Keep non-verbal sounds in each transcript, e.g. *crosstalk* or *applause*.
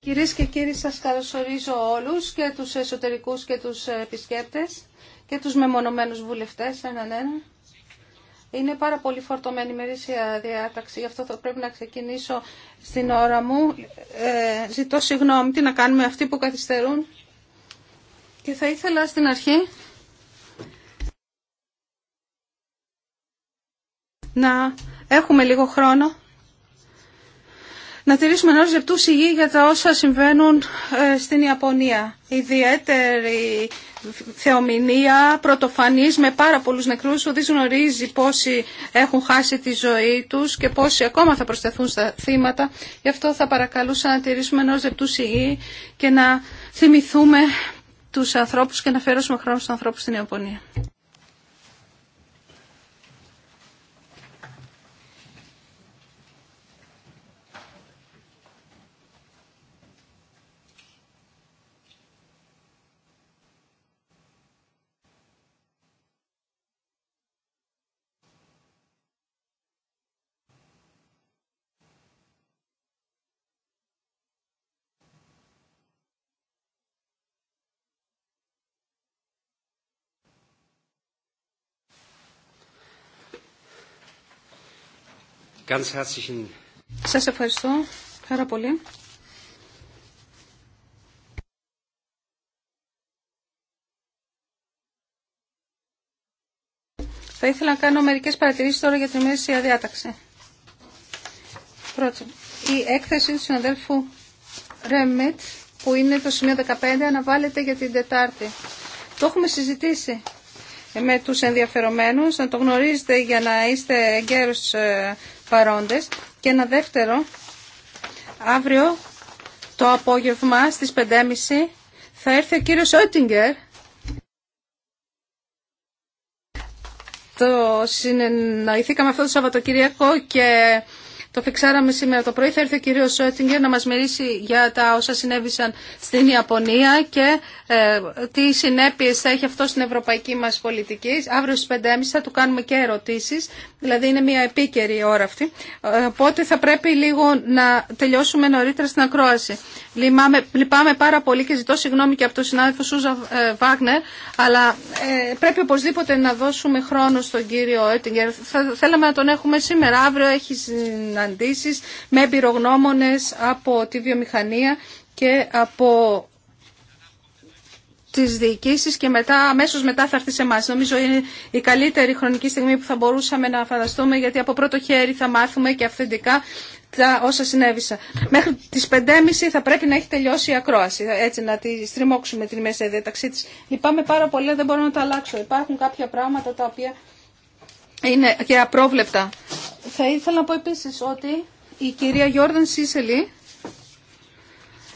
Κυρίες και κύριοι, σας καλωσορίζω όλους και τους εσωτερικούς και τους επισκέπτες και τους μεμονωμένους βουλευτές έναν ένα. Είναι πάρα πολύ φορτωμένη η μερίσια διάταξη, γι' αυτό θα πρέπει να ξεκινήσω στην ώρα μου. Ε, ζητώ συγγνώμη, τι να κάνουμε αυτοί που καθυστερούν. Και θα ήθελα στην αρχή να έχουμε λίγο χρόνο να τηρήσουμε ενό λεπτού σιγή για τα όσα συμβαίνουν ε, στην Ιαπωνία. Ιδιαίτερη θεομηνία, πρωτοφανή με πάρα πολλού νεκρού, ο δεν γνωρίζει πόσοι έχουν χάσει τη ζωή του και πόσοι ακόμα θα προσθεθούν στα θύματα. Γι' αυτό θα παρακαλούσα να τηρήσουμε ενό λεπτού σιγή και να θυμηθούμε τους ανθρώπους και να φέρουμε χρόνο στους ανθρώπους στην Ιαπωνία. Σας ευχαριστώ πάρα πολύ. Θα ήθελα να κάνω μερικές παρατηρήσεις τώρα για την μέση διάταξη. Πρώτον, η έκθεση του συναδέλφου Ρέμιτ, που είναι το σημείο 15, αναβάλλεται για την Τετάρτη. Το έχουμε συζητήσει με τους ενδιαφερομένους, να το γνωρίζετε για να είστε εγκαίρους... Ε, παρόντες. Και ένα δεύτερο, αύριο το απόγευμα στις 5.30 θα έρθει ο κύριος Ότιγκερ, το συνεννοηθήκαμε αυτό το Σαββατοκύριακο και το φιξάραμε σήμερα το πρωί. Θα έρθει ο κύριο Σότσιγκερ να μα μιλήσει για τα όσα συνέβησαν στην Ιαπωνία και ε, τι συνέπειε θα έχει αυτό στην ευρωπαϊκή μα πολιτική. Αύριο στι 5.30 θα του κάνουμε και ερωτήσει, δηλαδή είναι μια επίκαιρη ώρα αυτή. Οπότε θα πρέπει λίγο να τελειώσουμε νωρίτερα στην ακρόαση. Λυπάμαι, λυπάμαι πάρα πολύ και ζητώ συγγνώμη και από τον συνάδελφο Σούζα ε, Βάγνερ, αλλά ε, πρέπει οπωσδήποτε να δώσουμε χρόνο στον κύριο Έτιγκερ. Θα, θέλαμε να τον έχουμε σήμερα, αύριο έχει συναντήσεις με εμπειρογνώμονες από τη βιομηχανία και από τις διοικήσεις και μετά, αμέσως μετά θα έρθει σε εμά. Νομίζω είναι η καλύτερη χρονική στιγμή που θα μπορούσαμε να φανταστούμε γιατί από πρώτο χέρι θα μάθουμε και αυθεντικά τα όσα συνέβησαν. Μέχρι τις 5.30 θα πρέπει να έχει τελειώσει η ακρόαση, έτσι να τη στριμώξουμε την μέσα διαταξή της. Λυπάμαι πάρα πολύ, δεν μπορώ να τα αλλάξω. Υπάρχουν κάποια πράγματα τα οποία είναι και απρόβλεπτα θα ήθελα να πω επίσης ότι η κυρία Γιόρδαν Σίσελη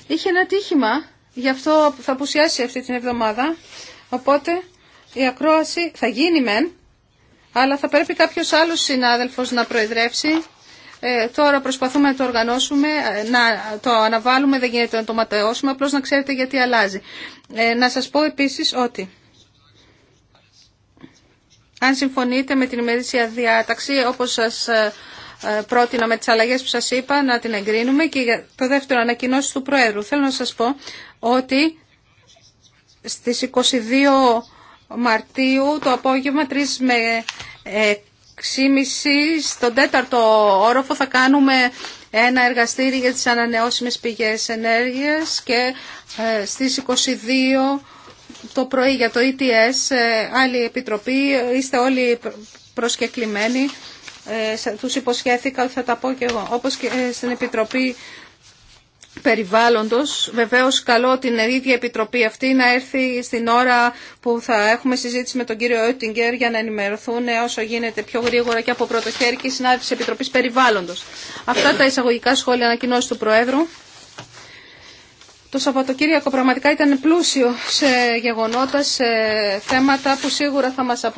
είχε ένα τύχημα, γι' αυτό θα απουσιάσει αυτή την εβδομάδα, οπότε η ακρόαση θα γίνει μεν, αλλά θα πρέπει κάποιος άλλος συνάδελφος να προεδρεύσει. Ε, τώρα προσπαθούμε να το οργανώσουμε, ε, να το αναβάλουμε, δεν γίνεται να το ματαιώσουμε, απλώς να ξέρετε γιατί αλλάζει. Ε, να σας πω επίσης ότι αν συμφωνείτε με την ημερήσια διάταξη, όπως σας ε, ε, πρότεινα με τις αλλαγές που σας είπα, να την εγκρίνουμε και για το δεύτερο ανακοινώσει του Προέδρου. Θέλω να σας πω ότι στις 22 Μαρτίου το απόγευμα 3 με 6.30 στον τέταρτο όροφο θα κάνουμε ένα εργαστήρι για τις ανανεώσιμες πηγές ενέργειας και ε, στις 22 το πρωί για το ETS, ε, άλλη επιτροπή, είστε όλοι προσκεκλημένοι. Ε, τους υποσχέθηκα ότι θα τα πω και εγώ. Όπως και στην Επιτροπή Περιβάλλοντος, βεβαίως καλό την ίδια Επιτροπή αυτή να έρθει στην ώρα που θα έχουμε συζήτηση με τον κύριο Οίττιγκερ για να ενημερωθούν όσο γίνεται πιο γρήγορα και από πρώτο χέρι και η συνάδελφοι Επιτροπής Περιβάλλοντος. Αυτά τα εισαγωγικά σχόλια ανακοινώσει του Προέδρου. Το Σαββατοκύριακο πραγματικά ήταν πλούσιο σε γεγονότα, σε θέματα που σίγουρα θα μας ε,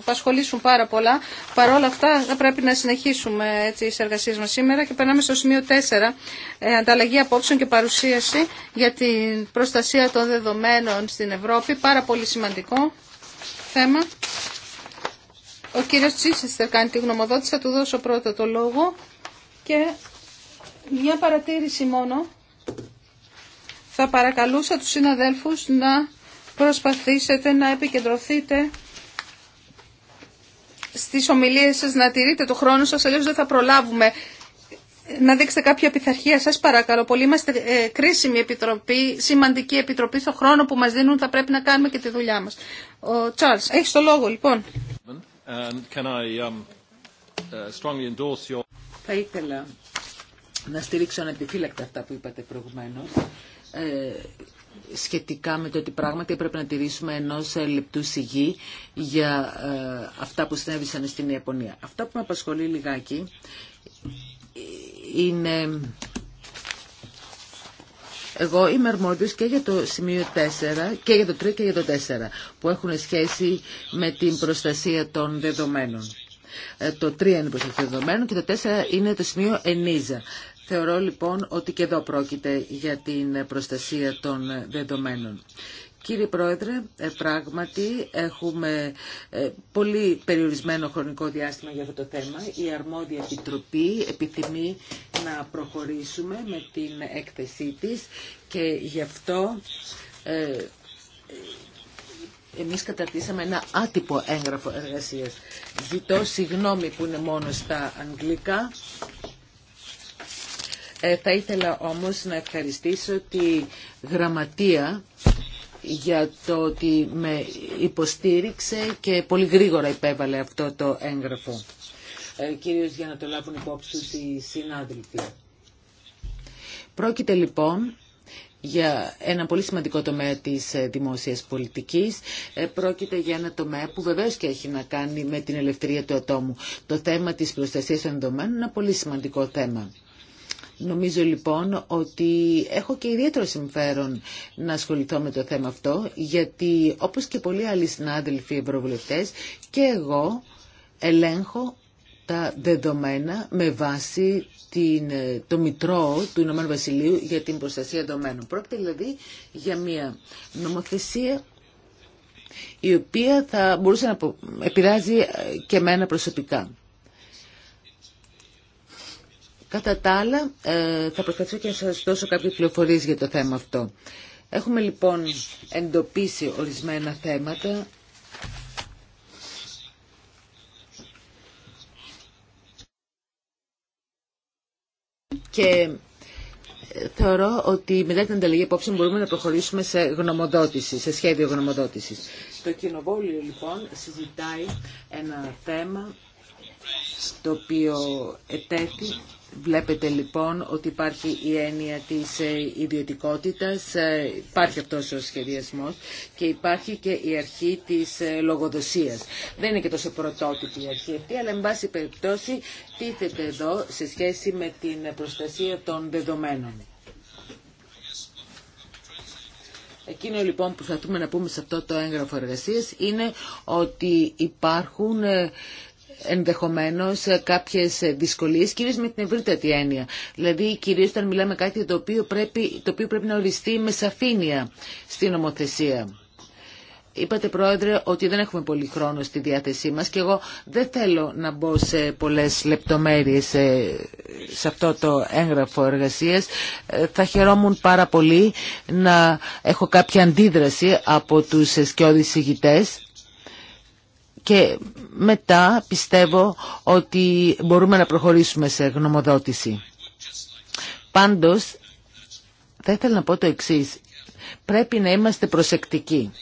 απασχολήσουν πάρα πολλά. Παρ' όλα αυτά θα πρέπει να συνεχίσουμε έτσι, τις εργασίες σήμερα και περνάμε στο σημείο 4, ε, ανταλλαγή απόψεων και παρουσίαση για την προστασία των δεδομένων στην Ευρώπη. Πάρα πολύ σημαντικό θέμα. Ο κύριος Τσίσεστερ κάνει τη γνωμοδότηση, θα του δώσω πρώτα το λόγο και μια παρατήρηση μόνο θα παρακαλούσα τους συναδέλφους να προσπαθήσετε να επικεντρωθείτε στις ομιλίες σας, να τηρείτε το χρόνο σας, αλλιώς δεν θα προλάβουμε. Να δείξετε κάποια πειθαρχία σας παρακαλώ πολύ. Είμαστε ε, κρίσιμη επιτροπή, σημαντική επιτροπή στο χρόνο που μας δίνουν θα πρέπει να κάνουμε και τη δουλειά μας. Ο Τσάρλς, έχεις το λόγο λοιπόν. Um, uh, θα ήθελα να στηρίξω ανεπιφύλακτα αυτά που είπατε προηγουμένως ε, σχετικά με το ότι πράγματι έπρεπε να τηρήσουμε ενό λεπτού σιγή για ε, αυτά που συνέβησαν στην Ιαπωνία. Αυτά που με απασχολεί λιγάκι είναι... Εγώ είμαι αρμόδιος και για το σημείο 4 και για το 3 και για το 4 που έχουν σχέση με την προστασία των δεδομένων. Ε, το 3 είναι προστασία των δεδομένων και το 4 είναι το σημείο ενίζα. Θεωρώ λοιπόν ότι και εδώ πρόκειται για την προστασία των δεδομένων. Κύριε Πρόεδρε, ε, πράγματι έχουμε ε, πολύ περιορισμένο χρονικό διάστημα για αυτό το θέμα. Η αρμόδια επιτροπή επιθυμεί να προχωρήσουμε με την έκθεσή της και γι' αυτό ε, εμείς καταρτήσαμε ένα άτυπο έγγραφο εργασίας. Ζητώ συγγνώμη που είναι μόνο στα αγγλικά. Ε, θα ήθελα όμως να ευχαριστήσω τη γραμματεία για το ότι με υποστήριξε και πολύ γρήγορα υπέβαλε αυτό το έγγραφο. Ε, κυρίως για να το λάβουν υπόψη τους οι συνάδελφοι. Πρόκειται λοιπόν για ένα πολύ σημαντικό τομέα της ε, δημόσιας πολιτικής. Ε, πρόκειται για ένα τομέα που βεβαίως και έχει να κάνει με την ελευθερία του ατόμου. Το θέμα της προστασίας των είναι ένα πολύ σημαντικό θέμα. Νομίζω λοιπόν ότι έχω και ιδιαίτερο συμφέρον να ασχοληθώ με το θέμα αυτό, γιατί όπως και πολλοί άλλοι συνάδελφοι ευρωβουλευτές, και εγώ ελέγχω τα δεδομένα με βάση την, το Μητρό του Ηνωμένου Βασιλείου για την προστασία δεδομένων. Πρόκειται δηλαδή για μια νομοθεσία η οποία θα μπορούσε να επηρεάζει και μένα προσωπικά. Κατά τα άλλα, ε, θα προσπαθήσω και να σας δώσω κάποιες πληροφορίες για το θέμα αυτό. Έχουμε λοιπόν εντοπίσει ορισμένα θέματα. Και ε, θεωρώ ότι μετά την ανταλλαγή απόψε μπορούμε να προχωρήσουμε σε γνωμοδότηση, σε σχέδιο γνωμοδότησης. Το κοινοβόλιο λοιπόν συζητάει ένα θέμα το οποίο ετέθη Βλέπετε λοιπόν ότι υπάρχει η έννοια της ε, ιδιωτικότητας, ε, υπάρχει αυτός ο σχεδιασμός και υπάρχει και η αρχή της ε, λογοδοσίας. Δεν είναι και τόσο πρωτότυπη η αρχή αυτή, αλλά εν πάση περιπτώσει τίθεται εδώ σε σχέση με την προστασία των δεδομένων. Εκείνο λοιπόν που θα να πούμε σε αυτό το έγγραφο εργασίας είναι ότι υπάρχουν ενδεχομένως κάποιες δυσκολίες, κυρίως με την ευρύτατη έννοια. Δηλαδή, κυρίως όταν μιλάμε κάτι το οποίο πρέπει, το οποίο πρέπει να οριστεί με σαφήνεια στην νομοθεσία. Είπατε, Πρόεδρε, ότι δεν έχουμε πολύ χρόνο στη διάθεσή μας και εγώ δεν θέλω να μπω σε πολλές λεπτομέρειες ε, σε αυτό το έγγραφο εργασίας. Ε, θα χαιρόμουν πάρα πολύ να έχω κάποια αντίδραση από τους σκιώδεις ηγητές και μετά πιστεύω ότι μπορούμε να προχωρήσουμε σε γνωμοδότηση. Πάντως, θα ήθελα να πω το εξής. Πρέπει να είμαστε προσεκτικοί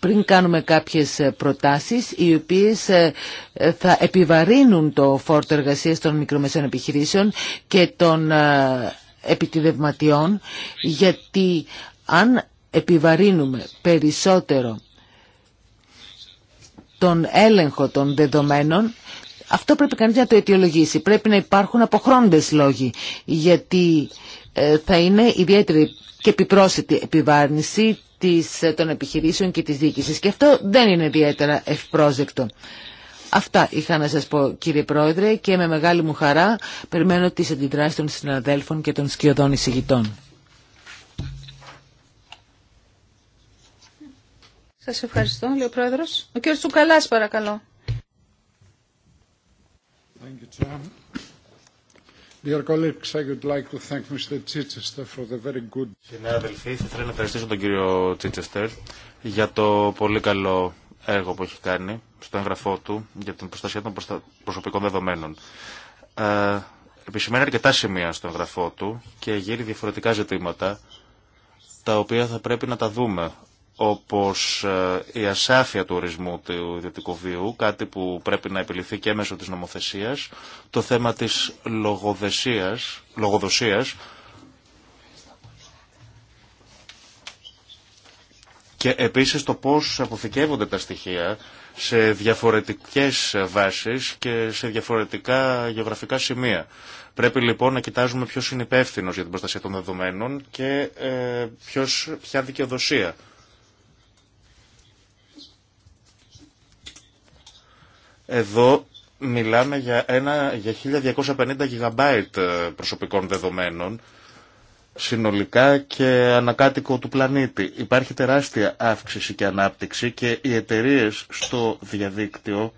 πριν κάνουμε κάποιες προτάσεις οι οποίες ε, ε, θα επιβαρύνουν το φόρτο εργασίας των μικρομεσαίων επιχειρήσεων και των ε, επιτιδευματιών γιατί αν επιβαρύνουμε περισσότερο τον έλεγχο των δεδομένων, αυτό πρέπει κανείς να το αιτιολογήσει. Πρέπει να υπάρχουν αποχρόντες λόγοι, γιατί ε, θα είναι ιδιαίτερη και επιπρόσθετη της ε, των επιχειρήσεων και της διοίκησης. Και αυτό δεν είναι ιδιαίτερα ευπρόζεκτο. Αυτά είχα να σας πω κύριε Πρόεδρε και με μεγάλη μου χαρά περιμένω τις αντιδράσεις των συναδέλφων και των σκιωδών εισηγητών. Σας ευχαριστώ, λέει ο Πρόεδρος. Ο κύριος Τσουκαλάς, παρακαλώ. Συνάδελφοι, θα ήθελα να ευχαριστήσω τον κύριο Τσίτσεστερ για το πολύ καλό έργο που έχει κάνει στο έγγραφό του για την προστασία των προσωπικών δεδομένων. Ε, επισημαίνει αρκετά σημεία στο έγγραφό του και γύρει διαφορετικά ζητήματα τα οποία θα πρέπει να τα δούμε όπως ε, η ασάφεια του ορισμού του ιδιωτικού βίου, κάτι που πρέπει να επιληθεί και μέσω της νομοθεσίας, το θέμα της λογοδοσίας, και επίσης το πώς αποθηκεύονται τα στοιχεία σε διαφορετικές βάσεις και σε διαφορετικά γεωγραφικά σημεία. Πρέπει λοιπόν να κοιτάζουμε ποιος είναι υπεύθυνο για την προστασία των δεδομένων και ε, ποιος, ποια δικαιοδοσία Εδώ μιλάμε για, ένα, για 1250 γιγαμπάιτ ε, προσωπικών δεδομένων συνολικά και ανακάτοικο του πλανήτη. Υπάρχει τεράστια αύξηση και ανάπτυξη και οι εταιρείε στο διαδίκτυο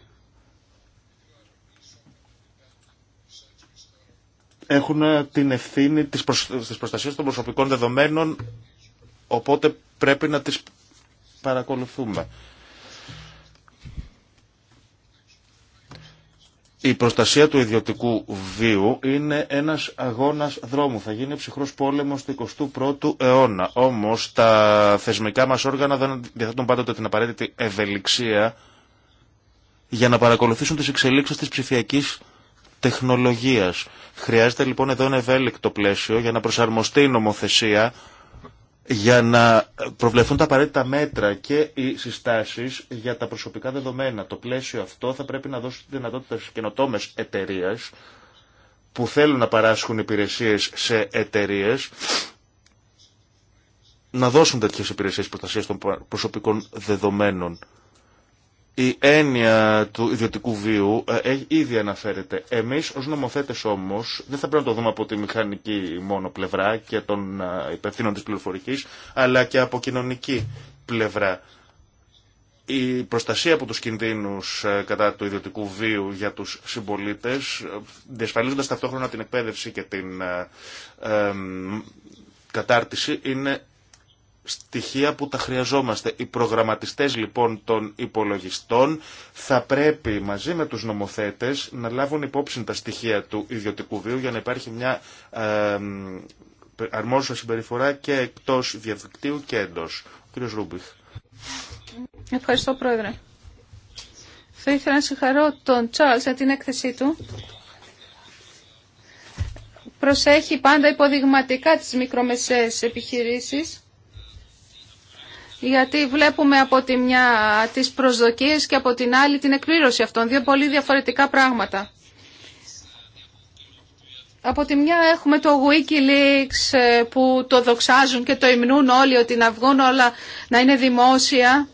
έχουν ε, την ευθύνη της, προστασίας των προσωπικών δεδομένων οπότε πρέπει να τις παρακολουθούμε. Η προστασία του ιδιωτικού βίου είναι ένας αγώνας δρόμου. Θα γίνει ψυχρός πόλεμος του 21ου αιώνα. Όμως τα θεσμικά μας όργανα δεν διαθέτουν πάντοτε την απαραίτητη ευελιξία για να παρακολουθήσουν τις εξελίξεις της ψηφιακής τεχνολογίας. Χρειάζεται λοιπόν εδώ ένα ευέλικτο πλαίσιο για να προσαρμοστεί η νομοθεσία για να προβλεφθούν τα απαραίτητα μέτρα και οι συστάσεις για τα προσωπικά δεδομένα. Το πλαίσιο αυτό θα πρέπει να δώσει τη δυνατότητα στι καινοτόμε εταιρείε που θέλουν να παράσχουν υπηρεσίες σε εταιρείε, να δώσουν τέτοιε υπηρεσίες προστασία των προσωπικών δεδομένων η έννοια του ιδιωτικού βίου ε, ε, ήδη αναφέρεται. Εμείς ως νομοθέτες όμως δεν θα πρέπει να το δούμε από τη μηχανική μόνο πλευρά και των ε, υπευθύνων της πληροφορικής, αλλά και από κοινωνική πλευρά. Η προστασία από τους κινδύνους κατά του ιδιωτικού βίου για τους συμπολίτες, διασφαλίζοντας ταυτόχρονα την εκπαίδευση και την κατάρτιση, είναι στοιχεία που τα χρειαζόμαστε. Οι προγραμματιστές λοιπόν των υπολογιστών θα πρέπει μαζί με τους νομοθέτες να λάβουν υπόψη τα στοιχεία του ιδιωτικού βίου για να υπάρχει μια ε, αρμόζουσα συμπεριφορά και εκτός διαδικτύου και εντός. Ο κύριος Ρούμπιχ. Ευχαριστώ Πρόεδρε. Θα ήθελα να συγχαρώ τον Τσάρλς για την έκθεσή του προσέχει πάντα υποδειγματικά τις μικρομεσαίες επιχειρήσεις γιατί βλέπουμε από τη μια τις προσδοκίες και από την άλλη την εκπλήρωση αυτών. Δύο πολύ διαφορετικά πράγματα. Από τη μια έχουμε το Wikileaks ε, που το δοξάζουν και το υμνούν όλοι ότι να βγουν όλα να είναι δημόσια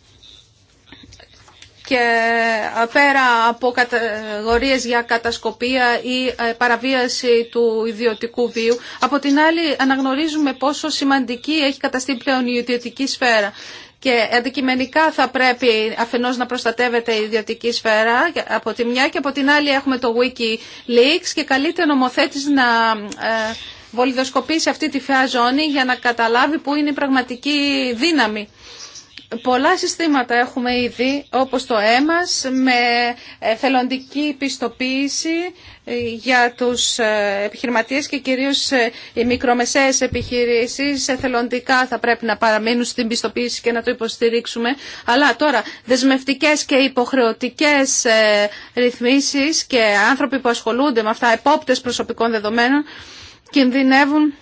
και ε, πέρα από κατηγορίες για κατασκοπία ή ε, παραβίαση του ιδιωτικού βίου. Από την άλλη αναγνωρίζουμε πόσο σημαντική έχει καταστεί πλέον η ιδιωτική σφαίρα. Και αντικειμενικά θα πρέπει αφενός να προστατεύεται η ιδιωτική σφαίρα από τη μια και από την άλλη έχουμε το Wikileaks και καλείται ο νομοθέτης να ε, βολιδοσκοπήσει αυτή τη φαιά ζώνη για να καταλάβει πού είναι η πραγματική δύναμη Πολλά συστήματα έχουμε ήδη, όπως το ΕΜΑΣ, με θελοντική πιστοποίηση ε, για τους ε, επιχειρηματίες και κυρίως ε, οι μικρομεσαίες επιχειρήσεις εθελοντικά θα πρέπει να παραμείνουν στην πιστοποίηση και να το υποστηρίξουμε. Αλλά τώρα δεσμευτικές και υποχρεωτικές ρυθμίσεις και άνθρωποι που ασχολούνται με αυτά, επόπτες προσωπικών δεδομένων, κινδυνεύουν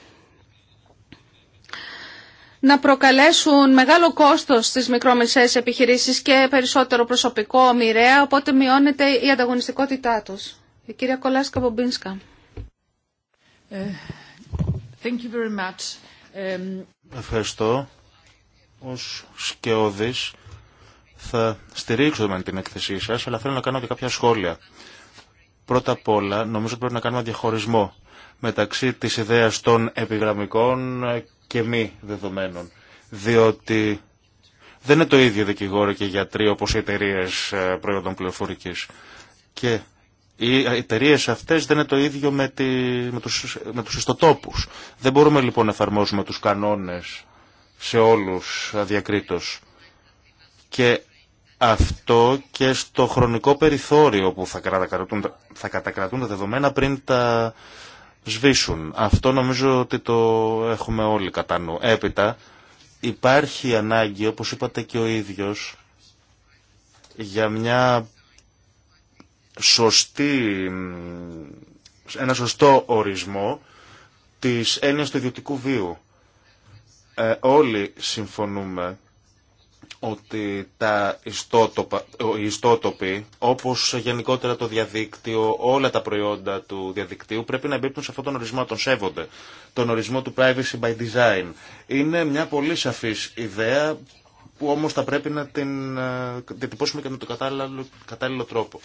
να προκαλέσουν μεγάλο κόστος στις μικρομεσαίες επιχειρήσεις και περισσότερο προσωπικό μοιραία, οπότε μειώνεται η ανταγωνιστικότητά τους. Η κυρία Κολάσκα Μπομπίνσκα. Ε, Ευχαριστώ. Ως σκεώδης θα στηρίξω με την έκθεσή σας, αλλά θέλω να κάνω και κάποια σχόλια. Πρώτα απ' όλα, νομίζω ότι πρέπει να κάνουμε διαχωρισμό μεταξύ της ιδέας των επιγραμμικών και μη δεδομένων. Διότι δεν είναι το ίδιο δικηγόρο και γιατροί όπως οι εταιρείε ε, προϊόντων πληροφορική. Και οι εταιρείε αυτές δεν είναι το ίδιο με, με, τους, με ιστοτόπους. Δεν μπορούμε λοιπόν να εφαρμόσουμε τους κανόνες σε όλους αδιακρίτως. Και αυτό και στο χρονικό περιθώριο που θα κατακρατούν, θα κατακρατούν τα δεδομένα πριν τα σβήσουν. Αυτό νομίζω ότι το έχουμε όλοι κατά νου. Έπειτα υπάρχει ανάγκη, όπως είπατε και ο ίδιος, για μια σωστή, ένα σωστό ορισμό της έννοιας του ιδιωτικού βίου. Ε, όλοι συμφωνούμε ότι τα ιστότοπα, οι ιστότοποι, όπως γενικότερα το διαδίκτυο, όλα τα προϊόντα του διαδικτύου πρέπει να εμπίπτουν σε αυτόν τον ορισμό, τον σέβονται. Τον ορισμό του privacy by design. Είναι μια πολύ σαφής ιδέα που όμως θα πρέπει να την ε, διατυπώσουμε και με τον κατάλληλο, τρόπο.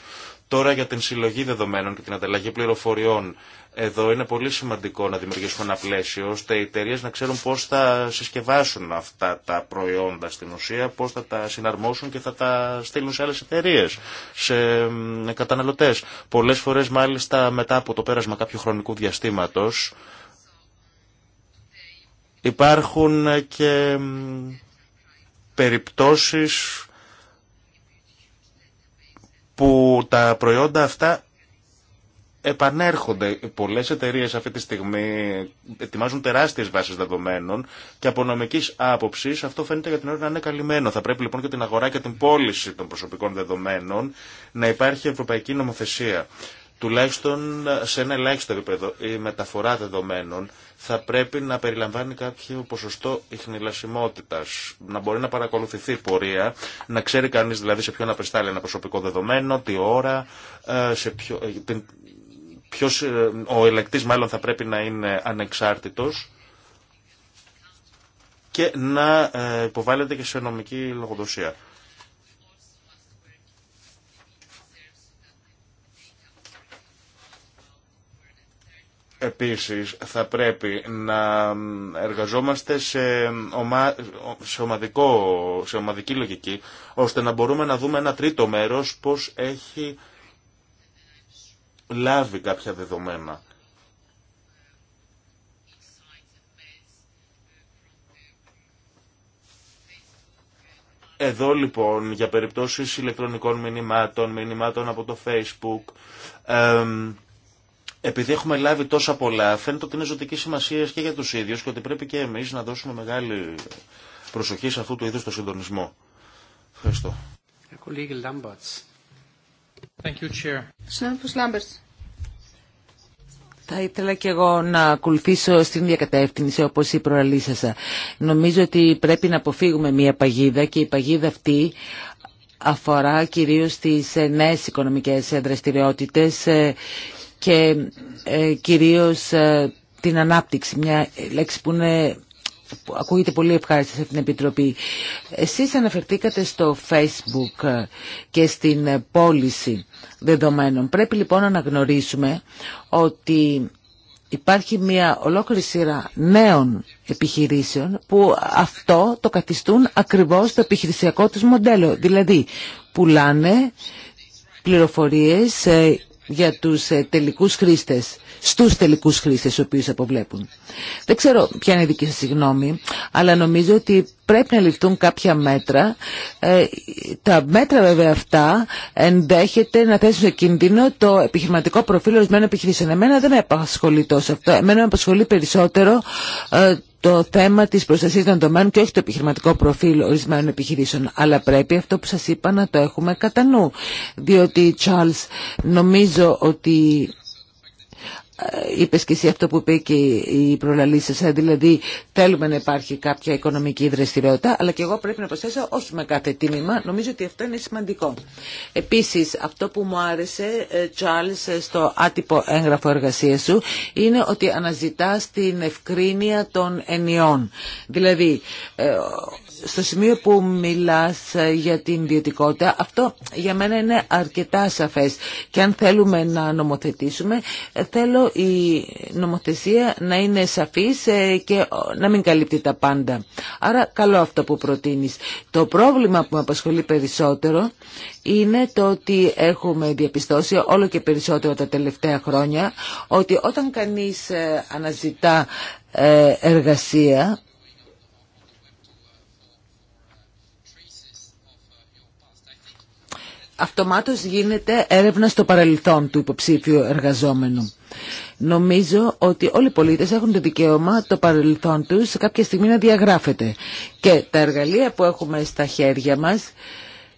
Τώρα για την συλλογή δεδομένων και την ανταλλαγή πληροφοριών, εδώ είναι πολύ σημαντικό να δημιουργήσουμε ένα πλαίσιο, ώστε οι εταιρείε να ξέρουν πώς θα συσκευάσουν αυτά τα προϊόντα στην ουσία, πώς θα τα συναρμόσουν και θα τα στείλουν σε άλλες εταιρείε, σε ε, καταναλωτές. Πολλές φορές μάλιστα μετά από το πέρασμα κάποιου χρονικού διαστήματος, υπάρχουν και περιπτώσεις που τα προϊόντα αυτά επανέρχονται. Πολλές εταιρείε αυτή τη στιγμή ετοιμάζουν τεράστιες βάσεις δεδομένων και από νομικής άποψη αυτό φαίνεται για την ώρα να είναι καλυμμένο. Θα πρέπει λοιπόν και την αγορά και την πώληση των προσωπικών δεδομένων να υπάρχει ευρωπαϊκή νομοθεσία. Τουλάχιστον σε ένα ελάχιστο επίπεδο η μεταφορά δεδομένων θα πρέπει να περιλαμβάνει κάποιο ποσοστό ηχνηλασιμότητα. να μπορεί να παρακολουθηθεί πορεία, να ξέρει κανείς δηλαδή σε ποιον απεστάλλει ένα προσωπικό δεδομένο, τι ώρα, ε, σε ποιο, ε, ποιος, ε, ο ελεκτή, μάλλον θα πρέπει να είναι ανεξάρτητος και να υποβάλλεται και σε νομική λογοδοσία. Επίσης θα πρέπει να εργαζόμαστε σε, ομα... ομαδικό... σε ομαδική λογική ώστε να μπορούμε να δούμε ένα τρίτο μέρος πώς έχει λάβει κάποια δεδομένα. Εδώ λοιπόν για περιπτώσεις ηλεκτρονικών μηνυμάτων, μηνυμάτων από το Facebook, επειδή έχουμε λάβει τόσα πολλά, φαίνεται ότι είναι ζωτική σημασία και για τους ίδιου, και ότι πρέπει και εμείς να δώσουμε μεγάλη προσοχή σε αυτού του είδους το συντονισμό. Ευχαριστώ. Συνάδελφο Λάμπερτ. Θα ήθελα και εγώ να ακολουθήσω στην διακατεύθυνση όπως η προαλήσασα. Νομίζω ότι πρέπει να αποφύγουμε μια παγίδα και η παγίδα αυτή αφορά κυρίως τις νέες οικονομικές δραστηριότητες ε, και ε, κυρίως ε, την ανάπτυξη, μια λέξη που είναι ακούγεται πολύ ευχάριστη σε την Επιτροπή. Εσείς αναφερθήκατε στο Facebook ε, και στην πώληση δεδομένων. Πρέπει λοιπόν να αναγνωρίσουμε ότι υπάρχει μια ολόκληρη σειρά νέων επιχειρήσεων που αυτό το καθιστούν ακριβώς το επιχειρησιακό τους μοντέλο. Δηλαδή πουλάνε πληροφορίες για τους ε, τελικούς χρήστες, στους τελικούς χρήστες, οποίους αποβλέπουν. Δεν ξέρω ποια είναι η δική σας γνώμη, αλλά νομίζω ότι πρέπει να ληφθούν κάποια μέτρα. Ε, τα μέτρα βέβαια αυτά ενδέχεται να θέσουν σε κίνδυνο το επιχειρηματικό προφίλ ορισμένων επιχειρήσεων. Εμένα δεν με απασχολεί τόσο αυτό. Εμένα με απασχολεί περισσότερο ε, το θέμα της προστασίας των δομένων και όχι το επιχειρηματικό προφίλ ορισμένων επιχειρήσεων. Αλλά πρέπει αυτό που σας είπα να το έχουμε κατά νου. Διότι, Charles, νομίζω ότι ε, είπες και εσύ αυτό που είπε και η προλαλή δηλαδή θέλουμε να υπάρχει κάποια οικονομική δραστηριότητα, αλλά και εγώ πρέπει να προσθέσω όχι με κάθε τίμημα, νομίζω ότι αυτό είναι σημαντικό. Επίσης, αυτό που μου άρεσε, Τσάλ, ε, ε, στο άτυπο έγγραφο εργασία σου, είναι ότι αναζητάς την ευκρίνεια των ενιών. Δηλαδή, στο σημείο που μιλάς ε, για την ιδιωτικότητα, αυτό για μένα είναι αρκετά σαφές. Και αν θέλουμε να νομοθετήσουμε, ε, θέλω η νομοθεσία να είναι σαφής ε, και να μην καλύπτει τα πάντα. Άρα καλό αυτό που προτείνεις. Το πρόβλημα που με απασχολεί περισσότερο είναι το ότι έχουμε διαπιστώσει όλο και περισσότερο τα τελευταία χρόνια ότι όταν κανείς αναζητά εργασία αυτομάτως γίνεται έρευνα στο παρελθόν του υποψήφιου εργαζόμενου. Νομίζω ότι όλοι οι πολίτες έχουν το δικαίωμα το παρελθόν τους σε κάποια στιγμή να διαγράφεται. Και τα εργαλεία που έχουμε στα χέρια μας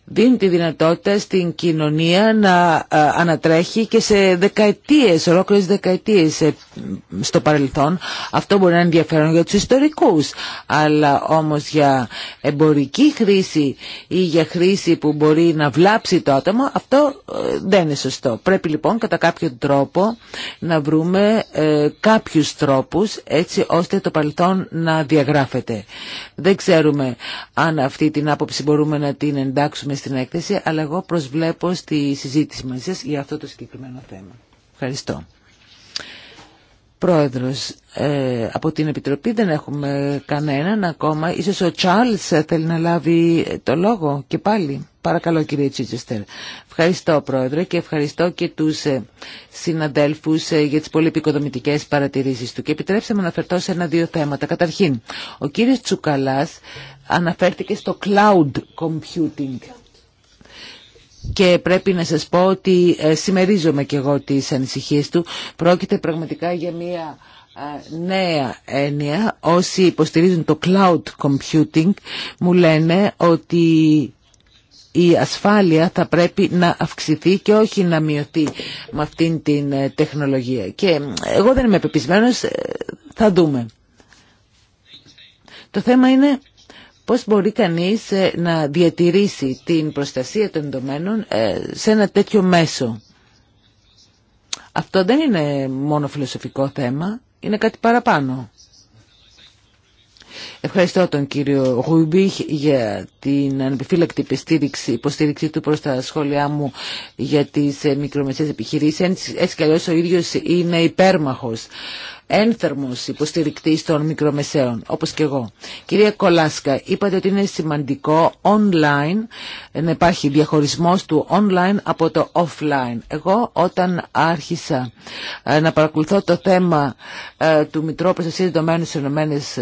δίνει τη δυνατότητα στην κοινωνία να ε, ανατρέχει και σε δεκαετίες, ολόκληρες δεκαετίες ε, στο παρελθόν. Αυτό μπορεί να είναι ενδιαφέρον για τους ιστορικούς, αλλά όμως για εμπορική χρήση ή για χρήση που μπορεί να βλάψει το άτομο, αυτό ε, δεν είναι σωστό. Πρέπει λοιπόν κατά κάποιο τρόπο να βρούμε κάποιους τρόπους έτσι ώστε το παρελθόν να διαγράφεται. Δεν ξέρουμε αν αυτή την άποψη μπορούμε να την εντάξουμε στην έκθεση, αλλά εγώ προσβλέπω στη συζήτηση μαζί σας για αυτό το συγκεκριμένο θέμα. Ευχαριστώ. Πρόεδρος, ε, από την Επιτροπή δεν έχουμε κανέναν ακόμα. Ίσως ο Τσάρλς θέλει να λάβει το λόγο και πάλι. Παρακαλώ κύριε Τσίτσεστερ. Ευχαριστώ πρόεδρε και ευχαριστώ και τους ε, συναδέλφους ε, για τις πολύ επικοδομητικές παρατηρήσεις του. Και επιτρέψτε μου να φερτώ σε ένα-δύο θέματα. Καταρχήν, ο κύριος Τσουκαλάς αναφέρθηκε στο cloud computing και πρέπει να σας πω ότι ε, συμμερίζομαι και εγώ τις ανησυχίες του. Πρόκειται πραγματικά για μια ε, νέα έννοια. Όσοι υποστηρίζουν το cloud computing μου λένε ότι η ασφάλεια θα πρέπει να αυξηθεί και όχι να μειωθεί με αυτήν την ε, τεχνολογία. Και εγώ δεν είμαι πεπισμένος, θα δούμε. Το θέμα είναι Πώς μπορεί κανείς ε, να διατηρήσει την προστασία των δεδομένων ε, σε ένα τέτοιο μέσο. Αυτό δεν είναι μόνο φιλοσοφικό θέμα, είναι κάτι παραπάνω. Ευχαριστώ τον κύριο Ρουμπίχ για την ανεπιφύλακτη υποστήριξη του προς τα σχόλιά μου για τις ε, μικρομεσαίες επιχειρήσεις. Έτσι κι αλλιώς ο ίδιος είναι υπέρμαχος ένθερμος υποστηρικτής των μικρομεσαίων, όπως και εγώ. Κυρία Κολάσκα, είπατε ότι είναι σημαντικό online να υπάρχει διαχωρισμός του online από το offline. Εγώ όταν άρχισα ε, να παρακολουθώ το θέμα ε, του Μητρώου Προστασίας Δεδομένων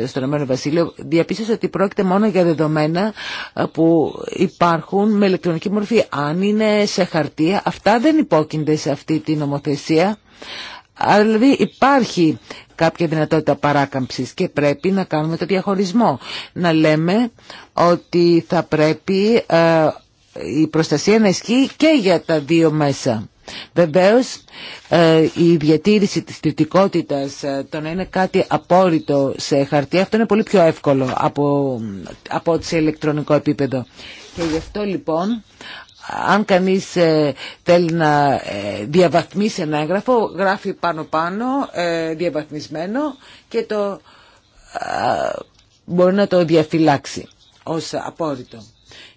στον Ηνωμένο Βασίλειο, διαπίστωσα ότι πρόκειται μόνο για δεδομένα ε, που υπάρχουν με ηλεκτρονική μορφή. Αν είναι σε χαρτία, αυτά δεν υπόκεινται σε αυτή την νομοθεσία. Άρα δηλαδή υπάρχει κάποια δυνατότητα παράκαμψης και πρέπει να κάνουμε το διαχωρισμό. Να λέμε ότι θα πρέπει ε, η προστασία να ισχύει και για τα δύο μέσα. Βεβαίως ε, η διατήρηση της θρητικότητας, ε, το να είναι κάτι απόρριτο σε χαρτί, αυτό είναι πολύ πιο εύκολο από, από σε ηλεκτρονικό επίπεδο. Και γι' αυτό λοιπόν αν κανείς ε, θέλει να ε, διαβαθμίσει ένα έγγραφο, γράφει πάνω-πάνω, ε, διαβαθμισμένο και το μπορεί να το διαφυλάξει ως απόρριτο.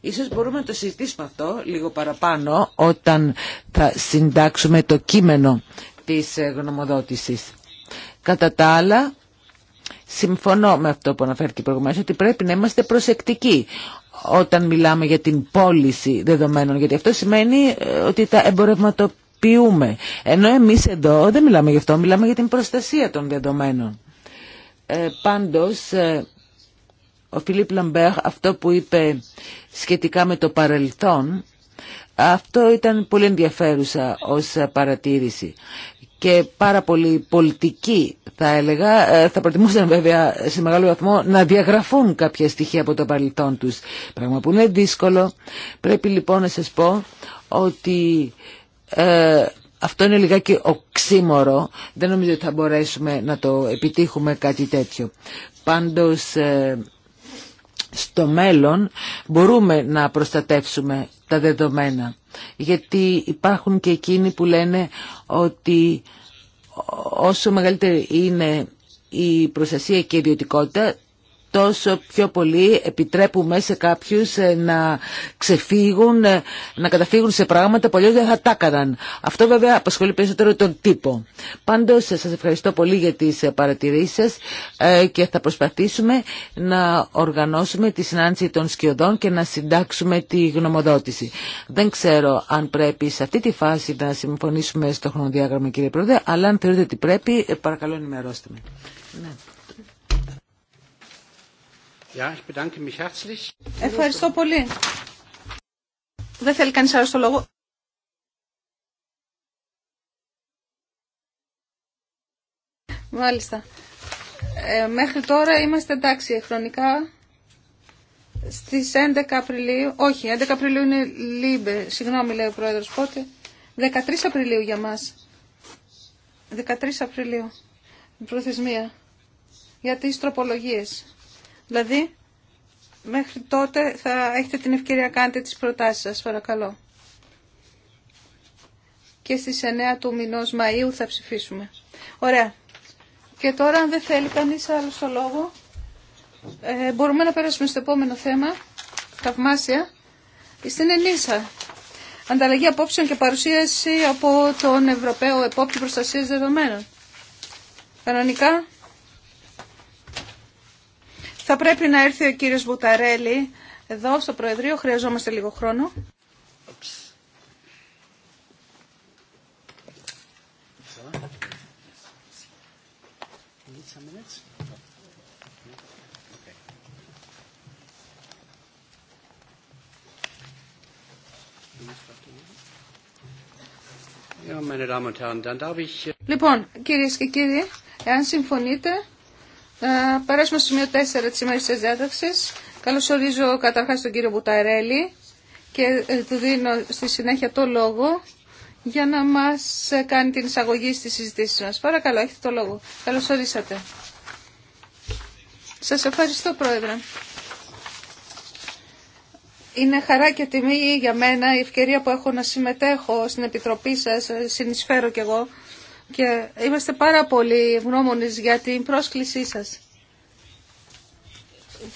Ίσως μπορούμε να το συζητήσουμε αυτό λίγο παραπάνω όταν θα συντάξουμε το κείμενο της γνωμοδότησης. Κατά τα άλλα, συμφωνώ με αυτό που αναφέρθηκε προηγουμένως, ότι πρέπει να είμαστε προσεκτικοί όταν μιλάμε για την πώληση δεδομένων, γιατί αυτό σημαίνει ε, ότι τα εμπορευματοποιούμε. Ενώ εμείς εδώ δεν μιλάμε γι' αυτό, μιλάμε για την προστασία των δεδομένων. Ε, πάντως, ε, ο Φιλίπ Λαμπέρ αυτό που είπε σχετικά με το παρελθόν, αυτό ήταν πολύ ενδιαφέρουσα ως παρατήρηση και πάρα πολύ πολιτικοί θα έλεγα, ε, θα προτιμούσαν βέβαια σε μεγάλο βαθμό να διαγραφούν κάποια στοιχεία από το παρελθόν τους. Πράγμα που είναι δύσκολο. Πρέπει λοιπόν να σας πω ότι ε, αυτό είναι λιγάκι οξύμορο. Δεν νομίζω ότι θα μπορέσουμε να το επιτύχουμε κάτι τέτοιο. Πάντως... Ε, στο μέλλον μπορούμε να προστατεύσουμε τα δεδομένα. Γιατί υπάρχουν και εκείνοι που λένε ότι όσο μεγαλύτερη είναι η προστασία και η ιδιωτικότητα, τόσο πιο πολύ επιτρέπουμε σε κάποιους ε, να ξεφύγουν, ε, να καταφύγουν σε πράγματα που αλλιώς δεν θα τα έκαναν. Αυτό βέβαια απασχολεί περισσότερο τον τύπο. Πάντως ε, σας ευχαριστώ πολύ για τις παρατηρήσεις σας και θα προσπαθήσουμε να οργανώσουμε τη συνάντηση των σκιωδών και να συντάξουμε τη γνωμοδότηση. Δεν ξέρω αν πρέπει σε αυτή τη φάση να συμφωνήσουμε στο χρονοδιάγραμμα κύριε Πρόεδρε, αλλά αν θεωρείτε ότι πρέπει παρακαλώ ενημερώστε με. Ναι. Ευχαριστώ πολύ. Δεν θέλει κανείς άλλο το λόγο. Μάλιστα. Ε, μέχρι τώρα είμαστε εντάξει χρονικά. Στις 11 Απριλίου, όχι, 11 Απριλίου είναι Λίμπε, συγγνώμη λέει ο Πρόεδρος, πότε. 13 Απριλίου για μας. 13 Απριλίου, προθεσμία, για τις τροπολογίες. Δηλαδή, μέχρι τότε θα έχετε την ευκαιρία να κάνετε τις προτάσεις σας, παρακαλώ. Και στις 9 του μηνός Μαΐου θα ψηφίσουμε. Ωραία. Και τώρα, αν δεν θέλει κανείς άλλο το λόγο, ε, μπορούμε να περάσουμε στο επόμενο θέμα, θαυμάσια, στην Ενίσα. Ανταλλαγή απόψεων και παρουσίαση από τον Ευρωπαίο Επόπτη Προστασίας Δεδομένων. Κανονικά, θα πρέπει να έρθει ο κύριος Βουταρέλη εδώ στο Προεδρείο. Χρειαζόμαστε λίγο χρόνο. Äh, λοιπόν, κυρίες και κύριοι, εάν συμφωνείτε, να ε, περάσουμε στο σημείο 4 της ημέρας τη διάταξης. Καλώς ορίζω καταρχάς τον κύριο Μπουταρέλη και ε, του δίνω στη συνέχεια το λόγο για να μας ε, κάνει την εισαγωγή στι συζητήσει μας. Παρακαλώ, έχετε το λόγο. Καλώς ορίσατε. Σας ευχαριστώ, Πρόεδρε. Είναι χαρά και τιμή για μένα η ευκαιρία που έχω να συμμετέχω στην Επιτροπή σας, συνεισφέρω κι εγώ και είμαστε πάρα πολύ ευγνώμονες για την πρόσκλησή σας.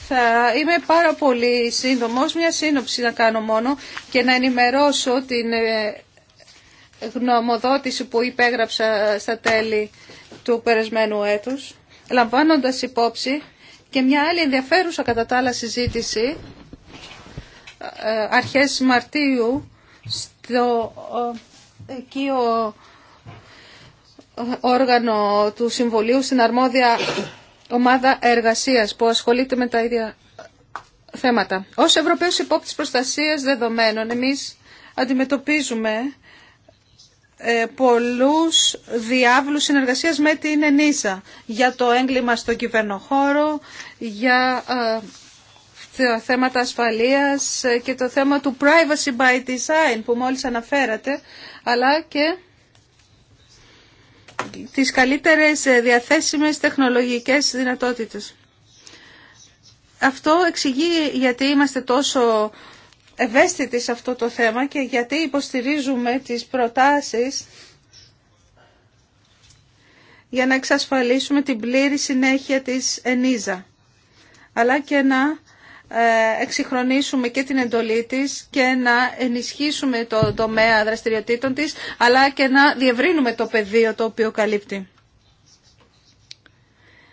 Θα είμαι πάρα πολύ σύντομος, μια σύνοψη να κάνω μόνο και να ενημερώσω την ε, γνωμοδότηση που υπέγραψα στα τέλη του περασμένου έτους, λαμβάνοντας υπόψη και μια άλλη ενδιαφέρουσα κατά τα άλλα συζήτηση ε, αρχές Μαρτίου στο ε, ο όργανο του συμβολίου στην αρμόδια ομάδα εργασίας που ασχολείται με τα ίδια θέματα. Ως Ευρωπαίος Υπόπτης Προστασίας Δεδομένων, εμείς αντιμετωπίζουμε ε, πολλούς διάβλους συνεργασίας με την ΕΝΙΣΑ για το έγκλημα στο κυβερνοχώρο, για τα ε, θέματα ασφαλείας ε, και το θέμα του privacy by design που μόλις αναφέρατε, αλλά και τις καλύτερες ε, διαθέσιμες τεχνολογικές δυνατότητες. Αυτό εξηγεί γιατί είμαστε τόσο ευαίσθητοι σε αυτό το θέμα και γιατί υποστηρίζουμε τις προτάσεις για να εξασφαλίσουμε την πλήρη συνέχεια της ΕΝΙΖΑ αλλά και να ε, εξυγχρονίσουμε και την εντολή της και να ενισχύσουμε το τομέα δραστηριοτήτων της, αλλά και να διευρύνουμε το πεδίο το οποίο καλύπτει.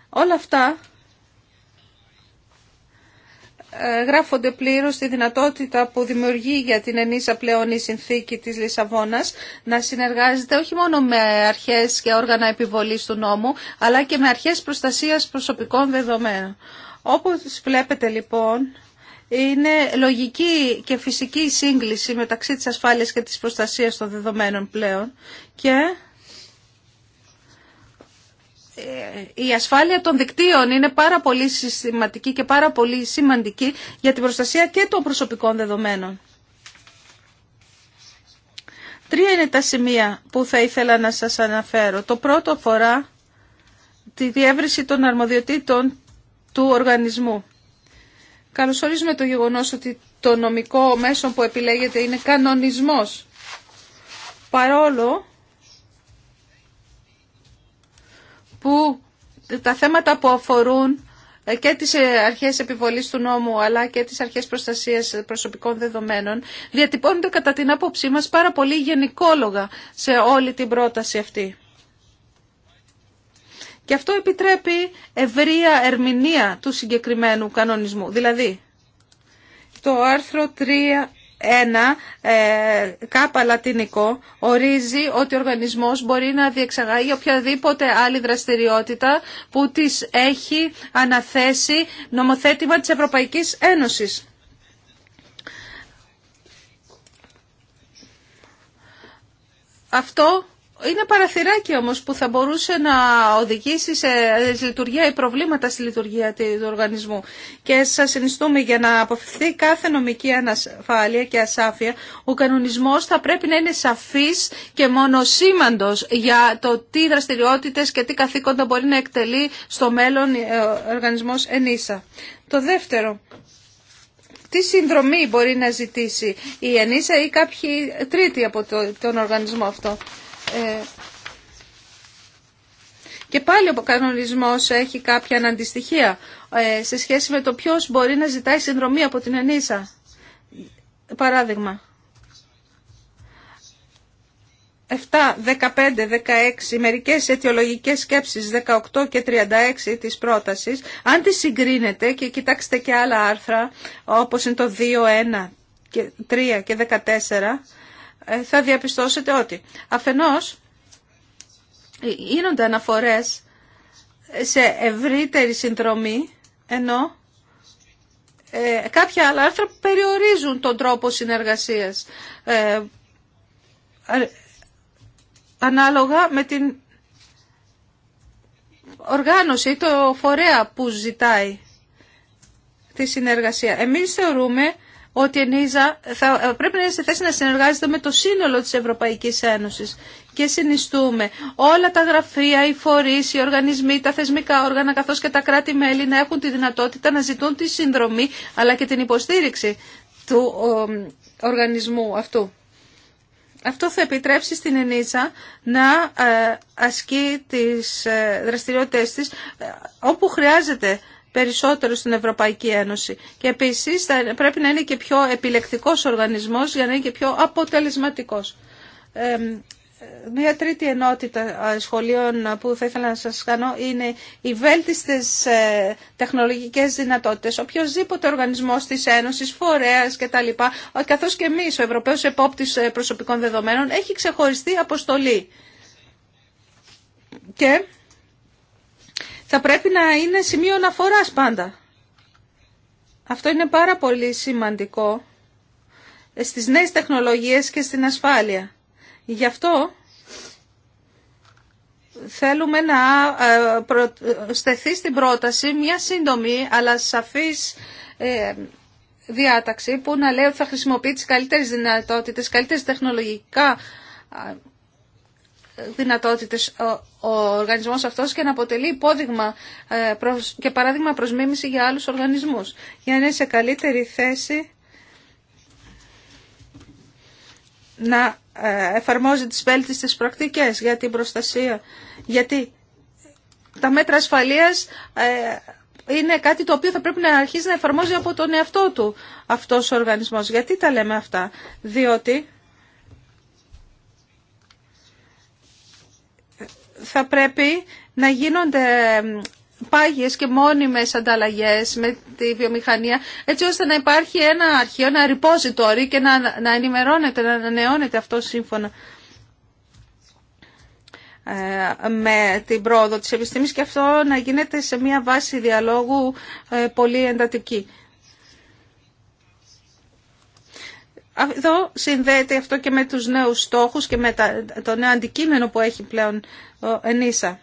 Όλα αυτά ε, γράφονται πλήρως στη δυνατότητα που δημιουργεί για την ενίσα πλέον η συνθήκη της Λισαβόνας να συνεργάζεται όχι μόνο με αρχές και όργανα επιβολής του νόμου αλλά και με αρχές προστασίας προσωπικών δεδομένων. Όπως βλέπετε λοιπόν, είναι λογική και φυσική σύγκληση μεταξύ της ασφάλειας και της προστασίας των δεδομένων πλέον και ε, η ασφάλεια των δικτύων είναι πάρα πολύ συστηματική και πάρα πολύ σημαντική για την προστασία και των προσωπικών δεδομένων. Τρία είναι τα σημεία που θα ήθελα να σας αναφέρω. Το πρώτο φορά τη διεύρυνση των αρμοδιοτήτων του οργανισμού. Καλωσορίζουμε το γεγονός ότι το νομικό μέσο που επιλέγεται είναι κανονισμός. Παρόλο που τα θέματα που αφορούν ε, και τις ε, αρχές επιβολής του νόμου αλλά και τις αρχές προστασίας προσωπικών δεδομένων διατυπώνονται κατά την άποψή μας πάρα πολύ γενικόλογα σε όλη την πρόταση αυτή. Και αυτό επιτρέπει ευρεία ερμηνεία του συγκεκριμένου κανονισμού. Δηλαδή, το άρθρο 3.1 ε, κάπα λατινικό ορίζει ότι ο οργανισμός μπορεί να διεξαγάγει οποιαδήποτε άλλη δραστηριότητα που τις έχει αναθέσει νομοθέτημα της Ευρωπαϊκής Ένωσης. Αυτό είναι παραθυράκι όμω που θα μπορούσε να οδηγήσει σε λειτουργία ή προβλήματα στη λειτουργία του οργανισμού. Και σα συνιστούμε για να αποφευθεί κάθε νομική ανασφάλεια και ασάφεια, ο κανονισμός θα πρέπει να είναι σαφής και μονοσήμαντο για το τι δραστηριότητες και τι καθήκοντα μπορεί να εκτελεί στο μέλλον ε, ο οργανισμό ΕΝΙΣΑ. Το δεύτερο, τι συνδρομή μπορεί να ζητήσει η ΕΝΙΣΑ ή κάποιοι τρίτοι από τον οργανισμό αυτό. Ε, και πάλι ο κανονισμός έχει κάποια αναντιστοιχεία ε, σε σχέση με το ποιος μπορεί να ζητάει συνδρομή από την Ενίσα. Παράδειγμα. 7, 15, 16, μερικές αιτιολογικές σκέψεις 18 και 36 της πρότασης, αν τις συγκρίνετε και κοιτάξτε και άλλα άρθρα όπως είναι το 2, 1, 3 και 14, ε, θα διαπιστώσετε ότι αφενός γίνονται αναφορές σε ευρύτερη συνδρομή, ενώ ε, κάποια άλλα άρθρα περιορίζουν τον τρόπο συνεργασίας ε, ανάλογα με την οργάνωση ή το φορέα που ζητάει τη συνεργασία. Εμείς θεωρούμε ότι η ΕΝΙΖΑ θα, ε, πρέπει να είναι σε θέση να συνεργάζεται με το σύνολο της Ευρωπαϊκής Ένωσης και συνιστούμε όλα τα γραφεία, οι φορείς, οι οργανισμοί, τα θεσμικά όργανα καθώς και τα κράτη-μέλη να έχουν τη δυνατότητα να ζητούν τη συνδρομή αλλά και την υποστήριξη του οργανισμού αυτού. Αυτό θα επιτρέψει στην ΕΝΙΖΑ να ε, ασκεί τις ε, δραστηριότητες της όπου χρειάζεται περισσότερο στην Ευρωπαϊκή Ένωση. Και επίσης πρέπει να είναι και πιο επιλεκτικός οργανισμός για να είναι και πιο αποτελεσματικός. μια τρίτη ενότητα ε, σχολείων που θα ήθελα να σας κάνω είναι οι βέλτιστες ε, τεχνολογικές δυνατότητες. Οποιοςδήποτε οργανισμός της Ένωσης, φορέας κτλ. Καθώς και εμείς, ο Ευρωπαίος Επόπτης ε, Προσωπικών Δεδομένων, έχει ξεχωριστή αποστολή. Και θα πρέπει να είναι σημείο αναφοράς πάντα. Αυτό είναι πάρα πολύ σημαντικό ε, στις νέες τεχνολογίες και στην ασφάλεια. Γι' αυτό θέλουμε να ε, ε, στεθεί στην πρόταση μια σύντομη αλλά σαφής διάταξη που να λέει ότι θα χρησιμοποιεί τις καλύτερες δυνατότητες, καλύτερες τεχνολογικά δυνατότητες ο οργανισμός αυτός και να αποτελεί υπόδειγμα ε, και παράδειγμα προς για άλλους οργανισμούς. Για να είναι σε καλύτερη θέση να ε, εφαρμόζει τις βέλτιστες πρακτικές για την προστασία. Γιατί τα μέτρα ασφαλείας ε, είναι κάτι το οποίο θα πρέπει να αρχίσει να εφαρμόζει από τον εαυτό του αυτός ο οργανισμός. Γιατί τα λέμε αυτά. Διότι θα πρέπει να γίνονται πάγιες και μόνιμες ανταλλαγές με τη βιομηχανία, έτσι ώστε να υπάρχει ένα αρχείο, ένα repository και να, να ενημερώνεται, να ανανεώνεται αυτό σύμφωνα ε, με την πρόοδο της επιστήμης και αυτό να γίνεται σε μια βάση διαλόγου ε, πολύ εντατική. Εδώ συνδέεται αυτό και με τους νέους στόχους και με το νέο αντικείμενο που έχει πλέον ο ΕΝΙΣΑ.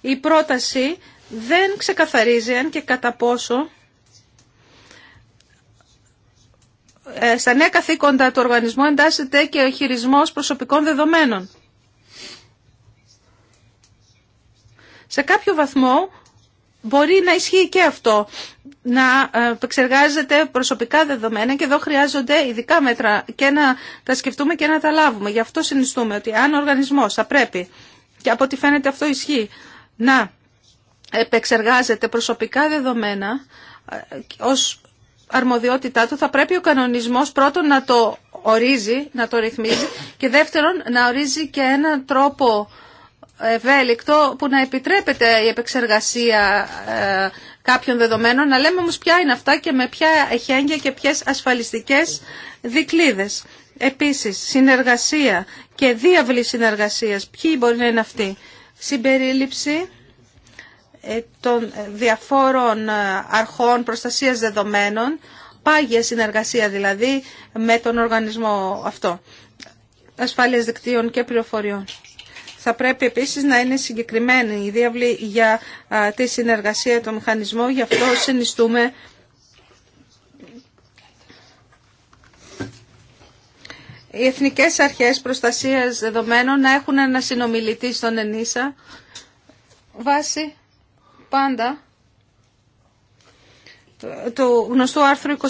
Η πρόταση δεν ξεκαθαρίζει αν και κατά πόσο ε, στα νέα καθήκοντα του οργανισμού εντάσσεται και ο χειρισμός προσωπικών δεδομένων. Σε κάποιο βαθμό μπορεί να ισχύει και αυτό, να ε, επεξεργάζεται προσωπικά δεδομένα και εδώ χρειάζονται ειδικά μέτρα και να τα σκεφτούμε και να τα λάβουμε. Γι' αυτό συνιστούμε ότι αν ο οργανισμός θα πρέπει, και από ό,τι φαίνεται αυτό ισχύει, να επεξεργάζεται προσωπικά δεδομένα ε, ως αρμοδιότητά του θα πρέπει ο κανονισμός πρώτον να το ορίζει, να το ρυθμίζει και δεύτερον να ορίζει και έναν τρόπο ευέλικτο που να επιτρέπεται η επεξεργασία ε, κάποιων δεδομένων, να λέμε όμως ποια είναι αυτά και με ποια εχέγγυα και ποιες ασφαλιστικές δικλίδες. Επίσης, συνεργασία και διάβλη συνεργασίας, ποιοι μπορεί να είναι αυτοί. Συμπερίληψη ε, των διαφόρων ε, αρχών προστασίας δεδομένων, πάγια συνεργασία δηλαδή με τον οργανισμό αυτό, ασφάλειας δικτύων και πληροφοριών. Θα πρέπει επίσης να είναι συγκεκριμένη η διάβλη για τη συνεργασία των μηχανισμών. Γι' αυτό συνιστούμε οι εθνικές αρχές προστασίας δεδομένων να έχουν ένα συνομιλητή στον ΕΝΙΣΑ βάσει πάντα του γνωστού άρθρου 29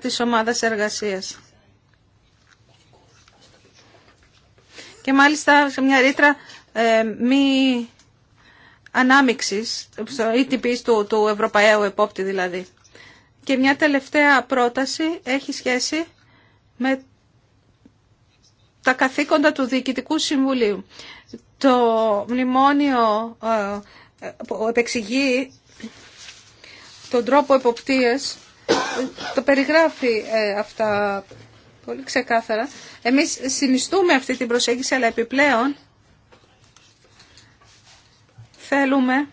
της ομάδας εργασίας. και μάλιστα σε μια ρήτρα ε, μη ανάμειξης, ή τυπής του, του Ευρωπαίου επόπτη δηλαδή. Και μια τελευταία πρόταση έχει σχέση με τα καθήκοντα του Διοικητικού Συμβουλίου. Το μνημόνιο ε, που επεξηγεί τον τρόπο εποπτείας το περιγράφει ε, αυτά πολύ ξεκάθαρα. Εμείς συνιστούμε αυτή την προσέγγιση, αλλά επιπλέον θέλουμε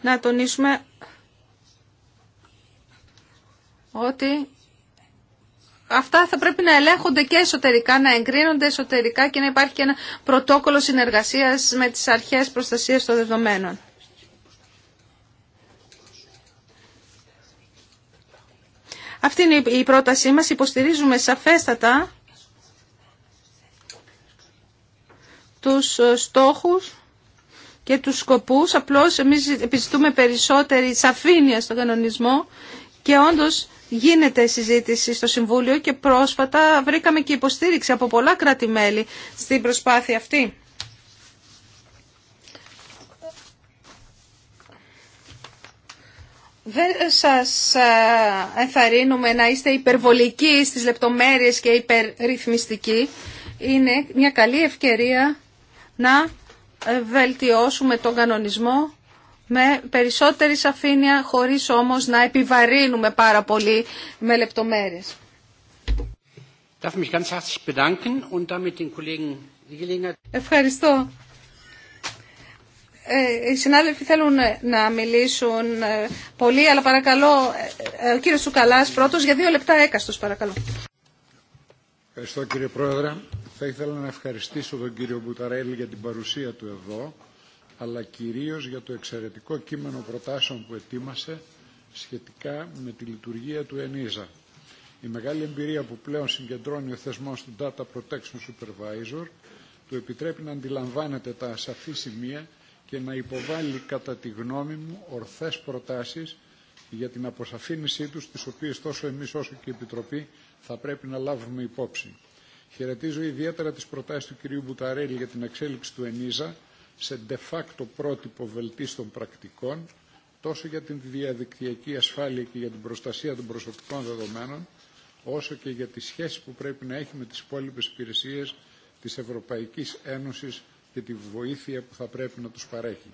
να τονίσουμε ότι αυτά θα πρέπει να ελέγχονται και εσωτερικά, να εγκρίνονται εσωτερικά και να υπάρχει και ένα πρωτόκολλο συνεργασίας με τις αρχές προστασίας των δεδομένων. Αυτή είναι η πρότασή μας, υποστηρίζουμε σαφέστατα τους ε, στόχους και τους σκοπούς, απλώς εμείς επιζητούμε περισσότερη σαφήνεια στον κανονισμό και όντως γίνεται συζήτηση στο Συμβούλιο και πρόσφατα βρήκαμε και υποστήριξη από πολλά κράτη-μέλη στην προσπάθεια αυτή. Δεν σας ε, ενθαρρύνουμε να είστε υπερβολικοί στις λεπτομέρειες και υπερρυθμιστικοί. Είναι μια καλή ευκαιρία να ε, βελτιώσουμε τον κανονισμό με περισσότερη σαφήνεια, χωρίς όμως να επιβαρύνουμε πάρα πολύ με λεπτομέρειες. Ευχαριστώ. Ε, οι συνάδελφοι θέλουν ε, να μιλήσουν ε, πολύ, αλλά παρακαλώ, ο κύριο Σουκαλάς πρώτος, για δύο λεπτά έκαστος, παρακαλώ. Ευχαριστώ κύριε Πρόεδρε. Θα ήθελα να ευχαριστήσω τον κύριο Μπουταρέλη για την παρουσία του εδώ, αλλά κυρίως για το εξαιρετικό κείμενο προτάσεων που ετοίμασε σχετικά με τη λειτουργία του ΕΝΙΖΑ. Η μεγάλη εμπειρία που πλέον συγκεντρώνει ο θεσμός του Data Protection Supervisor του επιτρέπει να αντιλαμβάνεται τα ασαφή σημεία και να υποβάλει κατά τη γνώμη μου ορθές προτάσεις για την αποσαφήνισή τους, τις οποίες τόσο εμείς όσο και η Επιτροπή θα πρέπει να λάβουμε υπόψη. Χαιρετίζω ιδιαίτερα τις προτάσεις του κυρίου Μπουταρέλη για την εξέλιξη του ΕΝΙΖΑ σε de facto πρότυπο βελτίστων πρακτικών, τόσο για την διαδικτυακή ασφάλεια και για την προστασία των προσωπικών δεδομένων, όσο και για τη σχέση που πρέπει να έχει με τις υπόλοιπες υπηρεσίες της Ευρωπαϊκής Ένωσης και τη βοήθεια που θα πρέπει να τους παρέχει.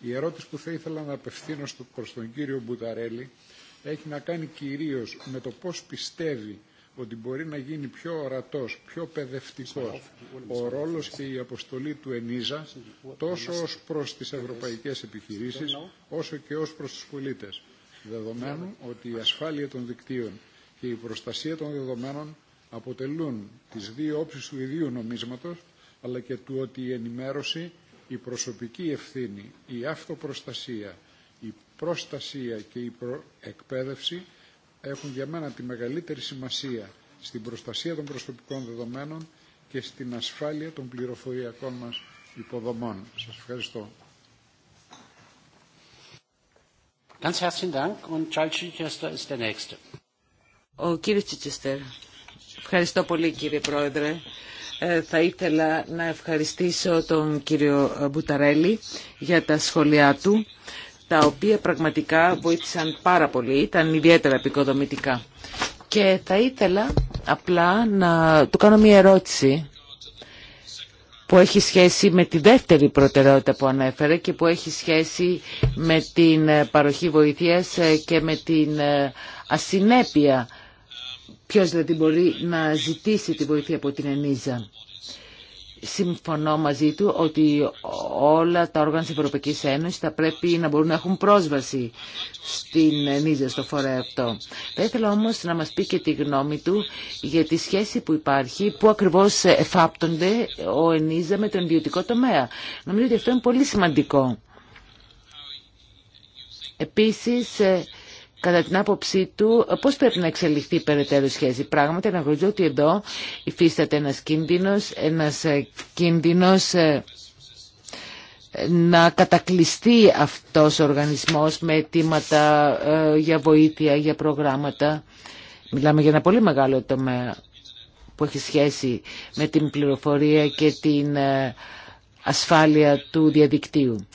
Η ερώτηση που θα ήθελα να απευθύνω προς τον κύριο Μπουταρέλη έχει να κάνει κυρίως με το πώς πιστεύει ότι μπορεί να γίνει πιο ορατός, πιο παιδευτικός ο ρόλος και η αποστολή του ΕΝΙΖΑ τόσο ως προς τις ευρωπαϊκές επιχειρήσεις όσο και ως προς τους πολίτες. Δεδομένου ότι η ασφάλεια των δικτύων και η προστασία των δεδομένων αποτελούν τις δύο όψεις του ιδίου νομίσματος αλλά και του ότι η ενημέρωση, η προσωπική ευθύνη, η αυτοπροστασία, η προστασία και η εκπαίδευση έχουν για μένα τη μεγαλύτερη σημασία στην προστασία των προσωπικών δεδομένων και στην ασφάλεια των πληροφοριακών μας υποδομών. Σας ευχαριστώ. Ganz herzlichen Dank und Charles Chichester ist der Nächste. Ο κύριος Ευχαριστώ πολύ κύριε Πρόεδρε. Ε, θα ήθελα να ευχαριστήσω τον κύριο Μπουταρέλη για τα σχόλιά του, τα οποία πραγματικά βοήθησαν πάρα πολύ, ήταν ιδιαίτερα επικοδομητικά. Και θα ήθελα απλά να του κάνω μία ερώτηση που έχει σχέση με τη δεύτερη προτεραιότητα που ανέφερε και που έχει σχέση με την παροχή βοήθειας και με την ε, ασυνέπεια Ποιος δηλαδή μπορεί να ζητήσει τη βοήθεια από την ΕΝΙΖΑ. Συμφωνώ μαζί του ότι όλα τα όργανα της Ευρωπαϊκής Ένωσης θα πρέπει να μπορούν να έχουν πρόσβαση στην ΕΝΙΖΑ στο φορέα αυτό. Θα ήθελα όμως να μας πει και τη γνώμη του για τη σχέση που υπάρχει, που ακριβώς εφάπτονται ο ΕΝΙΖΑ με τον ιδιωτικό τομέα. Νομίζω ότι αυτό είναι πολύ σημαντικό. Επίσης, ε, κατά την άποψή του πώ πρέπει να εξελιχθεί η περαιτέρω σχέση. Πράγματι αναγνωρίζω ότι εδώ υφίσταται ένα κίνδυνος, ένας ε, κίνδυνος ε, να κατακλειστεί αυτός ο οργανισμός με αιτήματα ε, για βοήθεια, για προγράμματα. Μιλάμε για ένα πολύ μεγάλο τομέα που έχει σχέση με την πληροφορία και την ασφάλεια του διαδικτύου.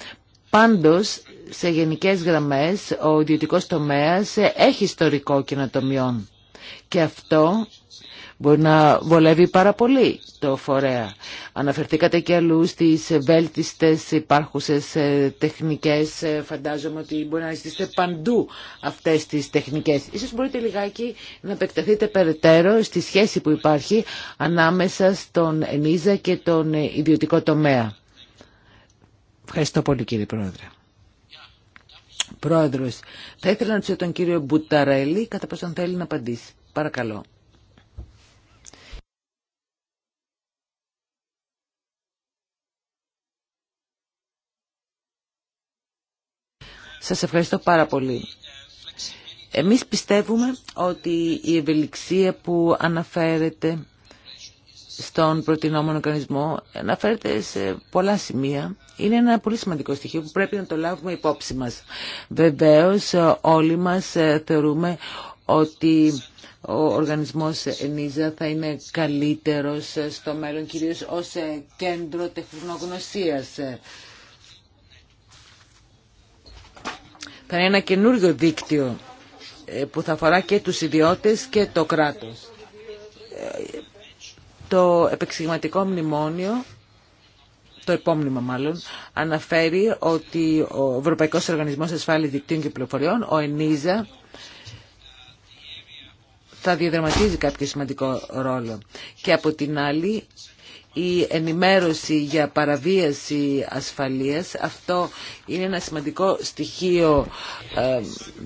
Πάντως σε γενικές γραμμές ο ιδιωτικός τομέας έχει ιστορικό καινοτομιών και αυτό μπορεί να βολεύει πάρα πολύ το φορέα. Αναφερθήκατε και αλλού στις βέλτιστες υπάρχουσες ε, τεχνικές. Ε, φαντάζομαι ότι μπορεί να ζητήσετε παντού αυτές τις τεχνικές. Ίσως μπορείτε λιγάκι να επεκταθείτε περαιτέρω στη σχέση που υπάρχει ανάμεσα στον ΕΝΙΖΑ και τον ε, ιδιωτικό τομέα. Ευχαριστώ πολύ κύριε Πρόεδρε. Πρόεδρος, θα ήθελα να ρωτήσω τον κύριο Μπουταρέλη κατά πόσο θέλει να απαντήσει. Παρακαλώ. Σας ευχαριστώ πάρα πολύ. Εμείς πιστεύουμε ότι η ευελιξία που αναφέρεται στον προτινόμενο οργανισμό αναφέρεται σε πολλά σημεία είναι ένα πολύ σημαντικό στοιχείο που πρέπει να το λάβουμε υπόψη μας. Βεβαίως όλοι μας ε, θεωρούμε ότι ο οργανισμός ΕΝΙΖΑ θα είναι καλύτερος ε, στο μέλλον, κυρίως ως ε, κέντρο τεχνογνωσίας. Θα είναι ένα καινούριο δίκτυο που θα αφορά και τους ιδιώτες και το κράτος. Το επεξηγηματικό μνημόνιο το επόμενο μάλλον, αναφέρει ότι ο Ευρωπαϊκός Οργανισμός Ασφάλειας Δικτύων και Πληροφοριών, ο ΕΝΙΖΑ, θα διαδραματίζει κάποιο σημαντικό ρόλο. Και από την άλλη, η ενημέρωση για παραβίαση ασφαλείας, αυτό είναι ένα σημαντικό στοιχείο ε,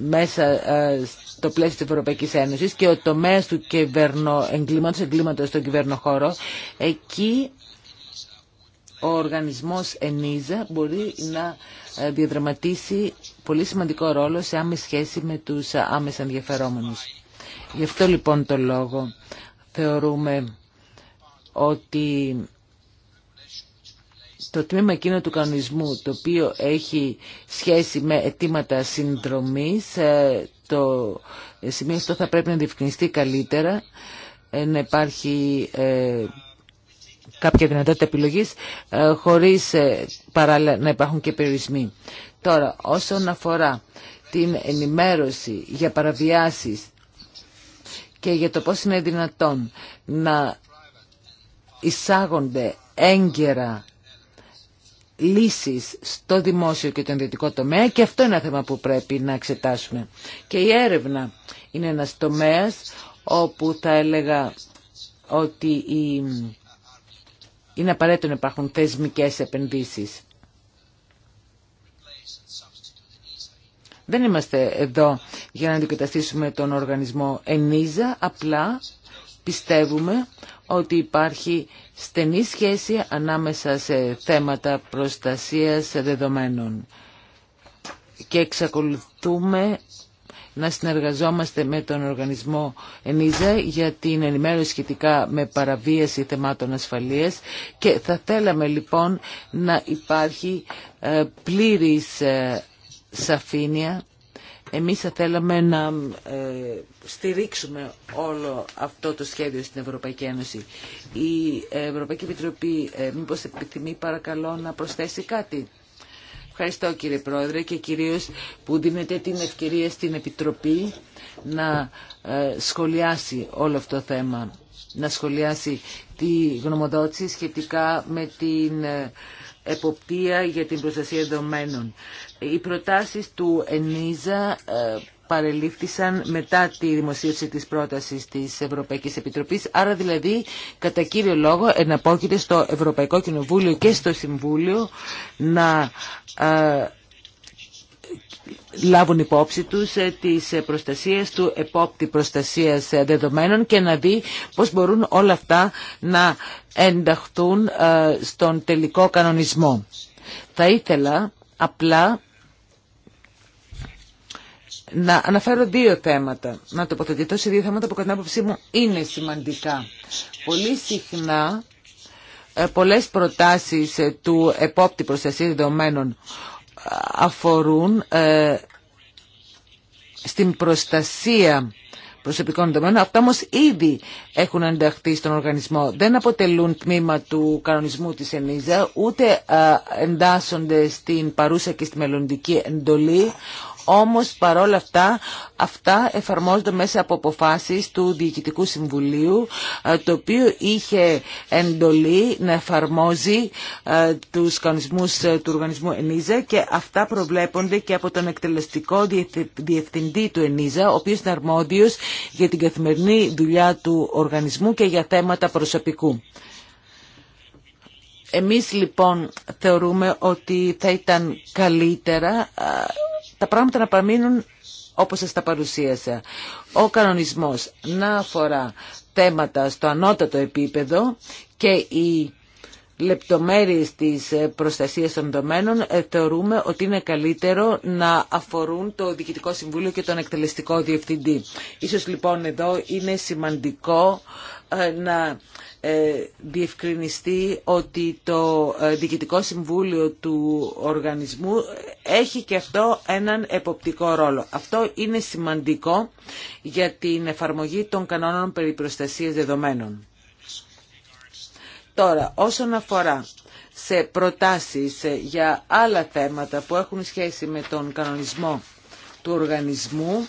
μέσα ε, στο πλαίσιο της Ευρωπαϊκής Ένωσης και ο τομέας του εγκλήματος εγκλήματος στον κυβερνοχώρο, εκεί ο οργανισμός ΕΝΙΖΑ μπορεί να ε, διαδραματίσει πολύ σημαντικό ρόλο σε άμεση σχέση με τους άμεσα ενδιαφερόμενους. Γι' αυτό λοιπόν το λόγο θεωρούμε ότι το τμήμα εκείνο του κανονισμού το οποίο έχει σχέση με αιτήματα συνδρομής ε, το σημείο αυτό θα πρέπει να διευκρινιστεί καλύτερα ε, να υπάρχει κάποια δυνατότητα επιλογής ε, χωρίς ε, παράλληλα να υπάρχουν και περιορισμοί. Τώρα, όσον αφορά την ενημέρωση για παραβιάσεις και για το πώς είναι δυνατόν να εισάγονται έγκαιρα λύσεις στο δημόσιο και το ιδιωτικό τομέα και αυτό είναι ένα θέμα που πρέπει να εξετάσουμε. Και η έρευνα είναι ένας τομέας όπου θα έλεγα ότι η είναι απαραίτητο να υπάρχουν θεσμικές επενδύσεις. Δεν είμαστε εδώ για να αντικαταστήσουμε τον οργανισμό ΕΝΙΖΑ, απλά πιστεύουμε ότι υπάρχει στενή σχέση ανάμεσα σε θέματα προστασίας δεδομένων και εξακολουθούμε να συνεργαζόμαστε με τον οργανισμό ΕΝΙΖΑ για την ενημέρωση σχετικά με παραβίαση θεμάτων ασφαλείας και θα θέλαμε λοιπόν να υπάρχει ε, πλήρης ε, σαφήνεια εμείς θα θέλαμε να ε, στηρίξουμε όλο αυτό το σχέδιο στην Ευρωπαϊκή Ένωση. Η Ευρωπαϊκή Επιτροπή ε, μήπως επιθυμεί παρακαλώ να προσθέσει κάτι. Ευχαριστώ κύριε Πρόεδρε και κυρίως που δίνετε την ευκαιρία στην Επιτροπή να ε, σχολιάσει όλο αυτό το θέμα, να σχολιάσει τη γνωμοδότηση σχετικά με την ε, εποπτεία για την προστασία δεδομένων. Οι προτάσεις του ΕΝΙΖΑ ε, παρελήφθησαν μετά τη δημοσίευση της πρότασης της Ευρωπαϊκής Επιτροπής. Άρα δηλαδή κατά κύριο λόγο εναπόκειται στο Ευρωπαϊκό Κοινοβούλιο και στο Συμβούλιο να λάβουν υπόψη τους ε, τις προστασίας του επόπτη προστασίας δεδομένων και να δει πώς μπορούν όλα αυτά να ενταχθούν ε, στον τελικό κανονισμό. Θα ήθελα απλά να αναφέρω δύο θέματα, να τοποθετηθώ σε δύο θέματα που κατά την άποψή μου είναι σημαντικά. Πολύ συχνά ε, πολλές προτάσεις ε, του επόπτη προστασίας δεδομένων ε, αφορούν στην προστασία προσωπικών δεδομένων. Αυτά όμως ήδη έχουν ενταχθεί στον οργανισμό. Δεν αποτελούν τμήμα του κανονισμού της ΕΝΙΖΑ, ούτε εντάσσονται στην παρούσα και στη μελλοντική εντολή. Όμως παρόλα αυτά, αυτά εφαρμόζονται μέσα από αποφάσεις του Διοικητικού Συμβουλίου, ε, το οποίο είχε εντολή να εφαρμόζει ε, τους κανονισμούς ε, του οργανισμού ΕΝΙΖΑ και αυτά προβλέπονται και από τον εκτελεστικό διευθυντή του ΕΝΙΖΑ, ο οποίος είναι αρμόδιος για την καθημερινή δουλειά του οργανισμού και για θέματα προσωπικού. Εμείς λοιπόν θεωρούμε ότι θα ήταν καλύτερα τα πράγματα να παραμείνουν όπως σας τα παρουσίασα. Ο κανονισμός να αφορά θέματα στο ανώτατο επίπεδο και οι λεπτομέρειες της προστασίας των δεδομένων ε, θεωρούμε ότι είναι καλύτερο να αφορούν το Διοικητικό Συμβούλιο και τον Εκτελεστικό Διευθυντή. Ίσως λοιπόν εδώ είναι σημαντικό ε, να ε, διευκρινιστεί ότι το ε, Διοικητικό Συμβούλιο του Οργανισμού έχει και αυτό έναν εποπτικό ρόλο. Αυτό είναι σημαντικό για την εφαρμογή των κανόνων περί προστασίας δεδομένων. Τώρα, όσον αφορά σε προτάσεις για άλλα θέματα που έχουν σχέση με τον κανονισμό του οργανισμού,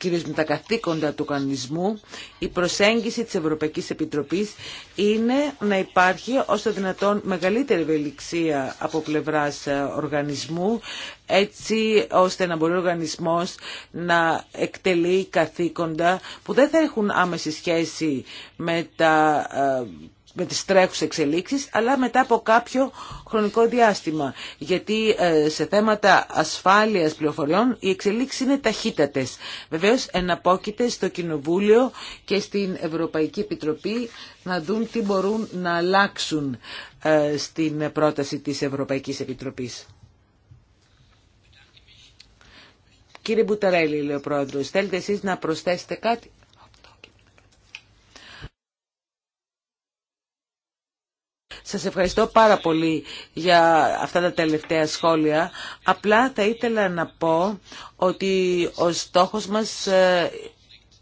κυρίως με τα καθήκοντα του κανονισμού, η προσέγγιση της Ευρωπαϊκής Επιτροπής είναι να υπάρχει όσο δυνατόν μεγαλύτερη ευελιξία από πλευράς ε, οργανισμού, έτσι ώστε να μπορεί ο οργανισμός να εκτελεί καθήκοντα που δεν θα έχουν άμεση σχέση με τα ε, με τις τρέχους εξελίξεις, αλλά μετά από κάποιο χρονικό διάστημα. Γιατί ε, σε θέματα ασφάλειας πληροφοριών οι εξελίξεις είναι ταχύτατες. Βεβαίως εναπόκειται στο Κοινοβούλιο και στην Ευρωπαϊκή Επιτροπή να δουν τι μπορούν να αλλάξουν ε, στην πρόταση της Ευρωπαϊκής Επιτροπής. Κύριε Μπουταρέλη, λέει ο Πρόεδρος, θέλετε εσείς να προσθέσετε κάτι. Σας ευχαριστώ πάρα πολύ για αυτά τα τελευταία σχόλια. Απλά θα ήθελα να πω ότι ο στόχος μας ε,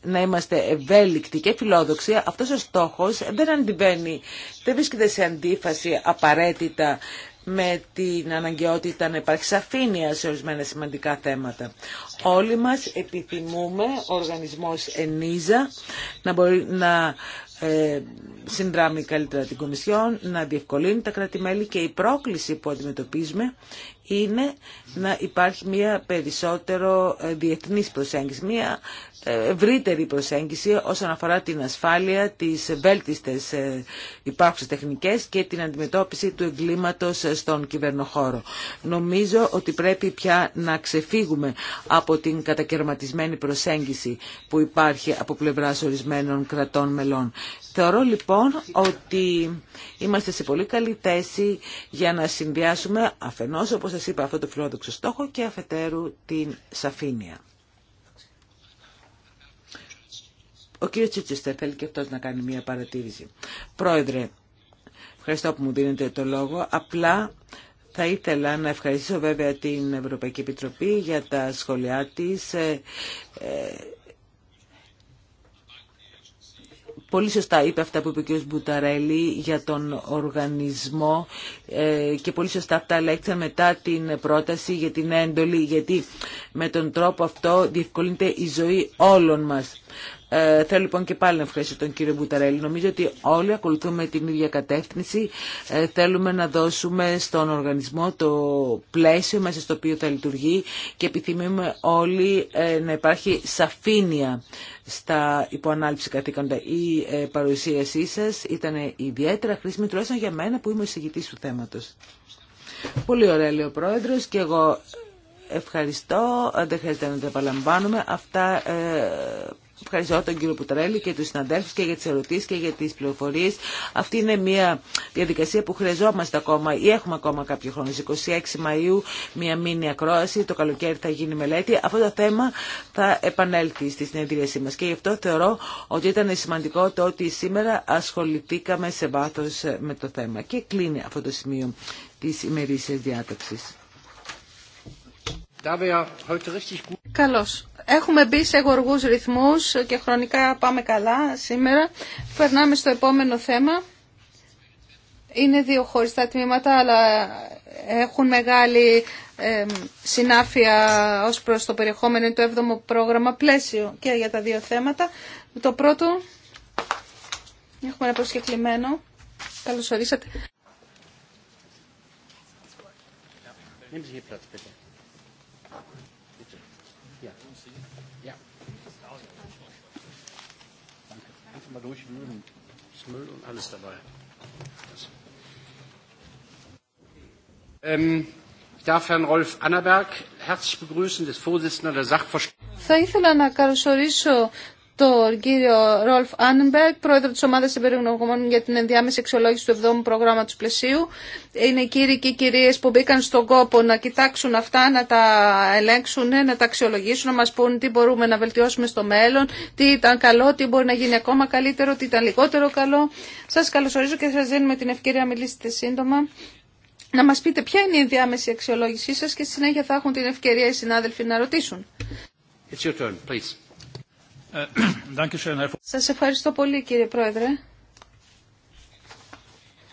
να είμαστε ευέλικτοι και φιλόδοξοι, αυτός ο στόχος δεν αντιβαίνει, δεν βρίσκεται σε αντίφαση απαραίτητα με την αναγκαιότητα να υπάρχει σαφήνεια σε ορισμένα σημαντικά θέματα. Όλοι μας επιθυμούμε ο οργανισμός ΕΝΙΖΑ να μπορεί να ε, συνδράμει καλύτερα την Κομισιόν, να διευκολύνει τα κράτη-μέλη και η πρόκληση που αντιμετωπίζουμε είναι να υπάρχει μια περισσότερο ε, διεθνής προσέγγιση, μια ε, ευρύτερη προσέγγιση όσον αφορά την ασφάλεια, τις βέλτιστες ε, υπάρχουσες τεχνικές και την αντιμετώπιση του εγκλήματος στον κυβερνοχώρο. Νομίζω ότι πρέπει πια να ξεφύγουμε από την κατακαιρματισμένη προσέγγιση που υπάρχει από πλευράς ορισμένων κρατών μελών. Θεωρώ λοιπόν ότι είμαστε σε πολύ καλή θέση για να συνδυάσουμε αφενός όπως σας είπα αυτό το φιλόδοξο στόχο και αφετέρου την σαφήνεια. Ο κύριος Τσίτσεστερ θέλει και αυτός να κάνει μία παρατήρηση. Πρόεδρε, ευχαριστώ που μου δίνετε το λόγο. Απλά θα ήθελα να ευχαριστήσω βέβαια την Ευρωπαϊκή Επιτροπή για τα σχολιά της ε, ε, Πολύ σωστά είπε αυτά που είπε ο κ. Μπουταρέλη για τον οργανισμό ε, και πολύ σωστά αυτά λέξα μετά την πρόταση για την έντολη γιατί με τον τρόπο αυτό διευκολύνεται η ζωή όλων μας. Ε, θέλω λοιπόν και πάλι να ευχαριστήσω τον κύριο Μπουταρέλη. Νομίζω ότι όλοι ακολουθούμε την ίδια κατεύθυνση. Ε, θέλουμε να δώσουμε στον οργανισμό το πλαίσιο μέσα στο οποίο θα λειτουργεί και επιθυμούμε όλοι ε, να υπάρχει σαφήνεια στα υποανάληψη καθήκοντα. Η ε, παρουσίασή σα. ήταν ιδιαίτερα χρήσιμη, τουλάχιστον για μένα που είμαι ο εισηγητής του θέματο. Πολύ ωραία λέει ο Πρόεδρο, και εγώ ευχαριστώ. Δεν χρειάζεται να τα επαλαμβάνουμε. Αυτά ευχαριστώ τον κύριο Πουτρέλη και του συναντέλφου και για τι ερωτήσει και για τι πληροφορίε. Αυτή είναι μια διαδικασία που χρειαζόμαστε ακόμα ή έχουμε ακόμα κάποιο χρόνο. 26 Μαου, μια μήνυα ακρόαση, το καλοκαίρι θα γίνει μελέτη. Αυτό το θέμα θα επανέλθει στη συνεδρίασή μα και γι' αυτό θεωρώ ότι ήταν σημαντικό το ότι σήμερα ασχοληθήκαμε σε βάθο με το θέμα. Και κλείνει αυτό το σημείο τη ημερήσια διάταξη. Καλώς. Έχουμε μπει σε γοργούς ρυθμούς και χρονικά πάμε καλά σήμερα. Περνάμε στο επόμενο θέμα. Είναι δύο χωριστά τμήματα, αλλά έχουν μεγάλη συνάφεια ως προς το περιεχόμενο του 7 ο πρόγραμμα πλαίσιο και για τα δύο θέματα. Το πρώτο, έχουμε ένα προσκεκλημένο. Καλώς ορίσατε. Müll und alles dabei. Ähm, Ich darf Herrn Rolf Annaberg herzlich begrüßen, des Vorsitzenden der Sachverständigen. Θα ήθελα να καλωσορίσω τον κύριο Ρόλφ Άνεμπεργκ, πρόεδρο τη Ομάδα Εμπεριγνωγωμών για την ενδιάμεση αξιολόγηση του 7ου προγράμματος πλαισίου. Είναι κύριοι και κυρίε που μπήκαν στον κόπο να κοιτάξουν αυτά, να τα ελέγξουν, να τα αξιολογήσουν, να μα πούν τι μπορούμε να βελτιώσουμε στο μέλλον, τι ήταν καλό, τι μπορεί να γίνει ακόμα καλύτερο, τι ήταν λιγότερο καλό. Σα καλωσορίζω και σα δίνουμε την ευκαιρία να μιλήσετε σύντομα. Να μα πείτε ποια είναι η ενδιάμεση αξιολόγησή σα και στη συνέχεια θα έχουν την ευκαιρία οι συνάδελφοι να ρωτήσουν. It's please. Ε, *clears throat* Σας ευχαριστώ πολύ κύριε Πρόεδρε.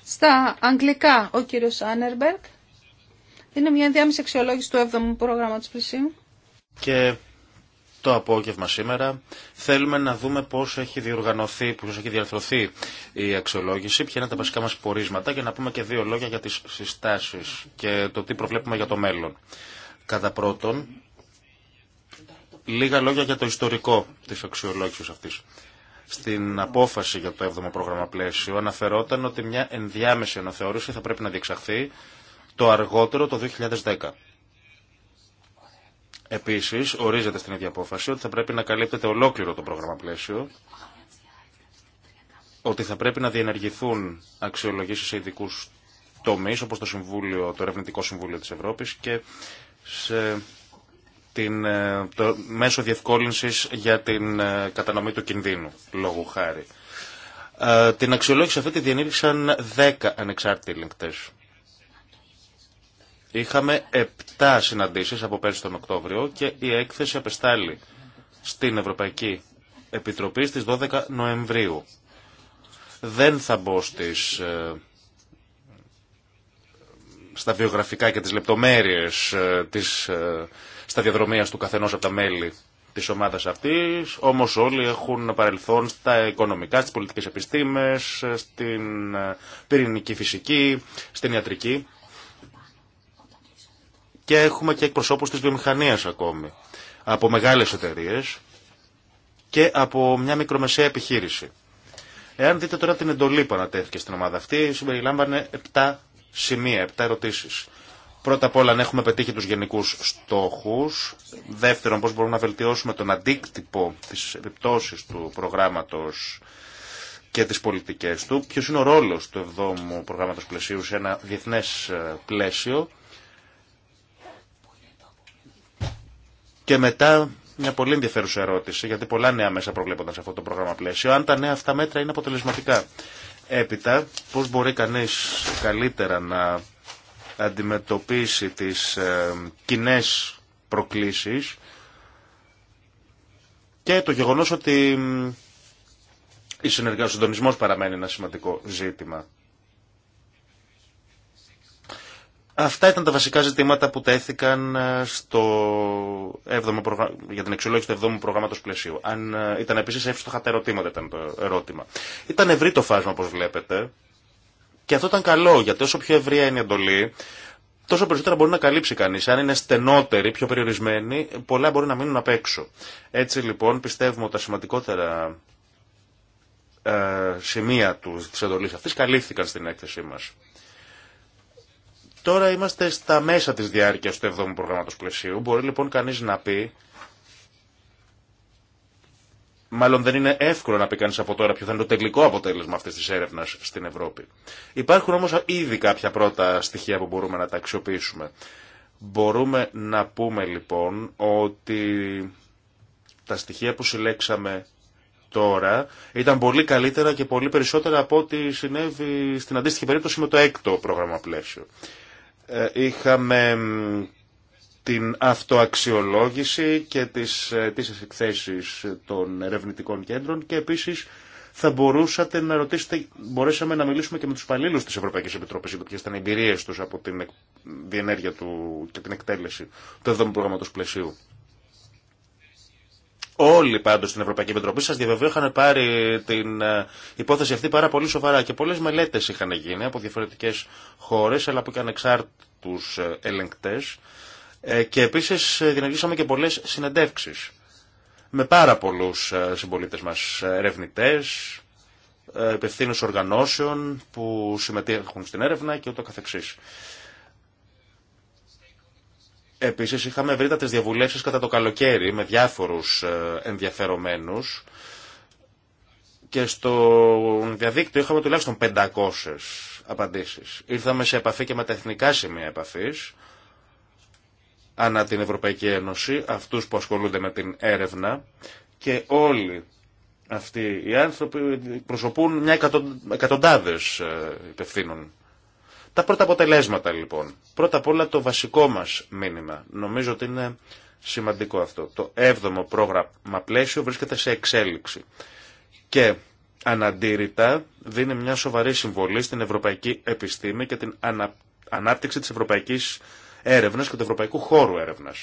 Στα αγγλικά ο κύριος Άνερμπερκ. Είναι μια ενδιάμεση αξιολόγηση του 7ου προγράμματος πλησίου. Και το απόγευμα σήμερα θέλουμε να δούμε πώς έχει διοργανωθεί, πώς έχει διαρθρωθεί η αξιολόγηση, ποια είναι τα βασικά μας πορίσματα και να πούμε και δύο λόγια για τις συστάσεις και το τι προβλέπουμε για το μέλλον. Κατά πρώτον, Λίγα λόγια για το ιστορικό της αξιολόγησης αυτής. Στην απόφαση για το 7ο πρόγραμμα πλαίσιο αναφερόταν ότι μια ενδιάμεση αναθεώρηση θα πρέπει να διεξαχθεί το αργότερο το 2010. Επίσης, ορίζεται στην ίδια απόφαση ότι θα πρέπει να καλύπτεται ολόκληρο το πρόγραμμα πλαίσιο, ότι θα πρέπει να διενεργηθούν αξιολογήσεις σε ειδικού τομείς, όπως το, Συμβούλιο, το Ερευνητικό Συμβούλιο της Ευρώπης και σε την, ε, το μέσο διευκόλυνσης για την ε, κατανομή του κινδύνου, λόγου χάρη. Ε, την αξιολόγηση αυτή τη διενήργησαν 10 ανεξάρτητοι ελεγκτές. Είχαμε 7 συναντήσεις από πέρσι τον Οκτώβριο και η έκθεση απεστάλλει στην Ευρωπαϊκή Επιτροπή στις 12 Νοεμβρίου. Δεν θα μπω στα βιογραφικά και τις λεπτομέρειες της στα διαδρομία του καθενό από τα μέλη τη ομάδα αυτή, όμω όλοι έχουν παρελθόν στα οικονομικά, στι πολιτικέ επιστήμε, στην ε, πυρηνική φυσική, στην ιατρική. Και έχουμε και εκπροσώπους της βιομηχανίας ακόμη, από μεγάλες εταιρείε και από μια μικρομεσαία επιχείρηση. Εάν δείτε τώρα την εντολή που ανατέθηκε στην ομάδα αυτή, συμπεριλάμβανε 7 σημεία, 7 ερωτήσεις. Πρώτα απ' όλα αν έχουμε πετύχει τους γενικούς στόχους. Δεύτερον, πώς μπορούμε να βελτιώσουμε τον αντίκτυπο της επιπτώσεις του προγράμματος και τις πολιτικές του. Ποιος είναι ο ρόλος του εβδόμου ου προγράμματος πλαισίου σε ένα διεθνές ε, πλαίσιο. Και μετά μια πολύ ενδιαφέρουσα ερώτηση, γιατί πολλά νέα μέσα προβλέπονταν σε αυτό το πρόγραμμα πλαίσιο, αν τα νέα αυτά μέτρα είναι αποτελεσματικά. Έπειτα, πώς μπορεί κανείς καλύτερα να αντιμετωπίσει τις ε, κοινέ προκλήσεις και το γεγονός ότι η συνεργασία, ο συντονισμό παραμένει ένα σημαντικό ζήτημα. Αυτά ήταν τα βασικά ζητήματα που τέθηκαν ε, στο 7ο για την αξιολόγηση του 7ου προγράμματος πλαισίου. Αν ε, ήταν επίσης εύστοχα τα ερωτήματα ήταν το ερώτημα. Ήταν ευρύ το φάσμα όπως βλέπετε και αυτό ήταν καλό, γιατί όσο πιο ευρεία είναι η εντολή, τόσο περισσότερα μπορεί να καλύψει κανεί. Αν είναι στενότερη, πιο περιορισμένη, πολλά μπορεί να μείνουν απ' έξω. Έτσι λοιπόν πιστεύουμε ότι τα σημαντικότερα ε, σημεία τη εντολή αυτή καλύφθηκαν στην έκθεσή μα. Τώρα είμαστε στα μέσα της διάρκεια του 7ου προγράμματος πλαισίου. Μπορεί λοιπόν κανεί να πει Μάλλον δεν είναι εύκολο να πει κανεί από τώρα ποιο θα είναι το τελικό αποτέλεσμα αυτή τη έρευνα στην Ευρώπη. Υπάρχουν όμω ήδη κάποια πρώτα στοιχεία που μπορούμε να τα αξιοποιήσουμε. Μπορούμε να πούμε λοιπόν ότι τα στοιχεία που συλλέξαμε τώρα ήταν πολύ καλύτερα και πολύ περισσότερα από ό,τι συνέβη στην αντίστοιχη περίπτωση με το έκτο πρόγραμμα πλαίσιο. Ε, είχαμε την αυτοαξιολόγηση και τις, ε, τις εκθέσεις των ερευνητικών κέντρων και επίσης θα μπορούσατε να ρωτήσετε, μπορέσαμε να μιλήσουμε και με τους παλίλους της Ευρωπαϊκής Επιτροπής για ποιες ήταν οι εμπειρίες τους από την διενέργεια του και την εκτέλεση του 7ου προγράμματος πλαισίου. Όλοι πάντως στην Ευρωπαϊκή Επιτροπή σας διαβεβαίω είχαν πάρει την ε, υπόθεση αυτή πάρα πολύ σοβαρά και πολλές μελέτες είχαν γίνει από διαφορετικές χώρες αλλά από και ανεξάρτητους ε, ελεγκτές ε, και επίσης ε, δημιουργήσαμε και πολλές συνεντεύξεις με πάρα πολλούς ε, συμπολίτες μας, ερευνητέ, επευθύνους οργανώσεων που συμμετέχουν στην έρευνα και ούτω καθεξής. Επίσης είχαμε ευρύτατες διαβουλεύσεις κατά το καλοκαίρι με διάφορους ενδιαφερομένους και στο διαδίκτυο είχαμε τουλάχιστον 500 απαντήσεις. Ήρθαμε σε επαφή και με τα εθνικά σημεία επαφής ανά την Ευρωπαϊκή Ένωση, αυτούς που ασχολούνται με την έρευνα και όλοι αυτοί οι άνθρωποι προσωπούν μια εκατοντάδε εκατοντάδες ε, υπευθύνων. Τα πρώτα αποτελέσματα λοιπόν. Πρώτα απ' όλα το βασικό μας μήνυμα. Νομίζω ότι είναι σημαντικό αυτό. Το εβδομο πρόγραμμα πλαίσιο βρίσκεται σε εξέλιξη. Και αναντήρητα δίνει μια σοβαρή συμβολή στην ευρωπαϊκή επιστήμη και την ανάπτυξη της ευρωπαϊκής έρευνα και του ευρωπαϊκού χώρου έρευνα.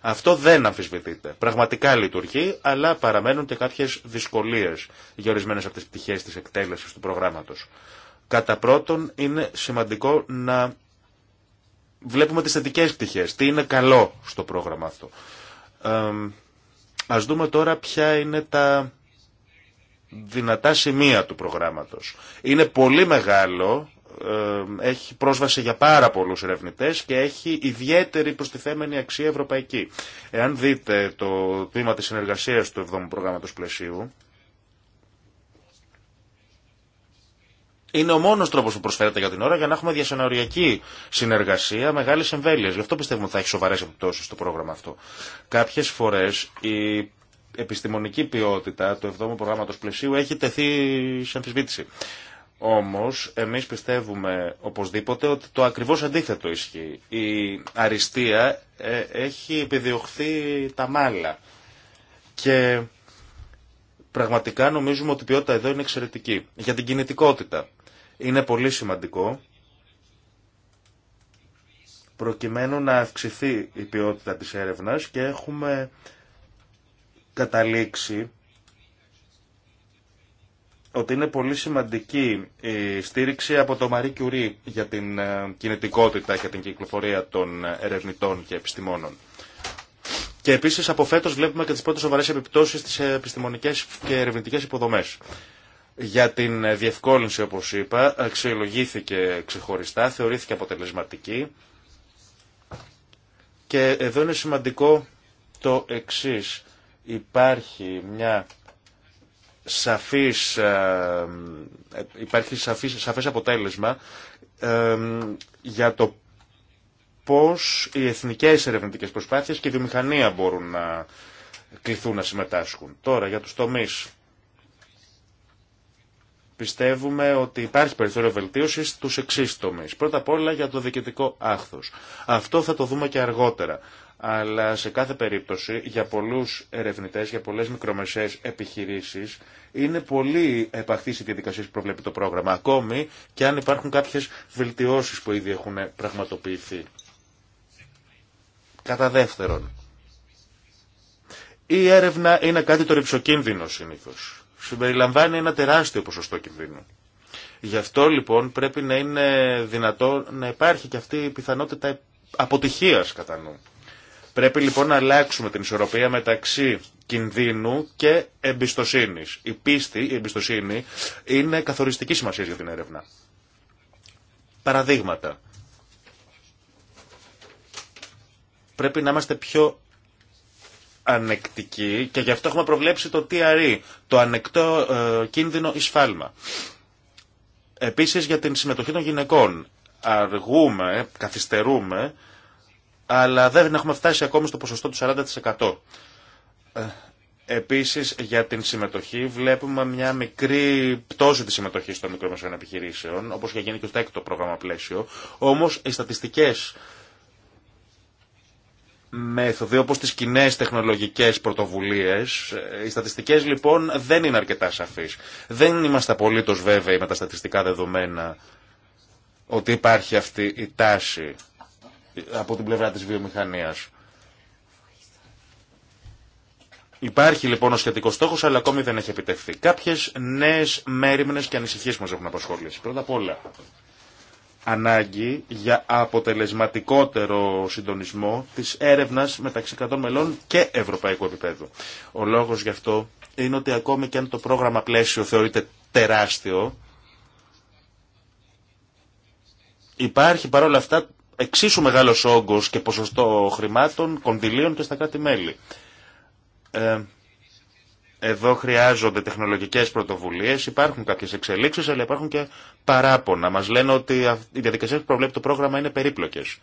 Αυτό δεν αμφισβητείται. Πραγματικά λειτουργεί, αλλά παραμένουν και κάποιε δυσκολίε για ορισμένε από τι πτυχέ τη εκτέλεση του προγράμματο. Κατά πρώτον, είναι σημαντικό να βλέπουμε τι θετικέ πτυχέ. Τι είναι καλό στο πρόγραμμα αυτό. Ε, ας δούμε τώρα ποια είναι τα δυνατά σημεία του προγράμματος. Είναι πολύ μεγάλο ε, έχει πρόσβαση για πάρα πολλούς ερευνητέ και έχει ιδιαίτερη προστιθέμενη αξία ευρωπαϊκή. Εάν δείτε το τμήμα της συνεργασίας του 7ου προγράμματος πλαισίου, Είναι ο μόνο τρόπο που προσφέρεται για την ώρα για να έχουμε διασυνοριακή συνεργασία μεγάλη εμβέλεια. Γι' αυτό πιστεύουμε ότι θα έχει σοβαρέ επιπτώσει στο πρόγραμμα αυτό. Κάποιε φορέ η επιστημονική ποιότητα του 7ου προγράμματο πλαισίου έχει τεθεί σε αμφισβήτηση. Όμως, εμείς πιστεύουμε οπωσδήποτε ότι το ακριβώς αντίθετο ισχύει. Η αριστεία ε, έχει επιδιωχθεί τα μάλα. Και πραγματικά νομίζουμε ότι η ποιότητα εδώ είναι εξαιρετική. Για την κινητικότητα. Είναι πολύ σημαντικό προκειμένου να αυξηθεί η ποιότητα της έρευνας και έχουμε καταλήξει ότι είναι πολύ σημαντική η στήριξη από το Marie Κιουρί για την ε, κινητικότητα και την κυκλοφορία των ερευνητών και επιστημόνων. Και επίσης από φέτος βλέπουμε και τι πρώτε σοβαρέ επιπτώσει στις επιστημονικές και ερευνητικές υποδομές. Για την διευκόλυνση, όπω είπα, αξιολογήθηκε ξεχωριστά, θεωρήθηκε αποτελεσματική. Και εδώ είναι σημαντικό το εξή Υπάρχει μια σαφής, ε, υπάρχει σαφής, σαφές αποτέλεσμα ε, για το πώς οι εθνικές ερευνητικές προσπάθειες και η βιομηχανία μπορούν να κληθούν να συμμετάσχουν. Τώρα για τους τομείς. Πιστεύουμε ότι υπάρχει περιθώριο βελτίωση στους εξή τομείς. Πρώτα απ' όλα για το διοικητικό άχθος. Αυτό θα το δούμε και αργότερα αλλά σε κάθε περίπτωση για πολλούς ερευνητές, για πολλές μικρομεσαίες επιχειρήσεις είναι πολύ επαχθής η διαδικασία που προβλέπει το πρόγραμμα, ακόμη και αν υπάρχουν κάποιες βελτιώσεις που ήδη έχουν πραγματοποιηθεί. Κατά δεύτερον, η έρευνα είναι κάτι το ρηψοκίνδυνο συνήθως. Συμπεριλαμβάνει ένα τεράστιο ποσοστό κινδύνου. Γι' αυτό λοιπόν πρέπει να είναι δυνατό να υπάρχει και αυτή η πιθανότητα αποτυχίας κατά νου. Πρέπει λοιπόν να αλλάξουμε την ισορροπία μεταξύ κινδύνου και εμπιστοσύνη. Η πίστη, η εμπιστοσύνη είναι καθοριστική σημασία για την έρευνα. Παραδείγματα. Πρέπει να είμαστε πιο ανεκτικοί και γι' αυτό έχουμε προβλέψει το TRE, το ανεκτό ε, κίνδυνο εισφάλμα. Επίσης για την συμμετοχή των γυναικών. Αργούμε, καθυστερούμε αλλά δεν έχουμε φτάσει ακόμη στο ποσοστό του 40%. Ε, επίσης για την συμμετοχή βλέπουμε μια μικρή πτώση της συμμετοχής των μικρομεσαίων επιχειρήσεων, όπως και γίνει και στο έκτο πρόγραμμα πλαίσιο. Όμως οι στατιστικές μέθοδοι όπως τις κοινέ τεχνολογικές πρωτοβουλίες, ε, οι στατιστικές λοιπόν δεν είναι αρκετά σαφείς. Δεν είμαστε απολύτως βέβαιοι με τα στατιστικά δεδομένα ότι υπάρχει αυτή η τάση από την πλευρά της βιομηχανίας. Υπάρχει λοιπόν ο σχετικό στόχο, αλλά ακόμη δεν έχει επιτευχθεί. Κάποιε νέε μέρημνε και ανησυχίε μα έχουν απασχολήσει. Πρώτα απ' όλα, ανάγκη για αποτελεσματικότερο συντονισμό της έρευνας μεταξύ κρατών μελών και ευρωπαϊκού επίπεδου. Ο λόγος γι' αυτό είναι ότι ακόμη και αν το πρόγραμμα πλαίσιο θεωρείται τεράστιο, υπάρχει παρόλα αυτά εξίσου μεγάλος όγκος και ποσοστό χρημάτων, κονδυλίων και στα κράτη-μέλη. Ε, εδώ χρειάζονται τεχνολογικές πρωτοβουλίες, υπάρχουν κάποιες εξελίξεις, αλλά υπάρχουν και παράπονα. Μας λένε ότι οι διαδικασίες που προβλέπει το πρόγραμμα είναι περίπλοκες.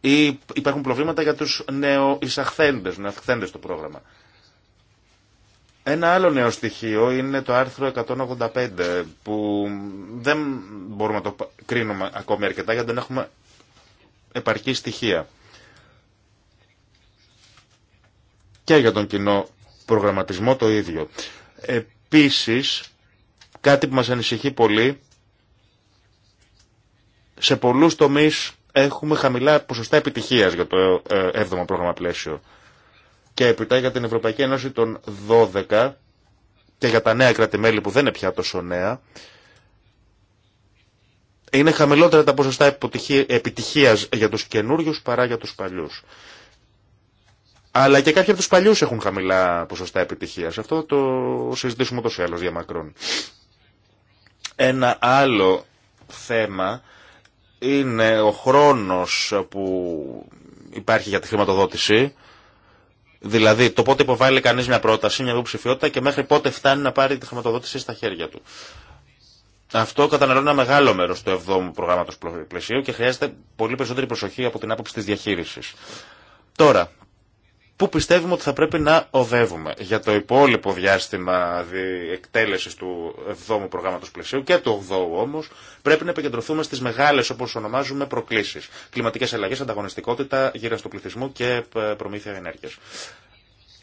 Ή υπάρχουν προβλήματα για τους νεοεισαχθέντες, νεοεισαχθέντες το πρόγραμμα. Ένα άλλο νέο στοιχείο είναι το άρθρο 185 που δεν μπορούμε να το κρίνουμε ακόμη αρκετά γιατί δεν έχουμε επαρκή στοιχεία. Και για τον κοινό προγραμματισμό το ίδιο. Επίσης, κάτι που μας ανησυχεί πολύ, σε πολλούς τομείς έχουμε χαμηλά ποσοστά επιτυχίας για το 7ο ε, πρόγραμμα πλαίσιο και επιτά για την Ευρωπαϊκή Ένωση των 12 και για τα νέα κράτη-μέλη που δεν είναι πια τόσο νέα, είναι χαμηλότερα τα ποσοστά επιτυχίας για τους καινούριου παρά για τους παλιούς. Αλλά και κάποιοι από τους παλιούς έχουν χαμηλά ποσοστά επιτυχίας. Αυτό το συζητήσουμε τόσο ή για μακρόν. Ένα άλλο θέμα είναι ο χρόνος που υπάρχει για τη χρηματοδότηση Δηλαδή, το πότε υποβάλλει κανεί μια πρόταση, μια υποψηφιότητα και μέχρι πότε φτάνει να πάρει τη χρηματοδότηση στα χέρια του. Αυτό καταναλώνει ένα μεγάλο μέρο του 7ου προγράμματο πλαισίου και χρειάζεται πολύ περισσότερη προσοχή από την άποψη τη διαχείριση. Τώρα, που πιστεύουμε ότι θα πρέπει να οδεύουμε για το υπόλοιπο διάστημα εκτέλεσης του 7ου προγράμματος πλαισίου και του 8ου όμως πρέπει να επικεντρωθούμε στις μεγάλες όπως ονομάζουμε προκλήσεις. Κλιματικές αλλαγές, ανταγωνιστικότητα, γύρω στο πληθυσμό και ε, προμήθεια ενέργειας.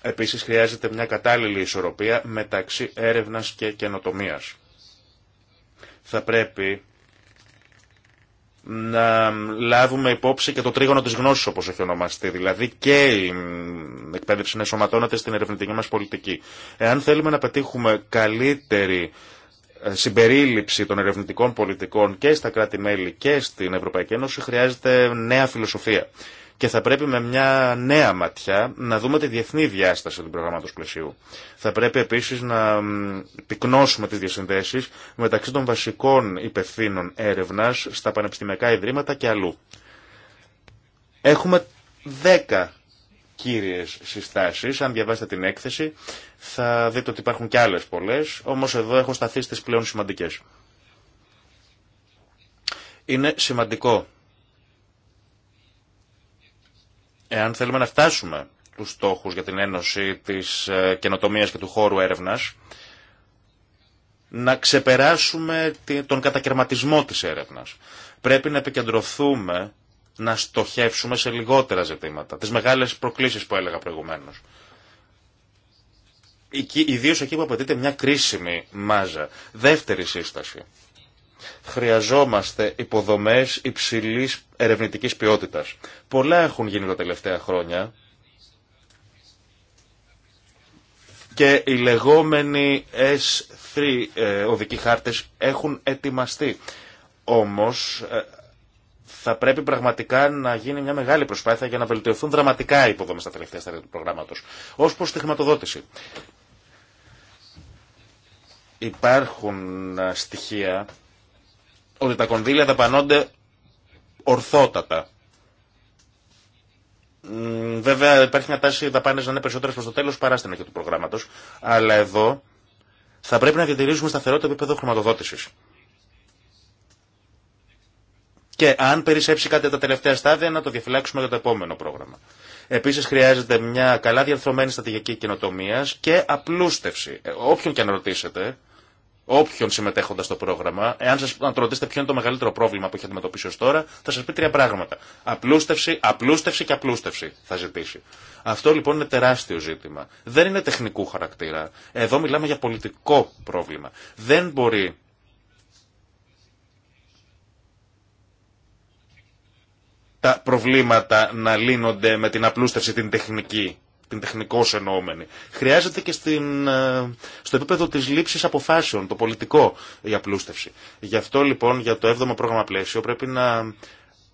Επίσης χρειάζεται μια κατάλληλη ισορροπία μεταξύ έρευνας και καινοτομίας. Θα πρέπει να λάβουμε υπόψη και το τρίγωνο της γνώσης όπως έχει ονομαστεί. Δηλαδή και η εκπαίδευση να στην ερευνητική μας πολιτική. Εάν θέλουμε να πετύχουμε καλύτερη ε, συμπερίληψη των ερευνητικών πολιτικών και στα κράτη-μέλη και στην Ευρωπαϊκή Ένωση χρειάζεται νέα φιλοσοφία και θα πρέπει με μια νέα ματιά να δούμε τη διεθνή διάσταση του προγράμματο πλαισίου. Θα πρέπει επίσης να πυκνώσουμε τις διασυνδέσει μεταξύ των βασικών υπευθύνων έρευνας στα πανεπιστημιακά ιδρύματα και αλλού. Έχουμε δέκα κύριες συστάσεις, αν διαβάσετε την έκθεση θα δείτε ότι υπάρχουν και άλλες πολλέ, όμω εδώ έχω σταθεί στις πλέον σημαντικέ. Είναι σημαντικό Εάν θέλουμε να φτάσουμε τους στόχους για την ένωση της ε, καινοτομίας και του χώρου έρευνας, να ξεπεράσουμε τον κατακαιρματισμό της έρευνας. Πρέπει να επικεντρωθούμε, να στοχεύσουμε σε λιγότερα ζητήματα, τις μεγάλες προκλήσεις που έλεγα προηγουμένως. Ιδίως εκεί που απαιτείται μια κρίσιμη μάζα. Δεύτερη σύσταση. Χρειαζόμαστε υποδομές υψηλής ερευνητικής ποιότητας. Πολλά έχουν γίνει τα τελευταία χρόνια και οι λεγόμενοι S3 ε, οδικοί χάρτες έχουν ετοιμαστεί. Όμως ε, θα πρέπει πραγματικά να γίνει μια μεγάλη προσπάθεια για να βελτιωθούν δραματικά οι υποδομές στα τελευταία στάδια του προγράμματο. Ω προ τη χρηματοδότηση. Υπάρχουν ε, στοιχεία ότι τα κονδύλια δαπανώνται ορθότατα. Βέβαια υπάρχει μια τάση δαπάνε να είναι περισσότερες προ το τέλο παρά στην αρχή του προγράμματο. Αλλά εδώ θα πρέπει να διατηρήσουμε σταθερό το επίπεδο χρηματοδότηση. Και αν περισσέψει κάτι τα τελευταία στάδια, να το διαφυλάξουμε για το επόμενο πρόγραμμα. Επίση, χρειάζεται μια καλά διαρθρωμένη στρατηγική καινοτομία και απλούστευση. Ε, όποιον και αν ρωτήσετε, όποιον συμμετέχοντα στο πρόγραμμα, εάν σα ρωτήσετε ποιο είναι το μεγαλύτερο πρόβλημα που έχει αντιμετωπίσει ω τώρα, θα σα πει τρία πράγματα. Απλούστευση, απλούστευση και απλούστευση θα ζητήσει. Αυτό λοιπόν είναι τεράστιο ζήτημα. Δεν είναι τεχνικού χαρακτήρα. Εδώ μιλάμε για πολιτικό πρόβλημα. Δεν μπορεί τα προβλήματα να λύνονται με την απλούστευση την τεχνική την τεχνικό εννοούμενη. Χρειάζεται και στην, ε, στο επίπεδο τη λήψη αποφάσεων, το πολιτικό, η απλούστευση. Γι' αυτό λοιπόν για το 7ο πρόγραμμα πλαίσιο πρέπει να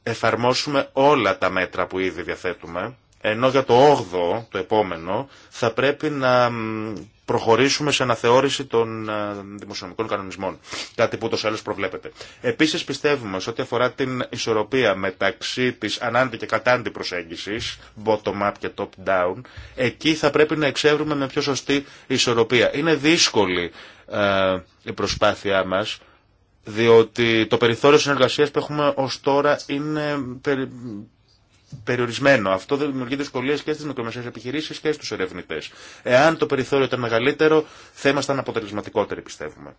εφαρμόσουμε όλα τα μέτρα που ήδη διαθέτουμε ενώ για το 8ο, το επόμενο, θα πρέπει να προχωρήσουμε σε αναθεώρηση των ε, δημοσιονομικών κανονισμών. Κάτι που ούτως άλλως προβλέπεται. Επίσης πιστεύουμε σε ό,τι αφορά την ισορροπία μεταξύ της ανάντη και κατάντι προσέγγισης, bottom-up και top-down, εκεί θα πρέπει να εξεύρουμε με πιο σωστή ισορροπία. Είναι δύσκολη ε, η προσπάθειά μας, διότι το περιθώριο συνεργασίας που έχουμε ως τώρα είναι περιορισμένο. Αυτό δεν δημιουργεί δυσκολίε και στι μικρομεσαίε επιχειρήσει και στου ερευνητέ. Εάν το περιθώριο ήταν μεγαλύτερο, θα ήμασταν αποτελεσματικότεροι, πιστεύουμε.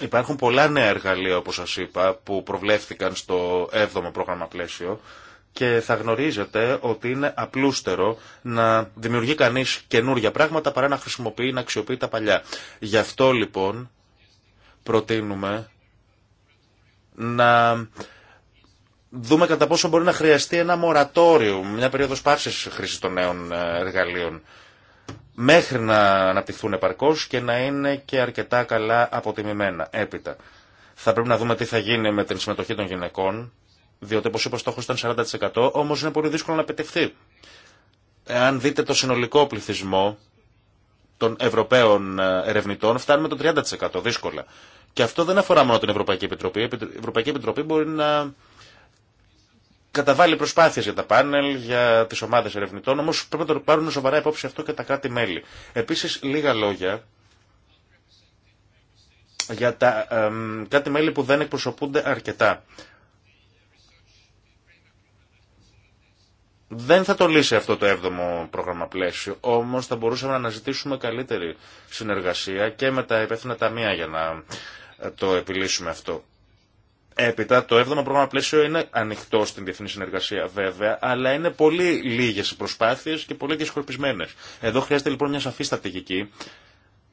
Υπάρχουν πολλά νέα εργαλεία, όπως σας είπα, που προβλέφθηκαν στο 7ο πρόγραμμα πλαίσιο και θα γνωρίζετε ότι είναι απλούστερο να δημιουργεί κανείς καινούργια πράγματα παρά να χρησιμοποιεί, να αξιοποιεί τα παλιά. Γι' αυτό λοιπόν προτείνουμε να δούμε κατά πόσο μπορεί να χρειαστεί ένα μορατόριο, μια περίοδο πάυσης χρήση των νέων ε, εργαλείων μέχρι να αναπτυχθούν επαρκώς και να είναι και αρκετά καλά αποτιμημένα έπειτα. Θα πρέπει να δούμε τι θα γίνει με την συμμετοχή των γυναικών, διότι όπω είπα ο στόχο ήταν 40%, όμω είναι πολύ δύσκολο να επιτευχθεί. Αν δείτε το συνολικό πληθυσμό των Ευρωπαίων ε, ερευνητών, φτάνουμε το 30% δύσκολα. Και αυτό δεν αφορά μόνο την Ευρωπαϊκή Επιτροπή. Η Ευρωπαϊκή Επιτροπή μπορεί να καταβάλει προσπάθειες για τα πάνελ, για τις ομάδες ερευνητών, όμως πρέπει να το πάρουν σοβαρά υπόψη αυτό και τα κράτη-μέλη. Επίσης, λίγα λόγια για τα κάτι μελη που δεν εκπροσωπούνται αρκετά. Δεν θα το λύσει αυτό το έβδομο πρόγραμμα πλαίσιο, όμως θα μπορούσαμε να αναζητήσουμε καλύτερη συνεργασία και με τα υπεύθυνα ταμεία για να το επιλύσουμε αυτό. Έπειτα, το 7ο πρόγραμμα πλαίσιο είναι ανοιχτό στην διεθνή συνεργασία βέβαια, αλλά είναι πολύ λίγε οι προσπάθειε και πολύ διασκορπισμένε. Εδώ χρειάζεται λοιπόν μια σαφή στρατηγική,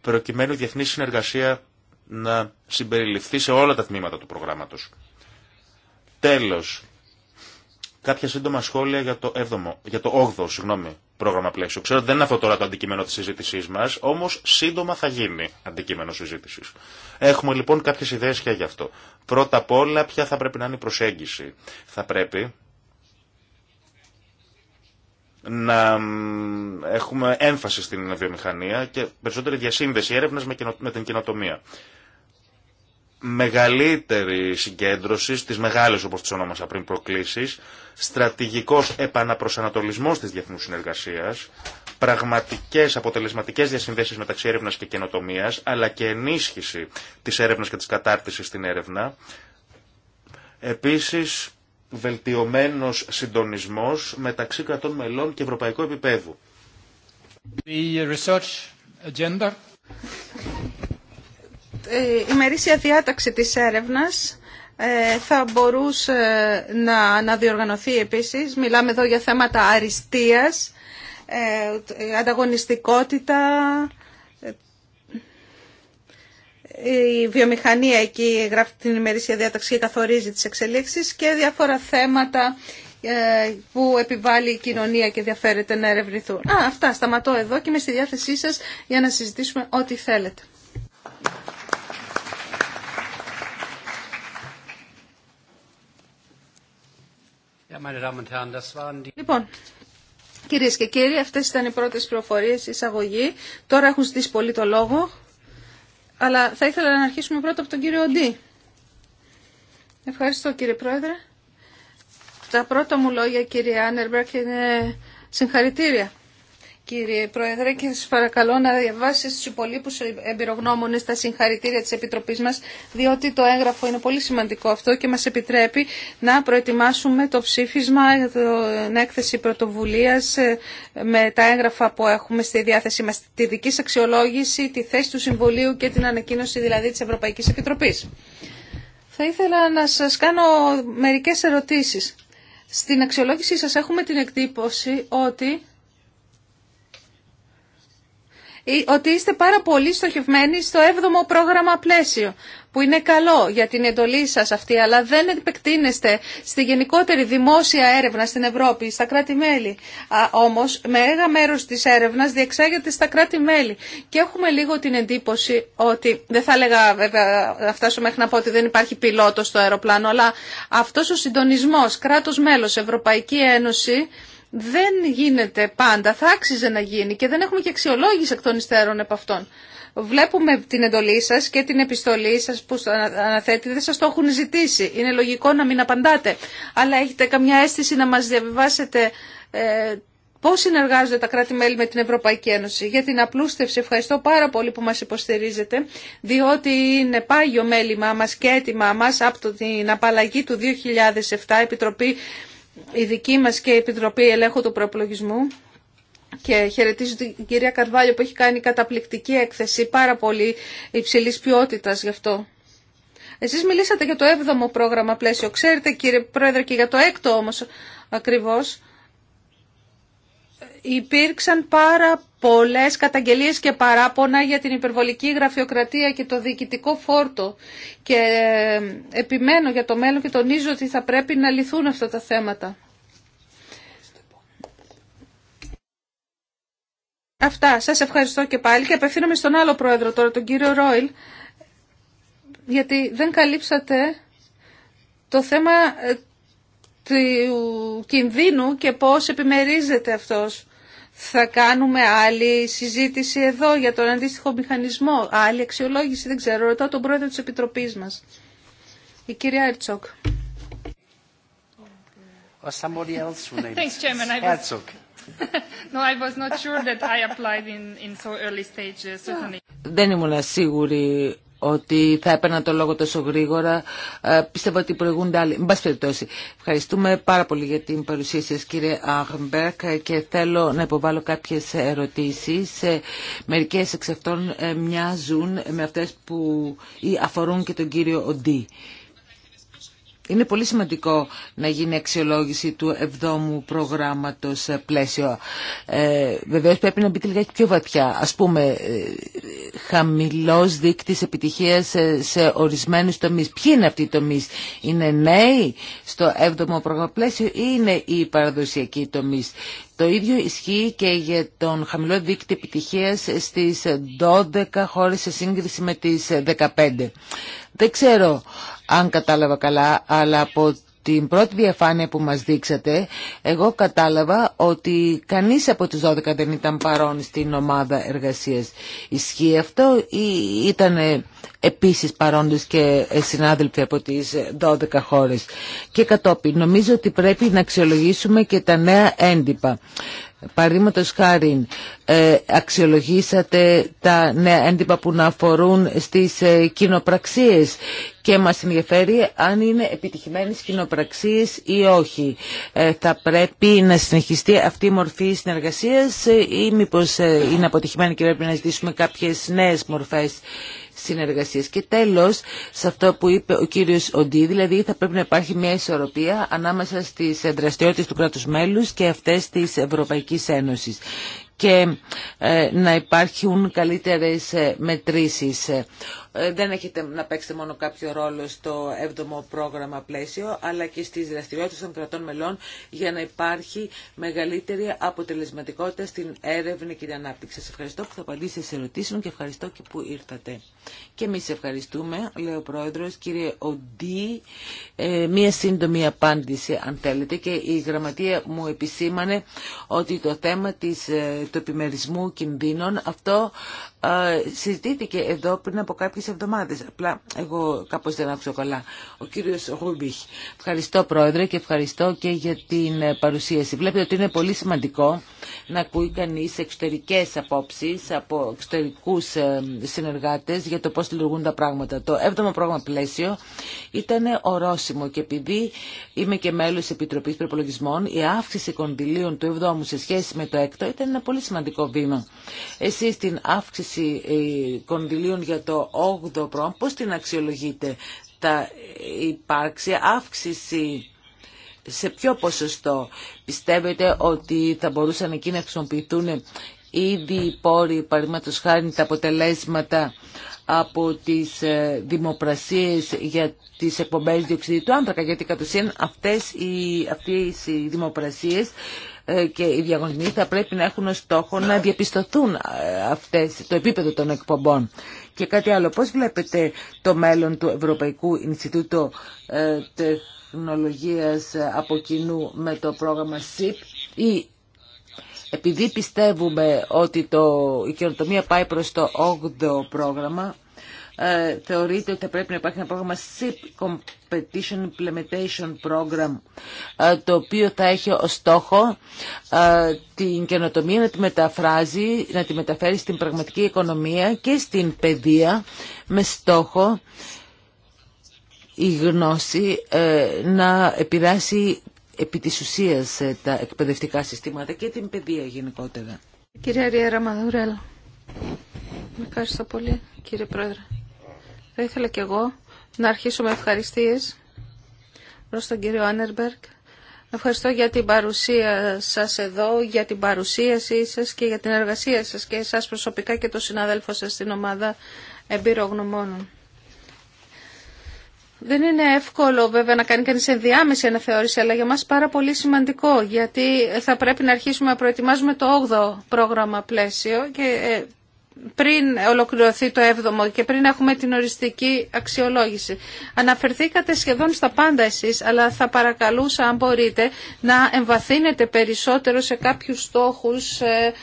προκειμένου η διεθνή συνεργασία να συμπεριληφθεί σε όλα τα τμήματα του προγράμματο. Τέλο, Κάποια σύντομα σχόλια για το 7ο, για το 8ο, συγγνώμη, πρόγραμμα πλαίσιο. Ξέρω ότι δεν είναι αυτό τώρα το αντικείμενο τη συζήτησή μα, όμω σύντομα θα γίνει αντικείμενο συζήτηση. Έχουμε λοιπόν κάποιε ιδέε και γι' αυτό. Πρώτα απ' όλα, ποια θα πρέπει να είναι η προσέγγιση. Θα πρέπει να έχουμε έμφαση στην βιομηχανία και περισσότερη διασύνδεση έρευνα με την κοινοτομία μεγαλύτερη συγκέντρωση στις μεγάλες όπω τις ονόμασα πριν προκλήσει, στρατηγικό επαναπροσανατολισμό τη διεθνούς συνεργασίας, πραγματικές αποτελεσματικές διασυνδέσεις μεταξύ έρευνα και καινοτομίας, αλλά και ενίσχυση τη έρευνα και τη κατάρτιση στην έρευνα. Επίση, βελτιωμένο συντονισμό μεταξύ κρατών μελών και ευρωπαϊκού επίπεδου. Ε, η μερίσια διάταξη της έρευνας ε, θα μπορούσε να διοργανωθεί επίσης. Μιλάμε εδώ για θέματα αριστείας, ε, ανταγωνιστικότητα, η βιομηχανία εκεί γράφει την ημερήσια διάταξη και καθορίζει τις εξελίξεις και διάφορα θέματα που επιβάλλει η κοινωνία και διαφέρεται να ερευνηθούν. αυτά σταματώ εδώ και είμαι στη διάθεσή σας για να συζητήσουμε ό,τι θέλετε. Λοιπόν, κυρίε και κύριοι, αυτέ ήταν οι πρώτε πληροφορίε εισαγωγή. Τώρα έχουν ζητήσει πολύ το λόγο. Αλλά θα ήθελα να αρχίσουμε πρώτα από τον κύριο Ντί. Ευχαριστώ κύριε Πρόεδρε. Τα πρώτα μου λόγια κύριε Άνερμπερκ είναι συγχαρητήρια κύριε Πρόεδρε και σα παρακαλώ να διαβάσει στου υπολείπου εμπειρογνώμονε τα συγχαρητήρια τη Επιτροπής μα, διότι το έγγραφο είναι πολύ σημαντικό αυτό και μα επιτρέπει να προετοιμάσουμε το ψήφισμα, την έκθεση πρωτοβουλία ε, με τα έγγραφα που έχουμε στη διάθεσή μα τη δική αξιολόγηση, τη θέση του Συμβουλίου και την ανακοίνωση δηλαδή τη Ευρωπαϊκή Επιτροπή. Θα ήθελα να σα κάνω μερικέ ερωτήσει. Στην αξιολόγησή σα έχουμε την εκτύπωση ότι ε, ότι είστε πάρα πολύ στοχευμένοι στο 7ο πρόγραμμα πλαίσιο, που είναι καλό για την εντολή σας αυτή, αλλά δεν επεκτείνεστε στη γενικότερη δημόσια έρευνα στην Ευρώπη, στα κράτη-μέλη. Όμως, μεγάλο μέρος της έρευνας διεξάγεται στα κράτη-μέλη. Και έχουμε λίγο την εντύπωση ότι, δεν θα έλεγα βέβαια, να φτάσω μέχρι να πω ότι δεν υπάρχει πιλότο στο αεροπλάνο, αλλά αυτός ο συντονισμός κράτος-μέλος Ευρωπαϊκή Ένωση, δεν γίνεται πάντα, θα άξιζε να γίνει και δεν έχουμε και αξιολόγηση εκ των υστέρων από αυτόν. Βλέπουμε την εντολή σα και την επιστολή σα που αναθέτει, δεν σα το έχουν ζητήσει. Είναι λογικό να μην απαντάτε. Αλλά έχετε καμιά αίσθηση να μα διαβιβάσετε ε, πώ συνεργάζονται τα κράτη-μέλη με την Ευρωπαϊκή Ένωση. Για την απλούστευση ευχαριστώ πάρα πολύ που μα υποστηρίζετε, διότι είναι πάγιο μέλημά μα και έτοιμά μα από την απαλλαγή του 2007 Επιτροπή η δική μας και η Επιτροπή Ελέγχου του Προπολογισμού και χαιρετίζω την κυρία Καρβάλιο που έχει κάνει καταπληκτική έκθεση πάρα πολύ υψηλής ποιότητας γι' αυτό. Εσείς μιλήσατε για το 7ο πρόγραμμα πλαίσιο. Ξέρετε κύριε Πρόεδρε και για το 6ο όμως ακριβώς υπήρξαν πάρα πολλές καταγγελίες και παράπονα για την υπερβολική γραφειοκρατία και το διοικητικό φόρτο και ε, επιμένω για το μέλλον και τονίζω ότι θα πρέπει να λυθούν αυτά τα θέματα. Αυτά. Σας ευχαριστώ και πάλι και απευθύνομαι στον άλλο πρόεδρο τώρα, τον κύριο Ρόιλ, γιατί δεν καλύψατε το θέμα ε, του κινδύνου και πώς επιμερίζεται αυτός θα κάνουμε άλλη συζήτηση εδώ για τον αντίστοιχο μηχανισμό, άλλη αξιολόγηση, δεν ξέρω, ρωτάω τον πρόεδρο της Επιτροπής μας, η κυρία Ερτσόκ. Or somebody else who named Thanks, Chairman. I was... Herzog. *laughs* no, I was not sure that I applied in, in so early stages uh, certainly. Δεν ήμουν σίγουρη ότι θα έπαιρνα το λόγο τόσο γρήγορα. Ε, πιστεύω ότι προηγούνται άλλοι. Μπα περιπτώσει. Ευχαριστούμε πάρα πολύ για την παρουσία σας κύριε Αγμπερκ, και θέλω να υποβάλω κάποιες ερωτήσεις. Ε, μερικές εξ αυτών ε, μοιάζουν με αυτές που αφορούν και τον κύριο Οντί. Είναι πολύ σημαντικό να γίνει αξιολόγηση του εβδόμου προγράμματος ε, πλαίσιο. Ε, βεβαίως πρέπει να μπείτε και πιο βαθιά. Ας πούμε, ε, χαμηλός δείκτης επιτυχίας σε, σε ορισμένους τομείς. Ποιοι είναι αυτοί οι τομείς. Είναι νέοι στο εβδόμο ο πρόγραμμα πλαίσιο ή είναι οι παραδοσιακοί τομείς. Το ίδιο ισχύει και για τον χαμηλό δείκτη επιτυχίας στις 12 χώρες σε σύγκριση με τις 15. Δεν ξέρω αν κατάλαβα καλά, αλλά από την πρώτη διαφάνεια που μας δείξατε, εγώ κατάλαβα ότι κανείς από τους 12 δεν ήταν παρόν στην ομάδα εργασίας. Ισχύει αυτό ή ήταν ε, επίσης παρόντες και ε, συνάδελφοι από τις 12 χώρες. Και κατόπιν, νομίζω ότι πρέπει να αξιολογήσουμε και τα νέα έντυπα. Παρήματο χάρη, ε, αξιολογήσατε τα νέα έντυπα που να αφορούν στις ε, κοινοπραξίες και μας ενδιαφέρει αν είναι επιτυχημένες κοινοπραξίες ή όχι. Ε, θα πρέπει να συνεχιστεί αυτή η μορφή συνεργασίας ή μήπως είναι αποτυχημένη και πρέπει να ζητήσουμε κάποιες νέες μορφές και τέλος, σε αυτό που είπε ο κύριος Οντί, δηλαδή θα πρέπει να υπάρχει μια ισορροπία ανάμεσα στις δραστηριότητες του κράτους μέλους και αυτές της Ευρωπαϊκής Ένωσης και ε, να υπάρχουν καλύτερες ε, μετρήσεις. Ε, δεν έχετε να παίξετε μόνο κάποιο ρόλο στο 7ο πρόγραμμα πλαίσιο, αλλά και στις δραστηριότητες των κρατών μελών για να υπάρχει μεγαλύτερη αποτελεσματικότητα στην έρευνη και την ανάπτυξη. Σας ευχαριστώ που θα απαντήσετε σε ερωτήσεις μου και ευχαριστώ και που ήρθατε. Και εμείς ευχαριστούμε, λέει ο Πρόεδρος, κύριε Οντί, ε, μία σύντομη απάντηση αν θέλετε και η γραμματεία μου επισήμανε ότι το θέμα της, ε, του επιμερισμού κινδύνων αυτό συζητήθηκε εδώ πριν από κάποιες εβδομάδες. Απλά εγώ κάπως δεν άκουσα καλά. Ο κύριος Ρούμπιχ. Ευχαριστώ πρόεδρε και ευχαριστώ και για την παρουσίαση. Βλέπετε ότι είναι πολύ σημαντικό να ακούει κανείς εξωτερικές απόψεις από εξωτερικούς ε, συνεργάτες για το πώς λειτουργούν τα πράγματα. Το 7ο πρόγραμμα πλαίσιο ήταν ορόσημο και επειδή είμαι και μέλος Επιτροπής Προπολογισμών, η αύξηση κονδυλίων του 7ου σε σχέση με το 6ο ήταν ένα πολύ σημαντικό βήμα. Εσείς την αύξηση ε, κονδυλίων για το 8ο πρόγραμμα πώς την αξιολογείτε. Θα ε, υπάρξει αύξηση σε ποιο ποσοστό πιστεύετε ότι θα μπορούσαν εκεί να χρησιμοποιηθούν ήδη οι πόροι, παραδείγματος χάρη τα αποτελέσματα από τις ε, δημοπρασίε για τις εκπομπές διοξιδίου του άνθρακα, γιατί κατ' ουσίαν αυτές οι, αυτές οι ε, και οι διαγωνισμοί θα πρέπει να έχουν στόχο να διαπιστωθούν ε, αυτές, το επίπεδο των εκπομπών. Και κάτι άλλο, πώς βλέπετε το μέλλον του Ευρωπαϊκού Ινστιτούτου ε, Τεχνολογίας από κοινού με το πρόγραμμα SIP ή επειδή πιστεύουμε ότι το, η καινοτομία πάει προς το 8ο πρόγραμμα, ε, θεωρείται ότι θα πρέπει να υπάρχει ένα πρόγραμμα SIP Competition Implementation Program ε, το οποίο θα έχει ως στόχο ε, την καινοτομία να τη μεταφράζει, να τη μεταφέρει στην πραγματική οικονομία και στην παιδεία με στόχο η γνώση να επηρεάσει επί της ουσίας τα εκπαιδευτικά συστήματα και την παιδεία γενικότερα. Κυρία Ριέρα Μαδουρέλα, ευχαριστώ πολύ κύριε Πρόεδρε. Θα ήθελα κι εγώ να αρχίσω με ευχαριστίες προς τον κύριο Άνερμπερκ. Ευχαριστώ για την παρουσία σας εδώ, για την παρουσίασή σας και για την εργασία σας και εσάς προσωπικά και το συνάδελφο σας στην ομάδα εμπειρογνωμόνων. Δεν είναι εύκολο βέβαια να κάνει κανείς ενδιάμεση αναθεώρηση, αλλά για μας πάρα πολύ σημαντικό, γιατί θα πρέπει να αρχίσουμε να προετοιμάζουμε το 8ο πρόγραμμα πλαίσιο και ε, πριν ολοκληρωθεί το 7ο και πριν έχουμε την οριστική αξιολόγηση. Αναφερθήκατε σχεδόν στα πάντα εσείς, αλλά θα παρακαλούσα αν μπορείτε να εμβαθύνετε περισσότερο σε κάποιους στόχους ε,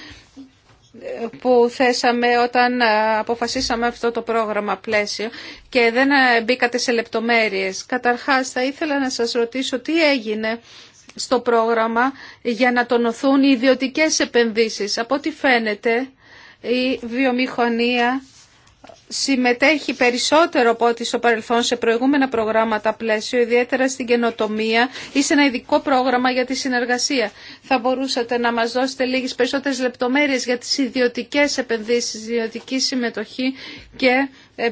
που θέσαμε όταν ε, αποφασίσαμε αυτό το πρόγραμμα πλαίσιο και δεν ε, μπήκατε σε λεπτομέρειες. Καταρχάς θα ήθελα να σας ρωτήσω τι έγινε στο πρόγραμμα για να τονωθούν οι ιδιωτικές επενδύσεις. Από ό,τι φαίνεται η βιομηχανία συμμετέχει περισσότερο από ό,τι στο παρελθόν σε προηγούμενα προγράμματα πλαίσιο, ιδιαίτερα στην καινοτομία ή σε ένα ειδικό πρόγραμμα για τη συνεργασία. Θα μπορούσατε να μας δώσετε λίγες περισσότερες λεπτομέρειες για τις ιδιωτικές επενδύσεις, ιδιωτική συμμετοχή και ε,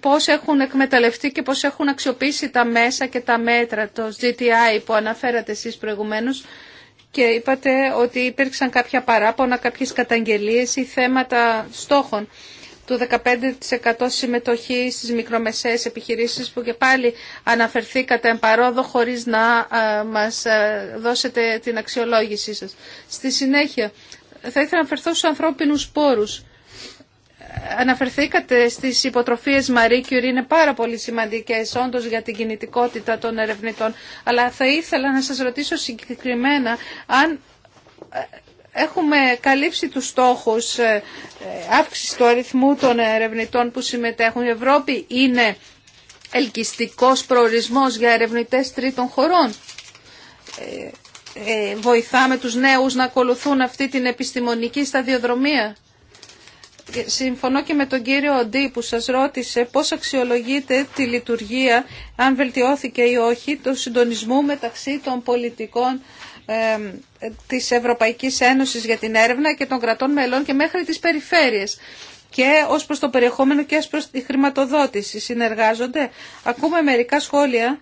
πώς έχουν εκμεταλλευτεί και πώς έχουν αξιοποιήσει τα μέσα και τα μέτρα, το GTI που αναφέρατε εσείς προηγουμένως, και είπατε ότι υπήρξαν κάποια παράπονα, κάποιες καταγγελίες ή θέματα στόχων του 15% συμμετοχή στις μικρομεσαίες επιχειρήσεις που και πάλι αναφερθήκατε παρόδο χωρίς να ε, μας ε, δώσετε την αξιολόγησή σας. Στη συνέχεια, θα ήθελα να αφαιρθώ στους ανθρώπινους πόρους Αναφερθήκατε στις υποτροφίες Marie Curie, είναι πάρα πολύ σημαντικές όντως για την κινητικότητα των ερευνητών, αλλά θα ήθελα να σας ρωτήσω συγκεκριμένα αν ε, έχουμε καλύψει τους στόχους ε, ε, αύξηση του αριθμού των ερευνητών που συμμετέχουν. Η Ευρώπη είναι ελκυστικός προορισμός για ερευνητές τρίτων χωρών. Βοηθάμε τους νέους να ακολουθούν αυτή την επιστημονική σταδιοδρομία συμφωνώ και με τον κύριο Οντή που σας ρώτησε πώς αξιολογείται τη λειτουργία, αν βελτιώθηκε ή όχι, του συντονισμού μεταξύ των πολιτικών της Ευρωπαϊκής Ένωσης για την έρευνα και των κρατών μελών και μέχρι τις περιφέρειες και ως προς το περιεχόμενο και ως προς τη χρηματοδότηση. Συνεργάζονται. Ακούμε μερικά σχόλια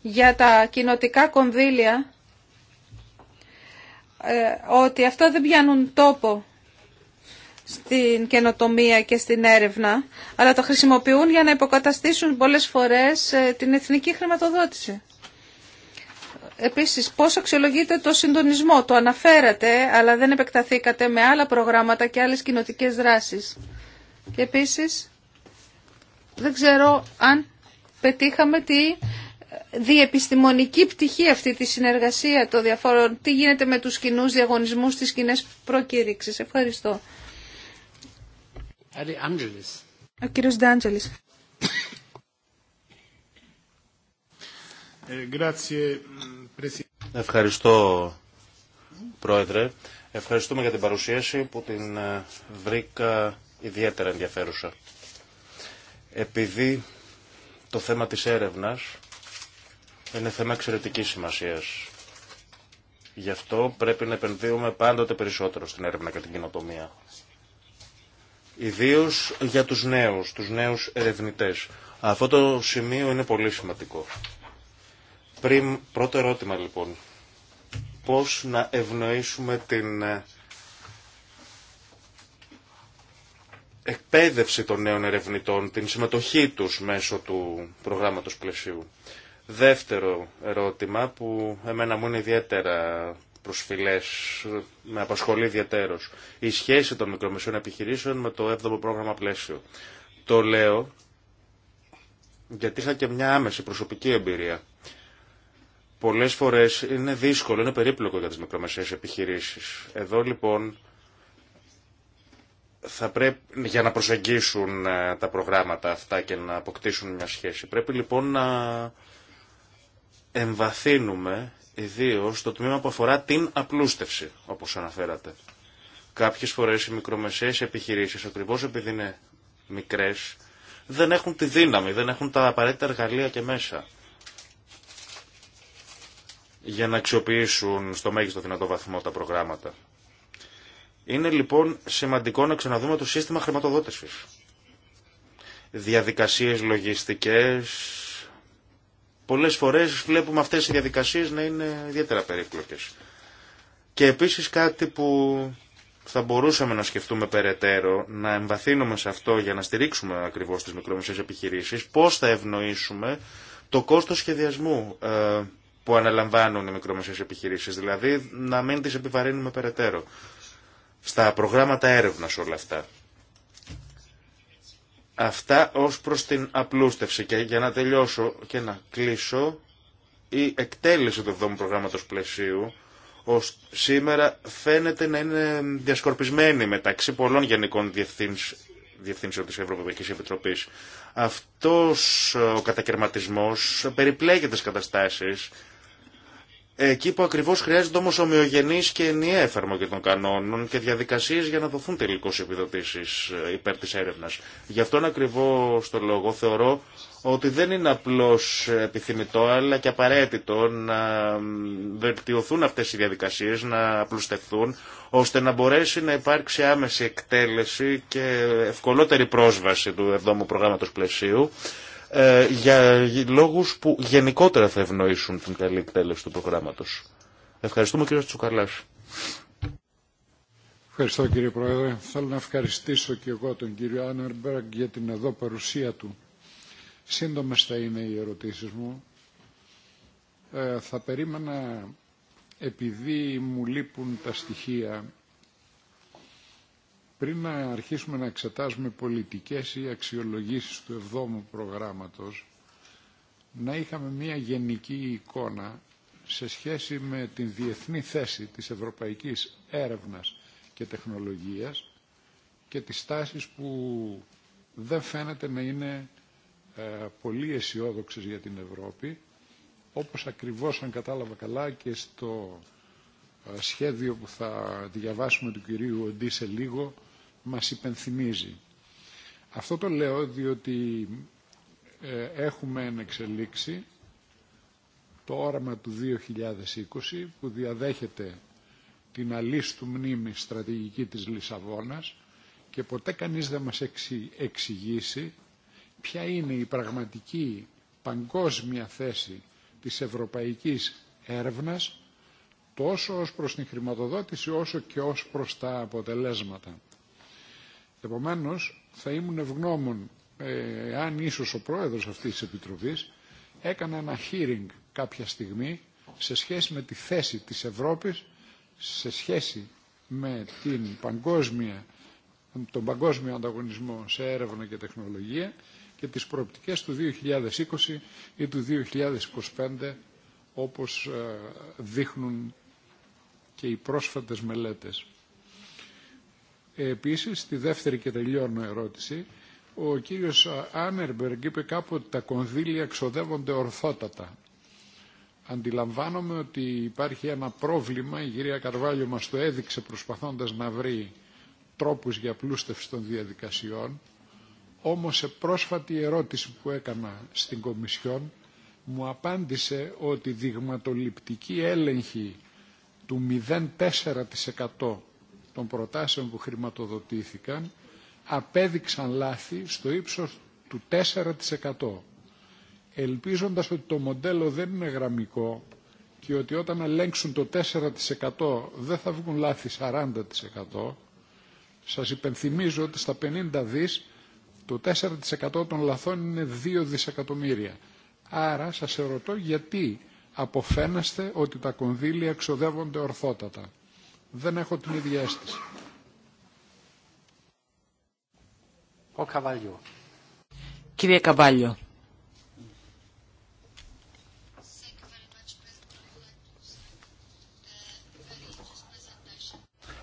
για τα κοινοτικά κονδύλια ε, ότι αυτά δεν πιάνουν τόπο στην καινοτομία και στην έρευνα, αλλά το χρησιμοποιούν για να υποκαταστήσουν πολλές φορές ε, την εθνική χρηματοδότηση. Επίσης, πώς αξιολογείτε το συντονισμό, το αναφέρατε, αλλά δεν επεκταθήκατε με άλλα προγράμματα και άλλες κοινοτικέ δράσεις. Και επίσης, δεν ξέρω αν πετύχαμε τη ε, διεπιστημονική πτυχή αυτή τη συνεργασία των διαφόρων, τι γίνεται με τους κοινού διαγωνισμούς, της κοινέ προκήρυξεις. Ευχαριστώ. Ο ε, Ευχαριστώ, Πρόεδρε. Ευχαριστούμε για την παρουσίαση που την ε, βρήκα ιδιαίτερα ενδιαφέρουσα. Επειδή το θέμα της έρευνας είναι θέμα εξαιρετικής σημασίας. Γι' αυτό πρέπει να επενδύουμε πάντοτε περισσότερο στην έρευνα και την κοινοτομία. Ιδίω για τους νέους, τους νέους ερευνητές. Αυτό το σημείο είναι πολύ σημαντικό. πρώτο ερώτημα λοιπόν. Πώς να ευνοήσουμε την ε, εκπαίδευση των νέων ερευνητών, την συμμετοχή τους μέσω του προγράμματος πλαισίου. Δεύτερο ερώτημα που εμένα μου είναι ιδιαίτερα προσφυλές, με απασχολεί ιδιαίτερος. Η σχέση των μικρομεσαίων επιχειρήσεων με το 7ο πρόγραμμα πλαίσιο. Το λέω γιατί είχα και μια άμεση προσωπική εμπειρία. Πολλές φορές είναι δύσκολο, είναι περίπλοκο για τις μικρομεσαίες επιχειρήσεις. Εδώ λοιπόν θα πρέπει, για να προσεγγίσουν ε, τα προγράμματα αυτά και να αποκτήσουν μια σχέση. Πρέπει λοιπόν να εμβαθύνουμε ιδίω το τμήμα που αφορά την απλούστευση, όπως αναφέρατε. Κάποιες φορές οι μικρομεσαίε επιχειρήσεις, ακριβώ επειδή είναι μικρές, δεν έχουν τη δύναμη, δεν έχουν τα απαραίτητα εργαλεία και μέσα για να αξιοποιήσουν στο μέγιστο δυνατό βαθμό τα προγράμματα. Είναι λοιπόν σημαντικό να ξαναδούμε το σύστημα χρηματοδότησης. Διαδικασίες λογιστικές, πολλές φορές βλέπουμε αυτές οι διαδικασίες να είναι ιδιαίτερα περίπλοκες. Και επίσης κάτι που θα μπορούσαμε να σκεφτούμε περαιτέρω, να εμβαθύνουμε σε αυτό για να στηρίξουμε ακριβώς τις μικρομεσαίες επιχειρήσεις, πώς θα ευνοήσουμε το κόστος σχεδιασμού ε, που αναλαμβάνουν οι μικρομεσαίες επιχειρήσεις, δηλαδή να μην τι επιβαρύνουμε περαιτέρω στα προγράμματα έρευνας όλα αυτά. Αυτά ως προς την απλούστευση και για να τελειώσω και να κλείσω η εκτέλεση του 7ου προγράμματος πλαισίου ως σήμερα φαίνεται να είναι διασκορπισμένη μεταξύ πολλών γενικών διευθύνσεων της Ευρωπαϊκής Επιτροπής. Αυτός ο κατακαιρματισμός περιπλέγεται στις καταστάσεις Εκεί που ακριβώς χρειάζεται όμως ομοιογενής και ενιαία εφαρμογή των κανόνων και διαδικασίες για να δοθούν τελικώς επιδοτήσεις ε, υπέρ της έρευνας. Γι' αυτόν ακριβώς το λόγο θεωρώ ότι δεν είναι απλώς επιθυμητό αλλά και απαραίτητο να βελτιωθούν αυτές οι διαδικασίες, να απλουστευτούν ώστε να μπορέσει να υπάρξει άμεση εκτέλεση και ευκολότερη πρόσβαση του εβδόμου προγράμματο προγράμματος πλαισίου ε, για λόγους που γενικότερα θα ευνοήσουν την καλή εκτέλεση του προγράμματος. Ευχαριστούμε κύριο Τσουκαλάς. Ευχαριστώ κύριε Πρόεδρε. Θέλω να ευχαριστήσω και εγώ τον κύριο Άνερμπεργκ για την εδώ παρουσία του. Σύντομες θα είναι οι ερωτήσεις μου. Ε, θα περίμενα, επειδή μου λείπουν τα στοιχεία πριν να αρχίσουμε να εξετάζουμε πολιτικές ή αξιολογήσεις του εβδομου ου προγράμματος, να είχαμε μια γενική εικόνα σε σχέση με την διεθνή θέση της ευρωπαϊκής έρευνας και τεχνολογίας και τις τάσεις που δεν φαίνεται να είναι ε, πολύ αισιόδοξε για την Ευρώπη, όπως ακριβώς αν κατάλαβα καλά και στο ε, σχέδιο που θα διαβάσουμε του κυρίου Οντή σε λίγο μας υπενθυμίζει. Αυτό το λέω διότι ε, έχουμε ενεξελίξει το όραμα του 2020 που διαδέχεται την αλίστου μνήμη στρατηγική της Λισαβόνας και ποτέ κανείς δεν μας εξηγήσει ποια είναι η πραγματική παγκόσμια θέση της ευρωπαϊκής έρευνας τόσο ως προς την χρηματοδότηση όσο και ως προς τα αποτελέσματα. Επομένως, θα ήμουν ευγνώμων αν ε, ίσως ο πρόεδρος αυτής της Επιτροπής έκανε ένα hearing κάποια στιγμή σε σχέση με τη θέση της Ευρώπης, σε σχέση με την παγκόσμια, τον παγκόσμιο ανταγωνισμό σε έρευνα και τεχνολογία και τις προοπτικές του 2020 ή του 2025 όπως ε, δείχνουν και οι πρόσφατες μελέτες. Επίσης, στη δεύτερη και τελειώνω ερώτηση, ο κύριος Άνερμπεργκ είπε κάπου ότι τα κονδύλια εξοδεύονται ορθότατα. Αντιλαμβάνομαι ότι υπάρχει ένα πρόβλημα, η κυρία Καρβάλιο μας το έδειξε προσπαθώντας να βρει τρόπους για πλούστευση των διαδικασιών, όμως σε πρόσφατη ερώτηση που έκανα στην Κομισιόν μου απάντησε ότι δειγματοληπτική έλεγχη του 0,4% των προτάσεων που χρηματοδοτήθηκαν απέδειξαν λάθη στο ύψος του 4%. Ελπίζοντας ότι το μοντέλο δεν είναι γραμμικό και ότι όταν ελέγξουν το 4% δεν θα βγουν λάθη 40%, σας υπενθυμίζω ότι στα 50 δις το 4% των λαθών είναι 2 δισεκατομμύρια. Άρα σας ερωτώ γιατί αποφαίνεστε ότι τα κονδύλια ξοδεύονται ορθότατα δεν έχω την ίδια αίσθηση. Ο Καβάλιο. Κύριε Καβάλιο.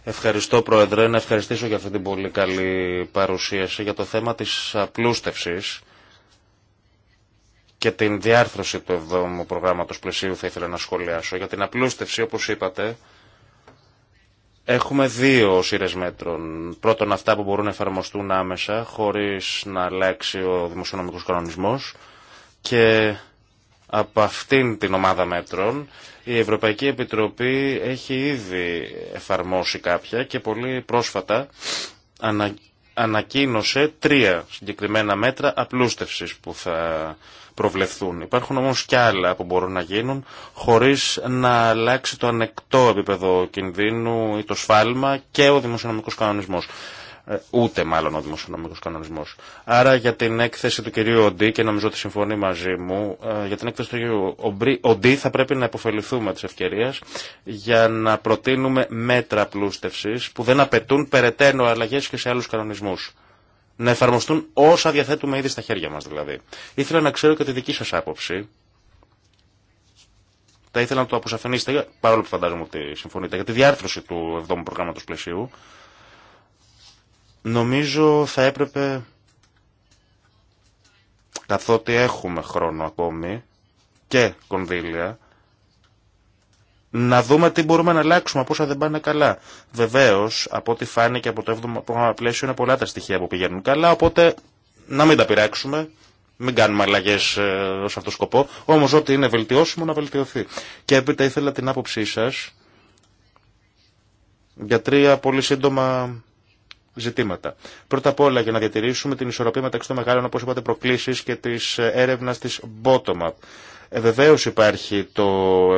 Ευχαριστώ Πρόεδρε, να ευχαριστήσω για αυτή την πολύ καλή παρουσίαση για το θέμα της απλούστευσης και την διάρθρωση του 7ου προγράμματος πλαισίου θα ήθελα να σχολιάσω. Για την απλούστευση, όπως είπατε, Έχουμε δύο σειρέ μέτρων. Πρώτον, αυτά που μπορούν να εφαρμοστούν άμεσα, χωρί να αλλάξει ο δημοσιονομικό κανονισμό. Και από αυτήν την ομάδα μέτρων, η Ευρωπαϊκή Επιτροπή έχει ήδη εφαρμόσει κάποια και πολύ πρόσφατα ανακοίνωσε τρία συγκεκριμένα μέτρα απλούστευσης που θα προβλεφθούν. Υπάρχουν όμως και άλλα που μπορούν να γίνουν χωρίς να αλλάξει το ανεκτό επίπεδο κινδύνου ή το σφάλμα και ο δημοσιονομικός κανονισμός. Ε, ούτε μάλλον ο δημοσιονομικό κανονισμό. Άρα για την έκθεση του κυρίου Οντί, και νομίζω ότι συμφωνεί μαζί μου, ε, για την έκθεση του κυρίου Οντί θα πρέπει να υποφεληθούμε τη ευκαιρία για να προτείνουμε μέτρα πλούστευση που δεν απαιτούν περαιτέρω αλλαγέ και σε άλλου κανονισμού. να εφαρμοστούν όσα διαθέτουμε ήδη στα χέρια μα, δηλαδή. Ήθελα να ξέρω και τη δική σα άποψη. Θα ήθελα να το αποσαφενίσετε, παρόλο που φαντάζομαι ότι συμφωνείτε, για τη διάρθρωση του 7 προγράμματος πλαισίου. Νομίζω θα έπρεπε, καθότι έχουμε χρόνο ακόμη και κονδύλια, να δούμε τι μπορούμε να αλλάξουμε, από όσα δεν πάνε καλά. Βεβαίω, από ό,τι φάνηκε από το 7ο πρόγραμμα πλαίσιο, είναι πολλά τα στοιχεία που πηγαίνουν καλά, οπότε να μην τα πειράξουμε, μην κάνουμε αλλαγέ ε, ω αυτόν τον σκοπό. Όμω, ό,τι είναι βελτιώσιμο, να βελτιωθεί. Και έπειτα ήθελα την άποψή σα για τρία πολύ σύντομα ζητήματα. Πρώτα απ' όλα για να διατηρήσουμε την ισορροπία μεταξύ των μεγάλων, όπως είπατε, προκλήσεις και της ε, έρευνας της bottom-up. Ε, Βεβαίω υπάρχει το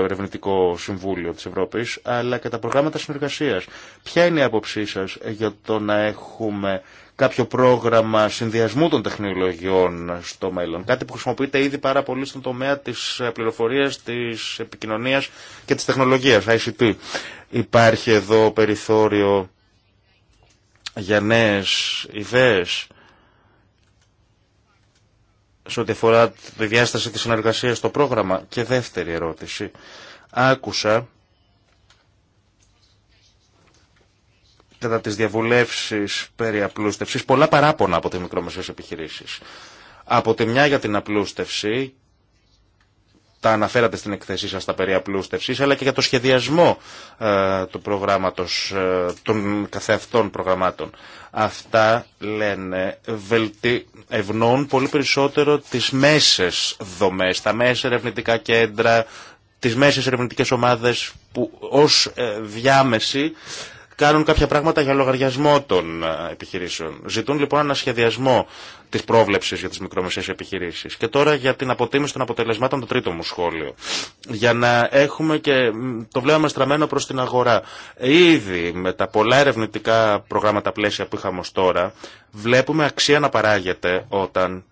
Ερευνητικό Συμβούλιο της Ευρώπης, αλλά και τα προγράμματα συνεργασίας. Ποια είναι η άποψή σας για το να έχουμε κάποιο πρόγραμμα συνδυασμού των τεχνολογιών στο μέλλον. Κάτι που χρησιμοποιείται ήδη πάρα πολύ στον τομέα της ε, πληροφορίας, της επικοινωνίας και της τεχνολογίας, ICT. Υπάρχει εδώ περιθώριο για νέες ιδέες σε ό,τι αφορά τη διάσταση της συνεργασίας στο πρόγραμμα. Και δεύτερη ερώτηση. Άκουσα κατά τις διαβουλεύσεις περί απλούστευσης πολλά παράπονα από τις μικρομεσαίες επιχειρήσεις. Από τη μια για την απλούστευση τα αναφέρατε στην εκθεσή σας τα περί απλούστευσης, αλλά και για το σχεδιασμό ε, του προγράμματος, ε, των καθεαυτών προγραμμάτων. Αυτά λένε βελτι... ευνοούν πολύ περισσότερο τις μέσες δομές, τα μέσα ερευνητικά κέντρα, τις μέσες ερευνητικές ομάδες που ως ε, διάμεση κάνουν κάποια πράγματα για λογαριασμό των ε, επιχειρήσεων. Ζητούν λοιπόν ένα σχεδιασμό τη πρόβλεψη για τι μικρομεσαίε επιχειρήσει. Και τώρα για την αποτίμηση των αποτελεσμάτων, το τρίτο μου σχόλιο. Για να έχουμε και το βλέμμα στραμμένο προ την αγορά. Ήδη με τα πολλά ερευνητικά προγράμματα πλαίσια που είχαμε ω τώρα, βλέπουμε αξία να παράγεται όταν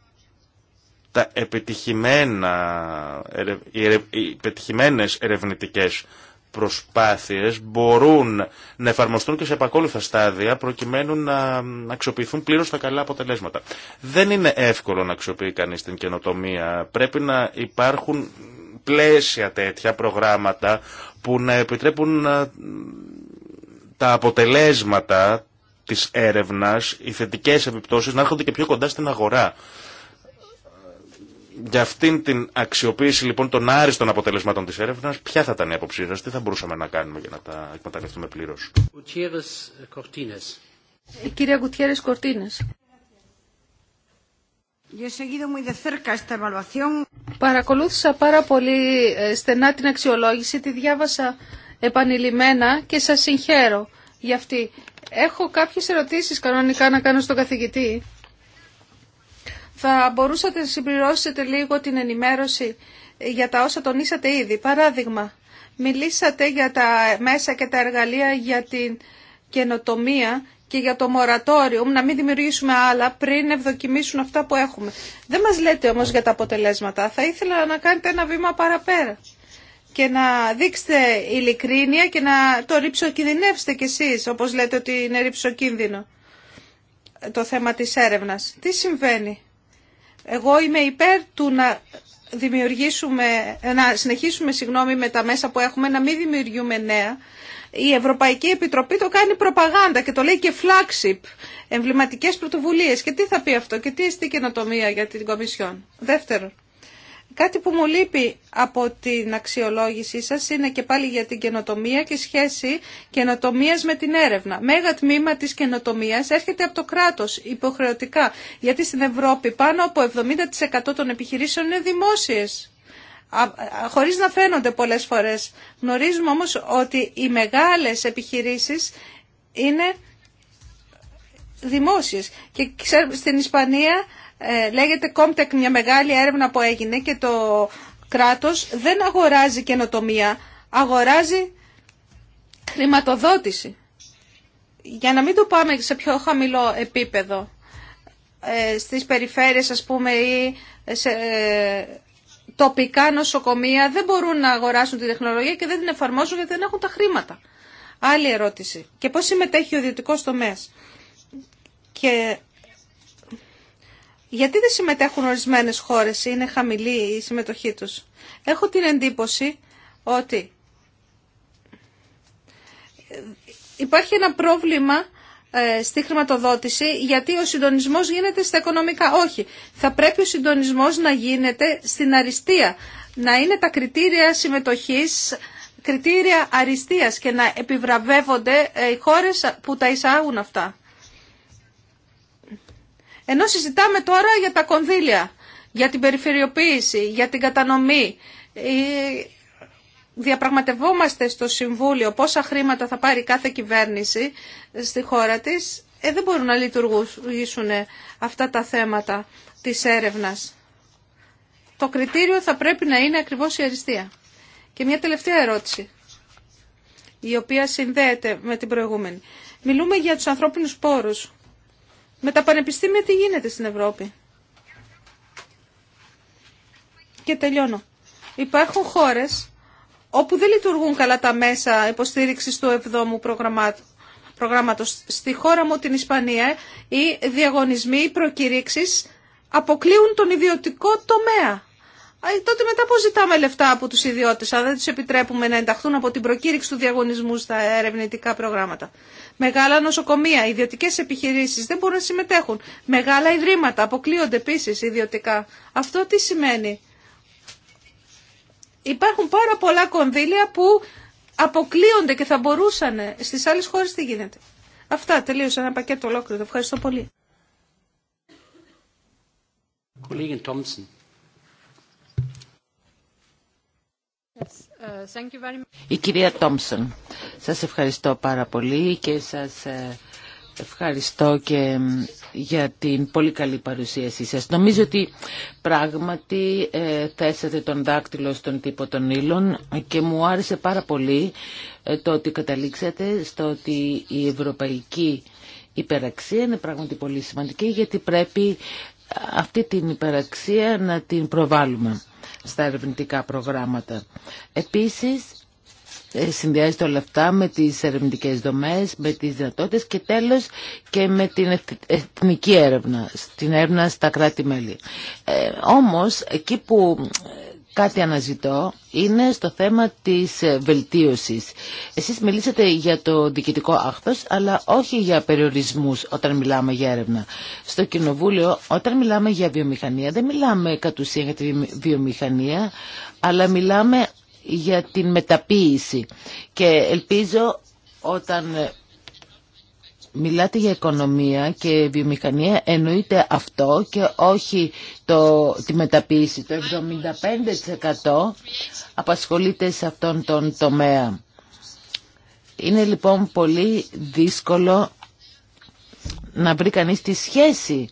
τα επιτυχημένα, οι επιτυχημένες ερευνητικές προσπάθειες μπορούν να εφαρμοστούν και σε επακόλουθα στάδια προκειμένου να αξιοποιηθούν πλήρως τα καλά αποτελέσματα. Δεν είναι εύκολο να αξιοποιεί κανείς την καινοτομία. Πρέπει να υπάρχουν πλαίσια τέτοια προγράμματα που να επιτρέπουν ε, τα αποτελέσματα της έρευνας, οι θετικές επιπτώσεις να έρχονται και πιο κοντά στην αγορά. Για αυτήν την αξιοποίηση λοιπόν των άριστων αποτελεσμάτων της έρευνας, ποια θα ήταν η άποψή σας, τι θα μπορούσαμε να κάνουμε για να τα εκμεταλλευτούμε πλήρως. Η ε, κυρία Γκουτιέρες Κορτίνες. Παρακολούθησα πάρα πολύ ε, στενά την αξιολόγηση, τη διάβασα επανειλημμένα και σας συγχαίρω για αυτή. Έχω κάποιες ερωτήσεις κανονικά να κάνω στον καθηγητή. Θα μπορούσατε να συμπληρώσετε λίγο την ενημέρωση για τα όσα τονίσατε ήδη. Παράδειγμα, μιλήσατε για τα μέσα και τα εργαλεία για την καινοτομία και για το μορατόριο, να μην δημιουργήσουμε άλλα πριν ευδοκιμήσουν αυτά που έχουμε. Δεν μας λέτε όμως για τα αποτελέσματα. Θα ήθελα να κάνετε ένα βήμα παραπέρα και να δείξετε ειλικρίνεια και να το ρυψοκινδυνεύσετε κι εσείς, όπως λέτε ότι είναι ρυψοκίνδυνο το θέμα της έρευνας. Τι συμβαίνει. Εγώ είμαι υπέρ του να δημιουργήσουμε, να συνεχίσουμε συγγνώμη με τα μέσα που έχουμε, να μην δημιουργούμε νέα. Η Ευρωπαϊκή Επιτροπή το κάνει προπαγάνδα και το λέει και flagship, εμβληματικές πρωτοβουλίες. Και τι θα πει αυτό και τι εστί καινοτομία για την Κομισιόν. Δεύτερον, Κάτι που μου λείπει από την αξιολόγησή σας είναι και πάλι για την καινοτομία και σχέση καινοτομία με την έρευνα. Μέγα τμήμα της καινοτομία έρχεται από το κράτος υποχρεωτικά, γιατί στην Ευρώπη πάνω από 70% των επιχειρήσεων είναι δημόσιες χωρίς να φαίνονται πολλές φορές. Γνωρίζουμε όμως ότι οι μεγάλες επιχειρήσεις είναι δημόσιες. Και στην Ισπανία ε, λέγεται Comtech, μια μεγάλη έρευνα που έγινε και το κράτος δεν αγοράζει καινοτομία, αγοράζει χρηματοδότηση. Για να μην το πάμε σε πιο χαμηλό επίπεδο, ε, στις περιφέρειες ας πούμε ή σε ε, τοπικά νοσοκομεία δεν μπορούν να αγοράσουν τη τεχνολογία και δεν την εφαρμόζουν γιατί δεν έχουν τα χρήματα. Άλλη ερώτηση. Και πώς συμμετέχει ο ιδιωτικό τομέα. Γιατί δεν συμμετέχουν ορισμένες χώρε ή είναι χαμηλή η συμμετοχή τους. Έχω την εντύπωση ότι υπάρχει ένα πρόβλημα ε, στη χρηματοδότηση γιατί ο συντονισμός γίνεται στα οικονομικά. Όχι, θα πρέπει ο συντονισμός να γίνεται στην αριστεία, να είναι τα κριτήρια συμμετοχής κριτήρια αριστείας και να επιβραβεύονται ε, οι χώρες που τα εισάγουν αυτά. Ενώ συζητάμε τώρα για τα κονδύλια, για την περιφερειοποίηση, για την κατανομή. Ε, διαπραγματευόμαστε στο Συμβούλιο πόσα χρήματα θα πάρει κάθε κυβέρνηση ε, στη χώρα της. Ε, δεν μπορούν να λειτουργήσουν αυτά τα θέματα της έρευνας. Το κριτήριο θα πρέπει να είναι ακριβώς η αριστεία. Και μια τελευταία ερώτηση, η οποία συνδέεται με την προηγούμενη. Μιλούμε για τους ανθρώπινους πόρους. Με τα πανεπιστήμια τι γίνεται στην Ευρώπη. Και τελειώνω. Υπάρχουν χώρες όπου δεν λειτουργούν καλά τα μέσα υποστήριξης του 7ου Προγράμματος. Στη χώρα μου, την Ισπανία, οι διαγωνισμοί, οι προκηρύξεις αποκλείουν τον ιδιωτικό τομέα. Ε, τότε μετά πώς ζητάμε λεφτά από τους ιδιώτες, αν δεν τους επιτρέπουμε να ενταχθούν από την προκήρυξη του διαγωνισμού στα ερευνητικά προγράμματα. Μεγάλα νοσοκομεία, ιδιωτικές επιχειρήσεις δεν μπορούν να συμμετέχουν. Μεγάλα ιδρύματα αποκλείονται επίση ιδιωτικά. Αυτό τι σημαίνει. Υπάρχουν πάρα πολλά κονδύλια που αποκλείονται και θα μπορούσαν. Στις άλλες χώρες τι γίνεται. Αυτά, τελείωσε ένα πακέτο ολόκληρο. Ευχαριστώ πολύ. Η κυρία Τόμσον, σας ευχαριστώ πάρα πολύ και σας ε, ευχαριστώ και για την πολύ καλή παρουσίασή σας. Νομίζω ότι πράγματι ε, θέσατε τον δάκτυλο στον τύπο των ήλων και μου άρεσε πάρα πολύ ε, το ότι καταλήξατε στο ότι η ευρωπαϊκή υπεραξία είναι πράγματι πολύ σημαντική γιατί πρέπει αυτή την υπεραξία να την προβάλλουμε στα ερευνητικά προγράμματα. Επίσης, ε, συνδυάζεται όλα αυτά με τις ερευνητικές δομές, με τις δυνατότητες και τέλος και με την εθνική έρευνα, την έρευνα στα κράτη-μέλη. Ε, όμως, εκεί που κάτι αναζητώ είναι στο θέμα της ε, βελτίωσης. Εσείς μιλήσατε για το διοικητικό άχθος, αλλά όχι για περιορισμούς όταν μιλάμε για έρευνα. Στο Κοινοβούλιο, όταν μιλάμε για βιομηχανία, δεν μιλάμε κατ' ουσία για τη βιομηχανία, αλλά μιλάμε για την μεταποίηση. Και ελπίζω όταν ε, μιλάτε για οικονομία και βιομηχανία, εννοείται αυτό και όχι το, τη μεταποίηση. Το 75% απασχολείται σε αυτόν τον τομέα. Είναι λοιπόν πολύ δύσκολο να βρει κανείς τη σχέση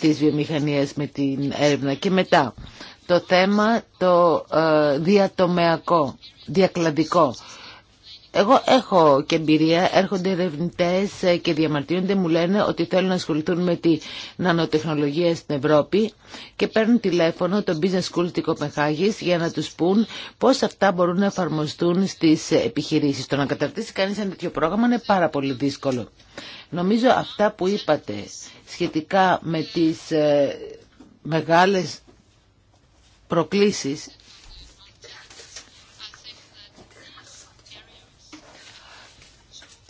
της βιομηχανίας με την έρευνα και μετά. Το θέμα το ε, διατομεακό, διακλαδικό. Εγώ έχω και εμπειρία, έρχονται ερευνητέ και διαμαρτύρονται, μου λένε ότι θέλουν να ασχοληθούν με τη νανοτεχνολογία στην Ευρώπη και παίρνουν τηλέφωνο το Business School της Κοπεχάγης για να τους πούν πώς αυτά μπορούν να εφαρμοστούν στις επιχειρήσεις. Το να καταρτήσει κάνει ένα τέτοιο πρόγραμμα είναι πάρα πολύ δύσκολο. Νομίζω αυτά που είπατε σχετικά με τις ε, μεγάλες προκλήσεις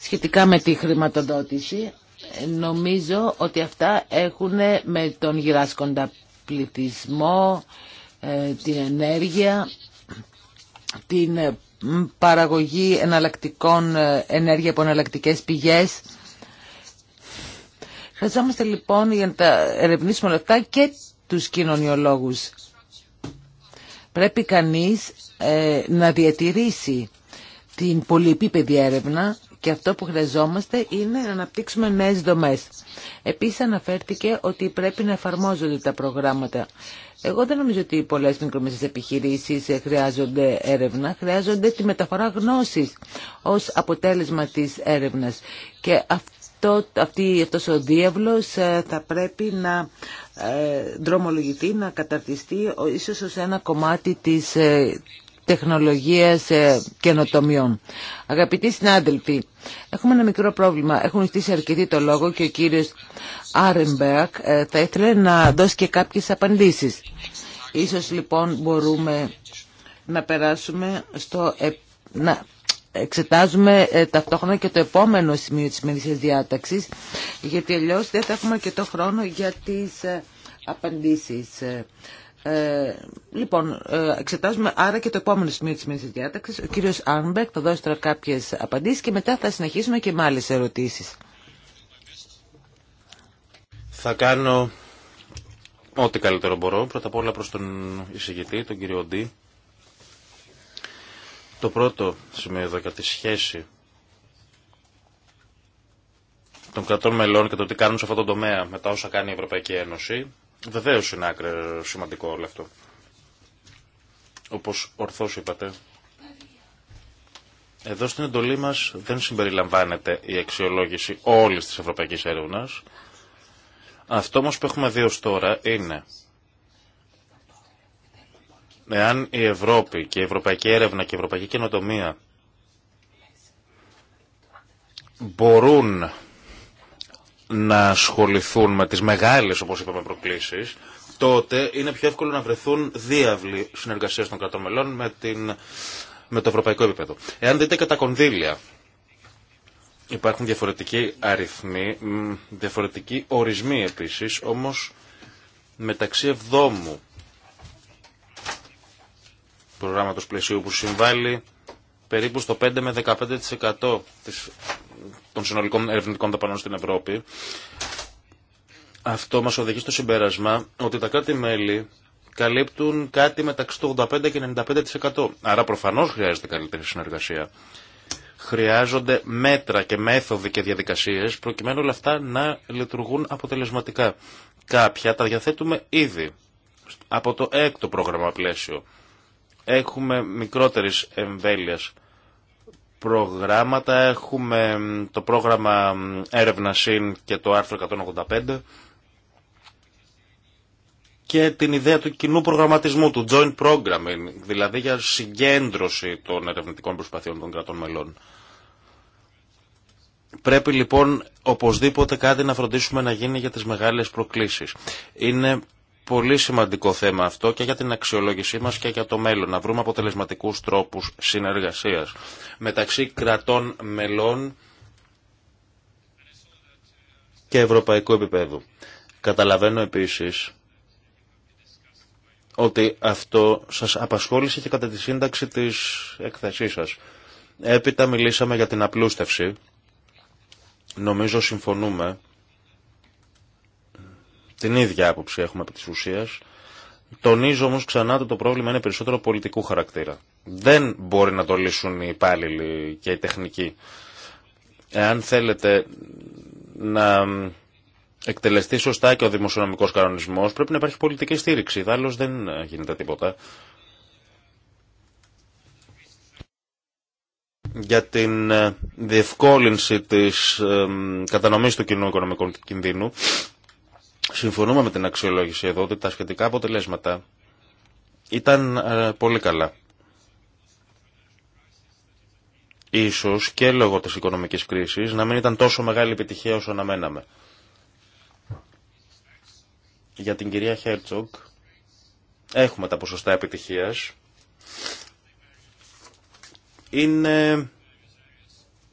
σχετικά με τη χρηματοδότηση. Νομίζω ότι αυτά έχουν με τον γυράσκοντα πληθυσμό, ε, την ενέργεια, την παραγωγή εναλλακτικών ε, ενέργεια από εναλλακτικέ πηγές. Χρειαζόμαστε λοιπόν για να τα ερευνήσουμε όλα αυτά και τους κοινωνιολόγους. Πρέπει κανείς ε, να διατηρήσει την πολυεπίπεδη έρευνα και αυτό που χρειαζόμαστε είναι να αναπτύξουμε νέες δομές. Επίσης αναφέρθηκε ότι πρέπει να εφαρμόζονται τα προγράμματα. Εγώ δεν νομίζω ότι πολλέ μικρομεσαίε επιχειρήσει χρειάζονται έρευνα, χρειάζονται τη μεταφορά γνώση ω αποτέλεσμα τη έρευνα. Και αυτό, αυτή, αυτός ο διάβλος ε, θα πρέπει να ε, δρομολογηθεί, να καταρτιστεί ίσως ως ένα κομμάτι της ε, τεχνολογίας ε, καινοτομιών. Αγαπητοί συνάδελφοι, έχουμε ένα μικρό πρόβλημα. Έχουν στήσει αρκετή το λόγο και ο κύριος Άρεμπερκ ε, θα ήθελε να δώσει και κάποιες απαντήσεις. Ίσως λοιπόν μπορούμε να περάσουμε στο... να εξετάζουμε ε, ταυτόχρονα και το επόμενο σημείο της μερικής διάταξης, γιατί αλλιώς δεν θα έχουμε το χρόνο για τις απαντήσεις. Ε, λοιπόν, ε, εξετάζουμε άρα και το επόμενο σημείο της μέση διάταξη. Ο κύριο Άρμπεκ, θα δώσει τώρα κάποιες απαντήσεις και μετά θα συνεχίσουμε και με άλλες ερωτήσεις. Θα κάνω ό,τι καλύτερο μπορώ. Πρώτα απ' όλα προς τον εισηγητή, τον κύριο Ντί. Το πρώτο σημείο εδώ για τη σχέση των κρατών μελών και το τι κάνουν σε αυτό το τομέα μετά όσα κάνει η Ευρωπαϊκή Ένωση Βεβαίω είναι άκρα σημαντικό όλο αυτό. Όπως ορθώς είπατε, εδώ στην εντολή μας δεν συμπεριλαμβάνεται η αξιολόγηση όλης της ευρωπαϊκής έρευνας. Αυτό όμως που έχουμε δει ως τώρα είναι εάν η Ευρώπη και η ευρωπαϊκή έρευνα και η ευρωπαϊκή καινοτομία μπορούν να ασχοληθούν με τις μεγάλες, όπως είπαμε, προκλήσεις, τότε είναι πιο εύκολο να βρεθούν διάβλη συνεργασίες των κρατών με, την, με το ευρωπαϊκό επίπεδο. Εάν δείτε τα κονδύλια, υπάρχουν διαφορετικοί αριθμοί, διαφορετικοί ορισμοί επίσης, όμως μεταξύ εβδόμου προγράμματος πλαισίου που συμβάλλει περίπου στο 5 με 15% της των συνολικών ερευνητικών δαπανών στην Ευρώπη, αυτό μας οδηγεί στο συμπέρασμα ότι τα κράτη-μέλη καλύπτουν κάτι μεταξύ του 85 και 95%. Άρα προφανώς χρειάζεται καλύτερη συνεργασία. Χρειάζονται μέτρα και μέθοδοι και διαδικασίες προκειμένου όλα αυτά να λειτουργούν αποτελεσματικά. Κάποια τα διαθέτουμε ήδη από το έκτο πρόγραμμα πλαίσιο. Έχουμε μικρότερης εμβέλειας προγράμματα. Έχουμε το πρόγραμμα έρευνα ΣΥΝ και το άρθρο 185 και την ιδέα του κοινού προγραμματισμού, του joint programming, δηλαδή για συγκέντρωση των ερευνητικών προσπαθειών των κρατών μελών. Πρέπει λοιπόν οπωσδήποτε κάτι να φροντίσουμε να γίνει για τις μεγάλες προκλήσεις. Είναι πολύ σημαντικό θέμα αυτό και για την αξιολόγησή μας και για το μέλλον. Να βρούμε αποτελεσματικούς τρόπους συνεργασίας μεταξύ κρατών μελών και ευρωπαϊκού επίπεδου. Καταλαβαίνω επίσης ότι αυτό σας απασχόλησε και κατά τη σύνταξη της εκθεσής σας. Έπειτα μιλήσαμε για την απλούστευση. Νομίζω συμφωνούμε την ίδια άποψη έχουμε από τη Ουσίας Τονίζω όμως ξανά ότι το πρόβλημα είναι περισσότερο πολιτικού χαρακτήρα. Δεν μπορεί να το λύσουν οι υπάλληλοι και οι τεχνικοί. Εάν θέλετε να εκτελεστεί σωστά και ο δημοσιονομικός κανονισμός, πρέπει να υπάρχει πολιτική στήριξη. Δάλλως δεν γίνεται τίποτα. για την ε, διευκόλυνση της ε, κατανομής του κοινού οικονομικού κινδύνου. Συμφωνούμε με την αξιολόγηση εδώ ότι τα σχετικά αποτελέσματα ήταν ε, πολύ καλά. Ίσως και λόγω της οικονομικής κρίσης να μην ήταν τόσο μεγάλη επιτυχία όσο αναμέναμε. Για την κυρία Χέρτσογκ έχουμε τα ποσοστά επιτυχίας. Είναι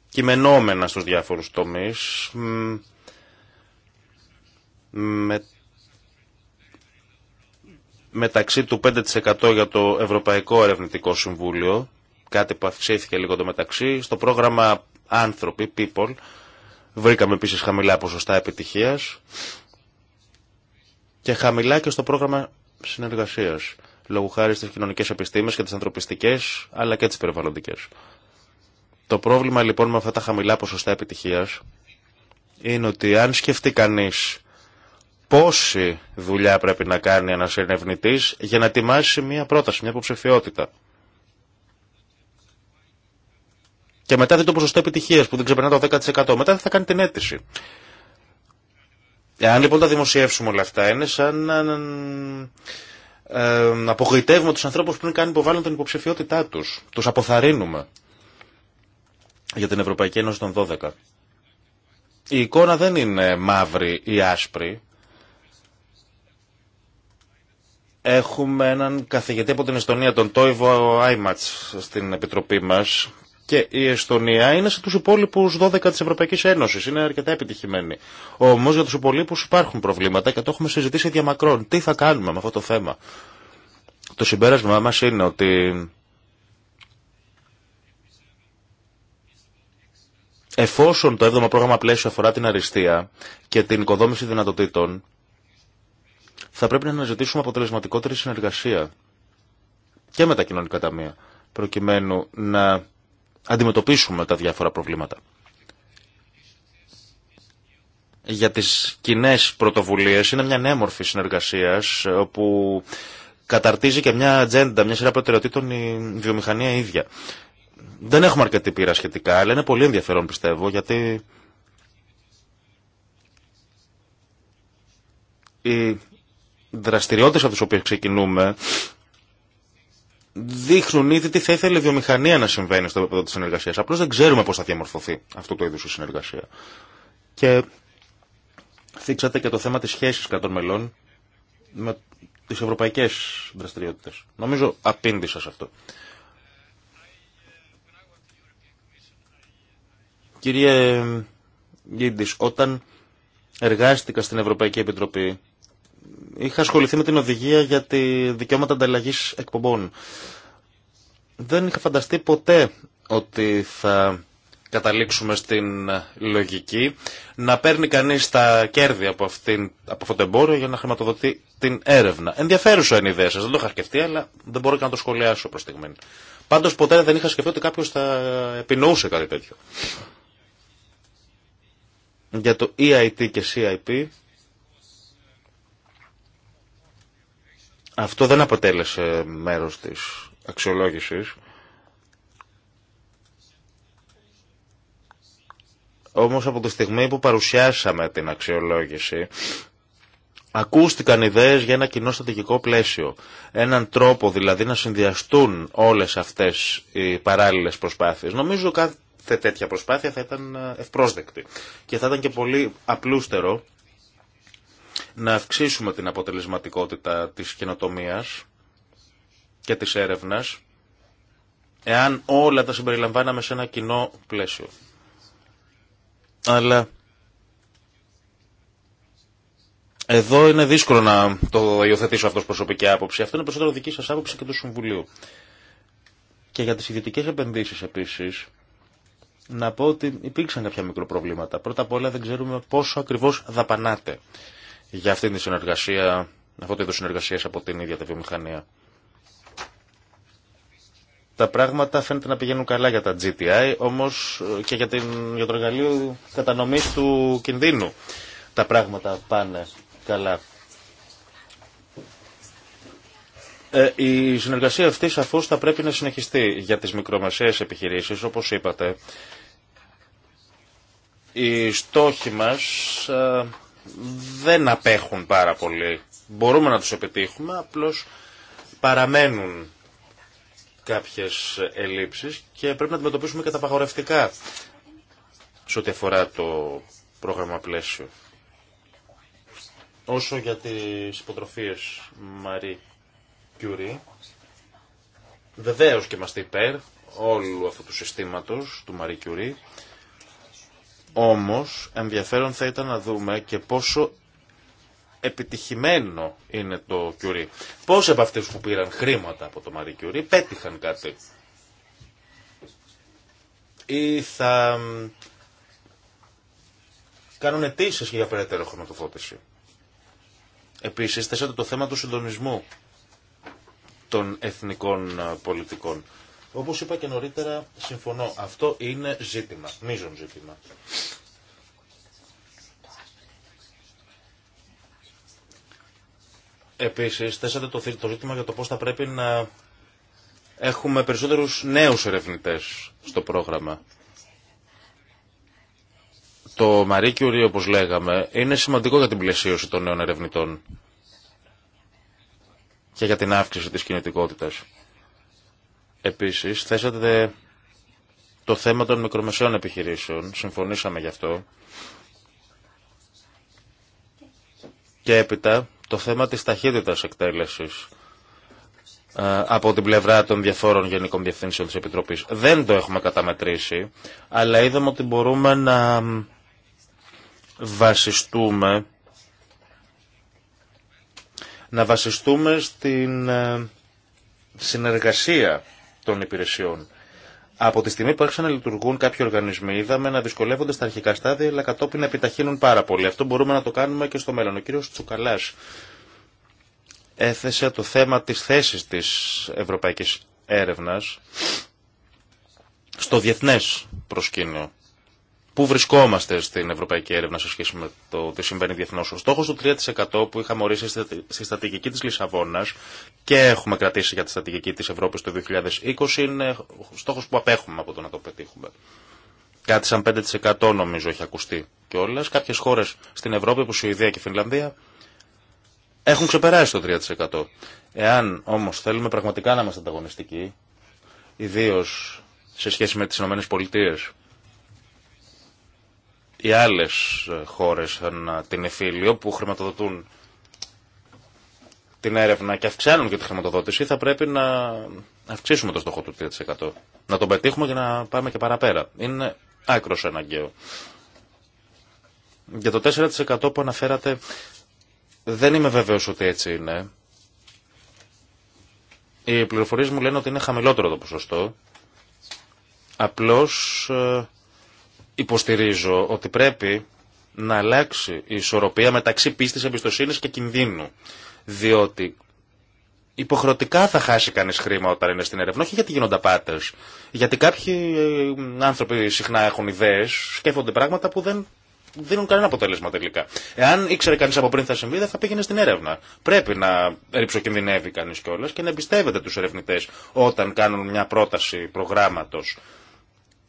κειμενόμενα στους διάφορους τομείς με μεταξύ του 5% για το Ευρωπαϊκό Ερευνητικό Συμβούλιο, κάτι που αυξήθηκε λίγο το μεταξύ, στο πρόγραμμα Άνθρωποι, People, βρήκαμε επίσης χαμηλά ποσοστά επιτυχίας και χαμηλά και στο πρόγραμμα συνεργασίας, λόγω χάρη στις κοινωνικές επιστήμες και τις ανθρωπιστικές, αλλά και τις περιβαλλοντικές. Το πρόβλημα λοιπόν με αυτά τα χαμηλά ποσοστά επιτυχίας είναι ότι αν σκεφτεί κανείς πόση δουλειά πρέπει να κάνει ένας ερευνητής για να ετοιμάσει μια πρόταση, μια υποψηφιότητα. Και μετά δει το ποσοστό επιτυχία που δεν ξεπερνά το 10%. Μετά θα κάνει την αίτηση. Αν λοιπόν τα δημοσιεύσουμε όλα αυτά, είναι σαν να ε, απογοητεύουμε του ανθρώπου που δεν κάνει υποβάλλουν την υποψηφιότητά του. Του αποθαρρύνουμε για την Ευρωπαϊκή Ένωση των 12. Η εικόνα δεν είναι μαύρη ή άσπρη. Έχουμε έναν καθηγητή από την Εστονία, τον Τόιβο Άιματ στην Επιτροπή μα. και η Εστονία είναι σε τους υπόλοιπους 12 τη Ευρωπαϊκή Ένωση. είναι αρκετά επιτυχημένη. Όμω για τους υπολείπου υπάρχουν προβλήματα και το έχουμε συζητήσει διαμακρών. Τι θα κάνουμε με αυτό το θέμα. Το συμπέρασμα μα είναι ότι εφόσον το 7ο πρόγραμμα πλαίσιο αφορά την αριστεία και την οικοδόμηση δυνατοτήτων, θα πρέπει να αναζητήσουμε αποτελεσματικότερη συνεργασία και με τα κοινωνικά ταμεία, προκειμένου να αντιμετωπίσουμε τα διάφορα προβλήματα. Για τις κοινέ πρωτοβουλίες είναι μια νέα μορφή συνεργασίας, όπου καταρτίζει και μια ατζέντα, μια σειρά προτεραιοτήτων η βιομηχανία ίδια. Δεν έχουμε αρκετή πείρα σχετικά, αλλά είναι πολύ ενδιαφέρον πιστεύω, γιατί η δραστηριότητες από τι οποίες ξεκινούμε δείχνουν ήδη τι θα ήθελε η βιομηχανία να συμβαίνει στο επίπεδο τη συνεργασίας. Απλώς δεν ξέρουμε πώς θα διαμορφωθεί αυτό το είδους η συνεργασία. Και θίξατε και το θέμα της σχέσης κρατών μελών με τι ευρωπαϊκέ δραστηριότητες. Νομίζω απήντησα σε αυτό. Κύριε Γκίντης, όταν εργάστηκα στην Ευρωπαϊκή Επιτροπή είχα ασχοληθεί με την οδηγία για τη δικαιώματα ανταλλαγή εκπομπών. Δεν είχα φανταστεί ποτέ ότι θα καταλήξουμε στην λογική να παίρνει κανείς τα κέρδη από, αυτήν, από αυτό το εμπόριο για να χρηματοδοτεί την έρευνα. Ενδιαφέρουσα είναι η ιδέα σας, δεν το είχα σκεφτεί, αλλά δεν μπορώ και να το σχολιάσω προς στιγμή. Πάντως ποτέ δεν είχα σκεφτεί ότι κάποιος θα επινοούσε κάτι τέτοιο. Για το EIT και CIP Αυτό δεν αποτέλεσε μέρος της αξιολόγησης. Όμως από τη στιγμή που παρουσιάσαμε την αξιολόγηση, ακούστηκαν ιδέες για ένα κοινό στατικικό πλαίσιο. Έναν τρόπο δηλαδή να συνδυαστούν όλες αυτές οι παράλληλες προσπάθειες. Νομίζω κάθε τέτοια προσπάθεια θα ήταν ε, ευπρόσδεκτη. Και θα ήταν και πολύ απλούστερο να αυξήσουμε την αποτελεσματικότητα της καινοτομία και της έρευνας, εάν όλα τα συμπεριλαμβάναμε σε ένα κοινό πλαίσιο. Αλλά εδώ είναι δύσκολο να το υιοθετήσω αυτός προσωπική άποψη. Αυτό είναι περισσότερο δική σας άποψη και του Συμβουλίου. Και για τις ιδιωτικέ επενδύσεις επίσης, να πω ότι υπήρξαν κάποια μικροπροβλήματα. Πρώτα απ' όλα δεν ξέρουμε πόσο ακριβώς δαπανάτε για αυτήν τη συνεργασία, αυτό το είδο συνεργασία από την ίδια τη βιομηχανία. Τα πράγματα φαίνεται να πηγαίνουν καλά για τα GTI, όμως ε, και για, την, για το εργαλείο κατανομής του κινδύνου τα πράγματα πάνε καλά. Ε, η συνεργασία αυτή σαφώ θα πρέπει να συνεχιστεί για τις μικρομεσαίες επιχειρήσεις, όπως είπατε. Οι στόχοι μας ε, δεν απέχουν πάρα πολύ. Μπορούμε να τους επιτύχουμε, απλώς παραμένουν κάποιες ελλείψεις και πρέπει να αντιμετωπίσουμε και τα παγορευτικά σε ό,τι αφορά το πρόγραμμα πλαίσιο. Όσο για τις υποτροφίες Μαρή Κιουρί, βεβαίως και είμαστε υπέρ όλου αυτού του συστήματος του Μαρή Κιουρί, όμως ενδιαφέρον θα ήταν να δούμε και πόσο επιτυχημένο είναι το Κιουρί. Πόσοι από αυτές που πήραν χρήματα από το Μαρί Κιουρί πέτυχαν κάτι. Ή θα κάνουν αιτήσει για περαιτέρω χρηματοδότηση. Επίσης θέσατε το θέμα του συντονισμού των εθνικών ε, πολιτικών. Όπω είπα και νωρίτερα, συμφωνώ. Αυτό είναι ζήτημα, Μίζον ζήτημα. Επίσης, θέσατε το, το ζήτημα για το πώ θα πρέπει να έχουμε περισσότερους νέους ερευνητέ στο πρόγραμμα. Το Marie Curie, όπως λέγαμε, είναι σημαντικό για την πλαισίωση των νέων ερευνητών και για την αύξηση της κινητικότητας. Επίσης, θέσατε το θέμα των μικρομεσαίων επιχειρήσεων. Συμφωνήσαμε γι' αυτό. Και έπειτα, το θέμα της ταχύτητας εκτέλεσης ε, από την πλευρά των διαφόρων γενικών διευθύνσεων της Επιτροπής. Δεν το έχουμε καταμετρήσει, αλλά είδαμε ότι μπορούμε να βασιστούμε να βασιστούμε στην ε, συνεργασία των υπηρεσιών. Από τη στιγμή που άρχισαν να λειτουργούν κάποιοι οργανισμοί, είδαμε να δυσκολεύονται στα αρχικά στάδια, αλλά κατόπιν να επιταχύνουν πάρα πολύ. Αυτό μπορούμε να το κάνουμε και στο μέλλον. Ο κύριο Τσουκαλά έθεσε το θέμα τη θέση τη ευρωπαϊκή έρευνα στο διεθνέ προσκήνιο πού βρισκόμαστε στην ευρωπαϊκή έρευνα σε σχέση με το τι συμβαίνει διεθνώ. Ο στόχο του 3% που είχαμε ορίσει στη στρατηγική τη Λισαβόνα και έχουμε κρατήσει για τη στρατηγική τη Ευρώπη το 2020 είναι στόχο που απέχουμε από το να το πετύχουμε. Κάτι σαν 5% νομίζω έχει ακουστεί κιόλα. Κάποιε χώρε στην Ευρώπη, όπω η Ιδία και η Φινλανδία, έχουν ξεπεράσει το 3%. Εάν όμω θέλουμε πραγματικά να είμαστε ανταγωνιστικοί, ιδίω σε σχέση με τι ΗΠΑ, οι άλλες ε, χώρες ε, την εφήλιο που χρηματοδοτούν την έρευνα και αυξάνουν και τη χρηματοδότηση, θα πρέπει να αυξήσουμε το στόχο του 3%. Να τον πετύχουμε και να πάμε και παραπέρα. Είναι άκρος αναγκαίο. Για το 4% που αναφέρατε, δεν είμαι βέβαιος ότι έτσι είναι. Οι πληροφορίες μου λένε ότι είναι χαμηλότερο το ποσοστό. Απλώς ε, υποστηρίζω ότι πρέπει να αλλάξει η ισορροπία μεταξύ πίστης, εμπιστοσύνης και κινδύνου. Διότι υποχρεωτικά θα χάσει κανείς χρήμα όταν είναι στην έρευνα, όχι γιατί γίνονται πάτες. Γιατί κάποιοι ε, άνθρωποι συχνά έχουν ιδέες, σκέφτονται πράγματα που δεν δίνουν κανένα αποτέλεσμα τελικά. Εάν ήξερε κανεί από πριν θα συμβεί, δεν θα πήγαινε στην έρευνα. Πρέπει να ρηψοκινδυνεύει κανεί κιόλα και να εμπιστεύεται του ερευνητέ όταν κάνουν μια πρόταση προγράμματο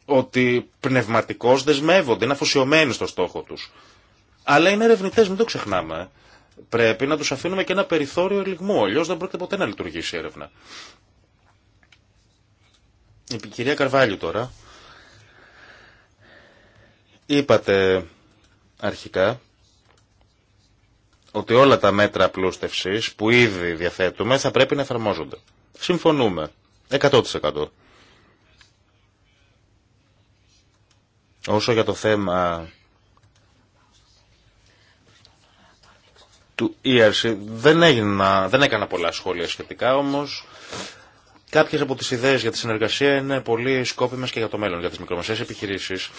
ότι πνευματικώ δεσμεύονται, είναι αφοσιωμένοι στο στόχο του. Αλλά είναι ερευνητέ, μην το ξεχνάμε. Πρέπει να τους αφήνουμε και ένα περιθώριο ελιγμού, αλλιώ δεν πρόκειται ποτέ να λειτουργήσει η έρευνα. Η κυρία Καρβάλιου τώρα. Είπατε αρχικά ότι όλα τα μέτρα απλούστευσης που ήδη διαθέτουμε θα πρέπει να εφαρμόζονται. Συμφωνούμε. 100%. Όσο για το θέμα του ERC δεν, έγινα, δεν έκανα πολλά σχόλια σχετικά όμως κάποιες από τις ιδέες για τη συνεργασία είναι πολύ σκόπιμες και για το μέλλον για τις μικρομεσαίες επιχειρήσεις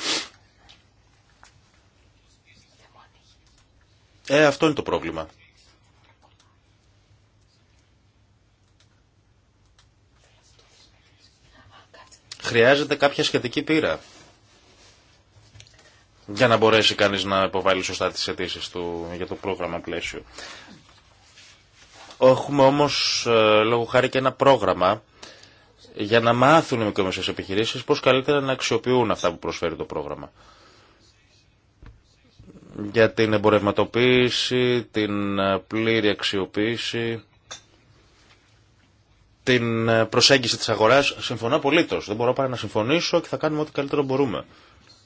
Ε, αυτό είναι το πρόβλημα. Χρειάζεται κάποια σχετική πείρα για να μπορέσει κανείς να υποβάλει σωστά τις αιτήσει του για το πρόγραμμα πλαίσιο. Έχουμε όμως ε, λόγω χάρη και ένα πρόγραμμα για να μάθουν οι μικρομεσαίες επιχειρήσεις πώς καλύτερα να αξιοποιούν αυτά που προσφέρει το πρόγραμμα. Για την εμπορευματοποίηση, την ε, πλήρη αξιοποίηση, την ε, προσέγγιση της αγοράς, συμφωνώ απολύτως. Δεν μπορώ παρά να συμφωνήσω και θα κάνουμε ό,τι καλύτερο μπορούμε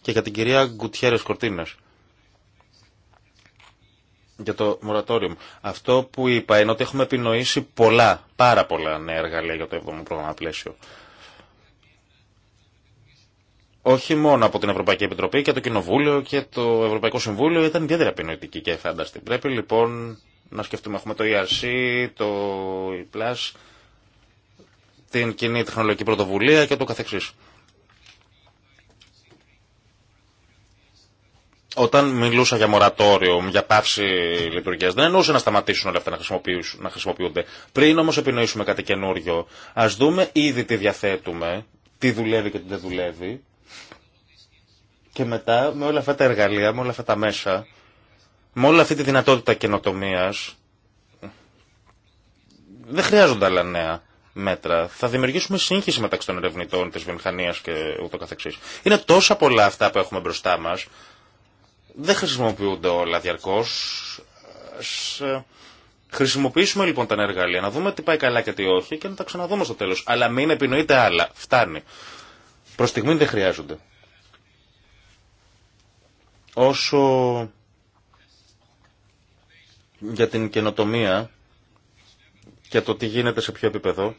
και για την κυρία Γκουτιέρε Κορτίνε. Για το μορατόριο. Αυτό που είπα είναι ότι έχουμε επινοήσει πολλά, πάρα πολλά νέα εργαλεία για το 7ο πρόγραμμα πλαίσιο. Όχι μόνο από την Ευρωπαϊκή Επιτροπή και το Κοινοβούλιο και το Ευρωπαϊκό Συμβούλιο ήταν ιδιαίτερα επινοητική και εφάνταστη. Πρέπει λοιπόν να σκεφτούμε. Έχουμε το ERC, το E+, την κοινή τεχνολογική πρωτοβουλία και το καθεξής. Όταν μιλούσα για μορατόριο, για πάυση λειτουργία, δεν εννοούσε να σταματήσουν όλα αυτά να, να χρησιμοποιούνται. Πριν όμω επινοήσουμε κάτι καινούριο, α δούμε ήδη τι διαθέτουμε, τι δουλεύει και τι δεν δουλεύει. Και μετά, με όλα αυτά τα εργαλεία, με όλα αυτά τα μέσα, με όλη αυτή τη δυνατότητα καινοτομία, δεν χρειάζονται άλλα νέα μέτρα. Θα δημιουργήσουμε σύγχυση μεταξύ των ερευνητών τη βιομηχανία και ούτω καθεξής. Είναι τόσα πολλά αυτά που έχουμε μπροστά μα δεν χρησιμοποιούνται όλα διαρκώς. Ε, χρησιμοποιήσουμε λοιπόν τα εργαλεία, να δούμε τι πάει καλά και τι όχι και να τα ξαναδούμε στο τέλος. Αλλά μην επινοείτε άλλα. Φτάνει. Προ στιγμή δεν χρειάζονται. Όσο για την καινοτομία και το τι γίνεται σε ποιο επίπεδο,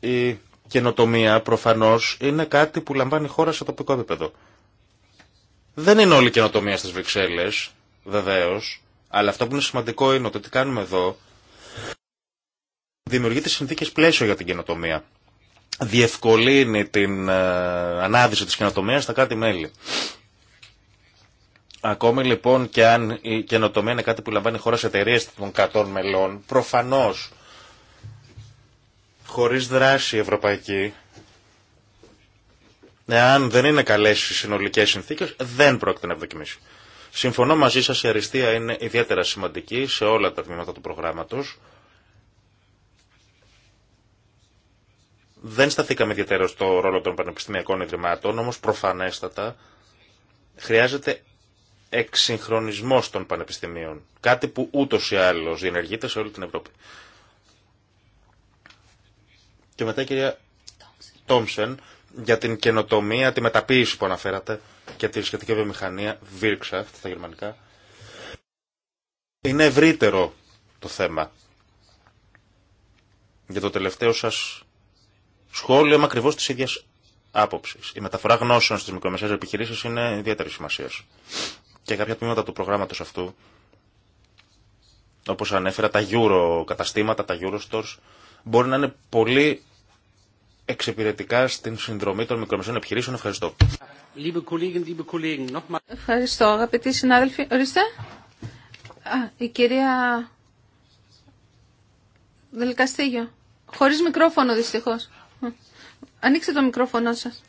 η καινοτομία προφανώς είναι κάτι που λαμβάνει η χώρα σε τοπικό επίπεδο. Δεν είναι όλη η καινοτομία στις Βρυξέλλες, βεβαίω, αλλά αυτό που είναι σημαντικό είναι ότι τι κάνουμε εδώ δημιουργεί τις συνθήκες πλαίσιο για την καινοτομία. Διευκολύνει την ε, ανάδυση της καινοτομίας στα κάτι μέλη. Ακόμη λοιπόν και αν η καινοτομία είναι κάτι που λαμβάνει χώρα σε εταιρείε των 100 μελών, προφανώς χωρίς δράση ευρωπαϊκή Εάν δεν είναι καλέ οι συνολικέ συνθήκε, δεν πρόκειται να ευδοκιμήσει. Συμφωνώ μαζί σα, η αριστεία είναι ιδιαίτερα σημαντική σε όλα τα τμήματα του προγράμματο. Δεν σταθήκαμε ιδιαίτερα στο ρόλο των πανεπιστημιακών ιδρυμάτων, όμω προφανέστατα χρειάζεται εξυγχρονισμό των πανεπιστημίων. Κάτι που ούτω ή άλλω διενεργείται σε όλη την Ευρώπη. Και μετά η κυρία Τόμσεν για την καινοτομία, τη μεταποίηση που αναφέρατε και τη σχετική βιομηχανία, Wirtschaft στα γερμανικά. Είναι ευρύτερο το θέμα. Για το τελευταίο σας σχόλιο είμαι ακριβώ της ίδιας άποψης. Η μεταφορά γνώσεων στι μικρομεσαίε επιχειρήσει είναι ιδιαίτερη σημασία. Και κάποια τμήματα του προγράμματος αυτού, Όπω ανέφερα, τα Euro καταστήματα, τα Euro stores, μπορεί να είναι πολύ εξυπηρετικά στην συνδρομή των μικρομεσαίων επιχειρήσεων. Ευχαριστώ. Ευχαριστώ αγαπητοί συνάδελφοι. Ορίστε. Α, η κυρία Δελκαστήγιο. Χωρίς μικρόφωνο δυστυχώς. Ανοίξτε το μικρόφωνο σας.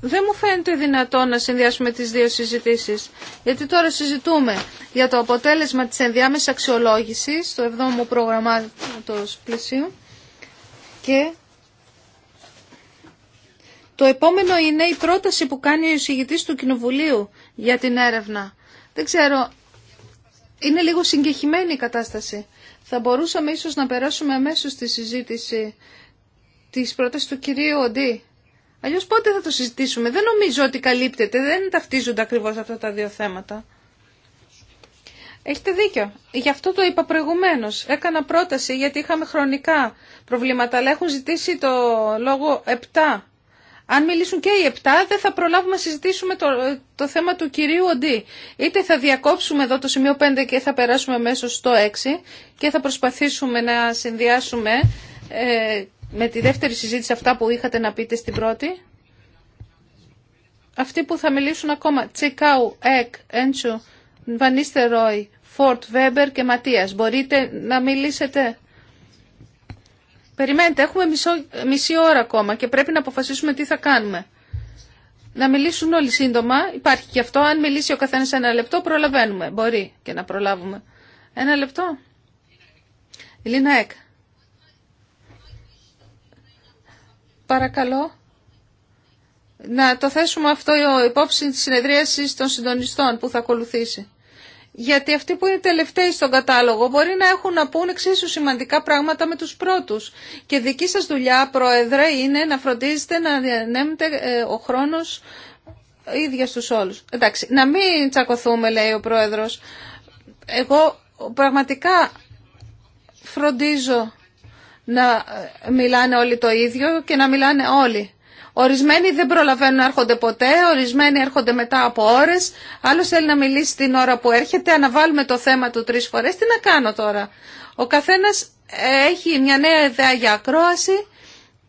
Δεν μου φαίνεται δυνατό να συνδυάσουμε τις δύο συζητήσεις, γιατί τώρα συζητούμε για το αποτέλεσμα της ενδιάμεσης αξιολόγησης του 7ου του πλαισίου και το επόμενο είναι η πρόταση που κάνει ο εισηγητής του Κοινοβουλίου για την έρευνα. Δεν ξέρω, είναι λίγο συγκεχημένη η κατάσταση. Θα μπορούσαμε ίσως να περάσουμε αμέσως στη συζήτηση της πρότασης του κυρίου Οντή. Αλλιώς πότε θα το συζητήσουμε. Δεν νομίζω ότι καλύπτεται, δεν ταυτίζονται ακριβώς αυτά τα δύο θέματα. Έχετε δίκιο. Γι' αυτό το είπα προηγουμένω. Έκανα πρόταση γιατί είχαμε χρονικά προβλήματα, αλλά έχουν ζητήσει το λόγο 7. Αν μιλήσουν και οι 7, δεν θα προλάβουμε να συζητήσουμε το, το θέμα του κυρίου Οντί. Είτε θα διακόψουμε εδώ το σημείο 5 και θα περάσουμε μέσω στο 6 και θα προσπαθήσουμε να συνδυάσουμε ε, με τη δεύτερη συζήτηση αυτά που είχατε να πείτε στην πρώτη. Αυτοί που θα μιλήσουν ακόμα, Τσικάου, Εκ, Έντσου, Βανίστε Ροϊ, Φόρτ, Βέμπερ και Ματίας. Μπορείτε να μιλήσετε. Περιμένετε, έχουμε μισή ώρα ακόμα και πρέπει να αποφασίσουμε τι θα κάνουμε. Να μιλήσουν όλοι σύντομα, υπάρχει και αυτό. Αν μιλήσει ο καθένας ένα λεπτό, προλαβαίνουμε. Μπορεί και να προλάβουμε. Ένα λεπτό. Ελίνα Εκ. Παρακαλώ. Να το θέσουμε αυτό υπόψη της συνεδρίασης των συντονιστών που θα ακολουθήσει γιατί αυτοί που είναι τελευταίοι στον κατάλογο μπορεί να έχουν να πούν εξίσου σημαντικά πράγματα με τους πρώτους. Και δική σας δουλειά, Πρόεδρε, είναι να φροντίζετε να διανέμετε ε, ο χρόνος ίδια στους όλους. Εντάξει, να μην τσακωθούμε, λέει ο Πρόεδρος. Εγώ πραγματικά φροντίζω να μιλάνε όλοι το ίδιο και να μιλάνε όλοι. Ορισμένοι δεν προλαβαίνουν να έρχονται ποτέ, ορισμένοι έρχονται μετά από ώρε. Άλλο θέλει να μιλήσει την ώρα που έρχεται. Αναβάλουμε το θέμα του τρει φορέ. Τι να κάνω τώρα. Ο καθένα ε, έχει μια νέα ιδέα για ακρόαση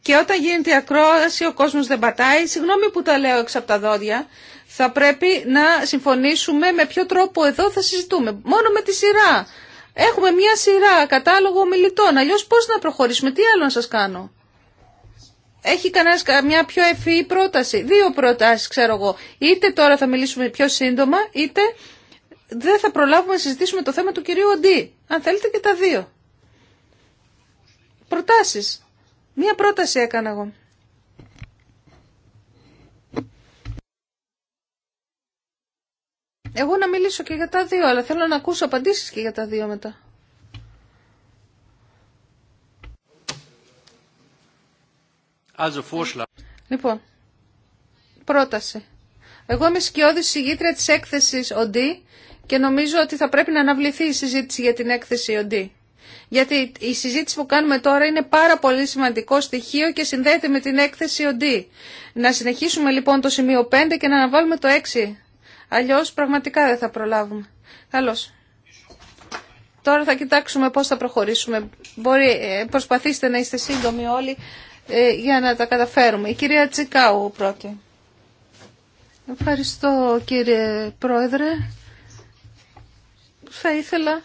και όταν γίνεται η ακρόαση ο κόσμο δεν πατάει. Συγγνώμη που τα λέω έξω από τα δόντια. Θα πρέπει να συμφωνήσουμε με ποιο τρόπο εδώ θα συζητούμε. Μόνο με τη σειρά. Έχουμε μια σειρά κατάλογο μιλητών, Αλλιώ πώ να προχωρήσουμε, τι άλλο να σα κάνω. Έχει κανένας μια πιο ευφυή πρόταση. Δύο προτάσεις ξέρω εγώ. Είτε τώρα θα μιλήσουμε πιο σύντομα, είτε δεν θα προλάβουμε να συζητήσουμε το θέμα του κυρίου αντί. Αν θέλετε και τα δύο. Προτάσεις. Μία πρόταση έκανα εγώ. Εγώ να μιλήσω και για τα δύο, αλλά θέλω να ακούσω απαντήσεις και για τα δύο μετά. Λοιπόν, πρόταση. Εγώ είμαι σκιώδη συγγήτρια τη έκθεση ΟΝΤΗ και νομίζω ότι θα πρέπει να αναβληθεί η συζήτηση για την έκθεση ΟΝΤΗ. Γιατί η συζήτηση που κάνουμε τώρα είναι πάρα πολύ σημαντικό στοιχείο και συνδέεται με την έκθεση ΟΝΤΗ. Να συνεχίσουμε λοιπόν το σημείο 5 και να αναβάλουμε το 6. Αλλιώ πραγματικά δεν θα προλάβουμε. Καλώ. Τώρα θα κοιτάξουμε πώς θα προχωρήσουμε. Μπορεί, ε, προσπαθήστε να είστε σύντομοι όλοι ε, για να τα καταφέρουμε. Η κυρία Τσικάου πρώτη. Ευχαριστώ κύριε Πρόεδρε. Θα ήθελα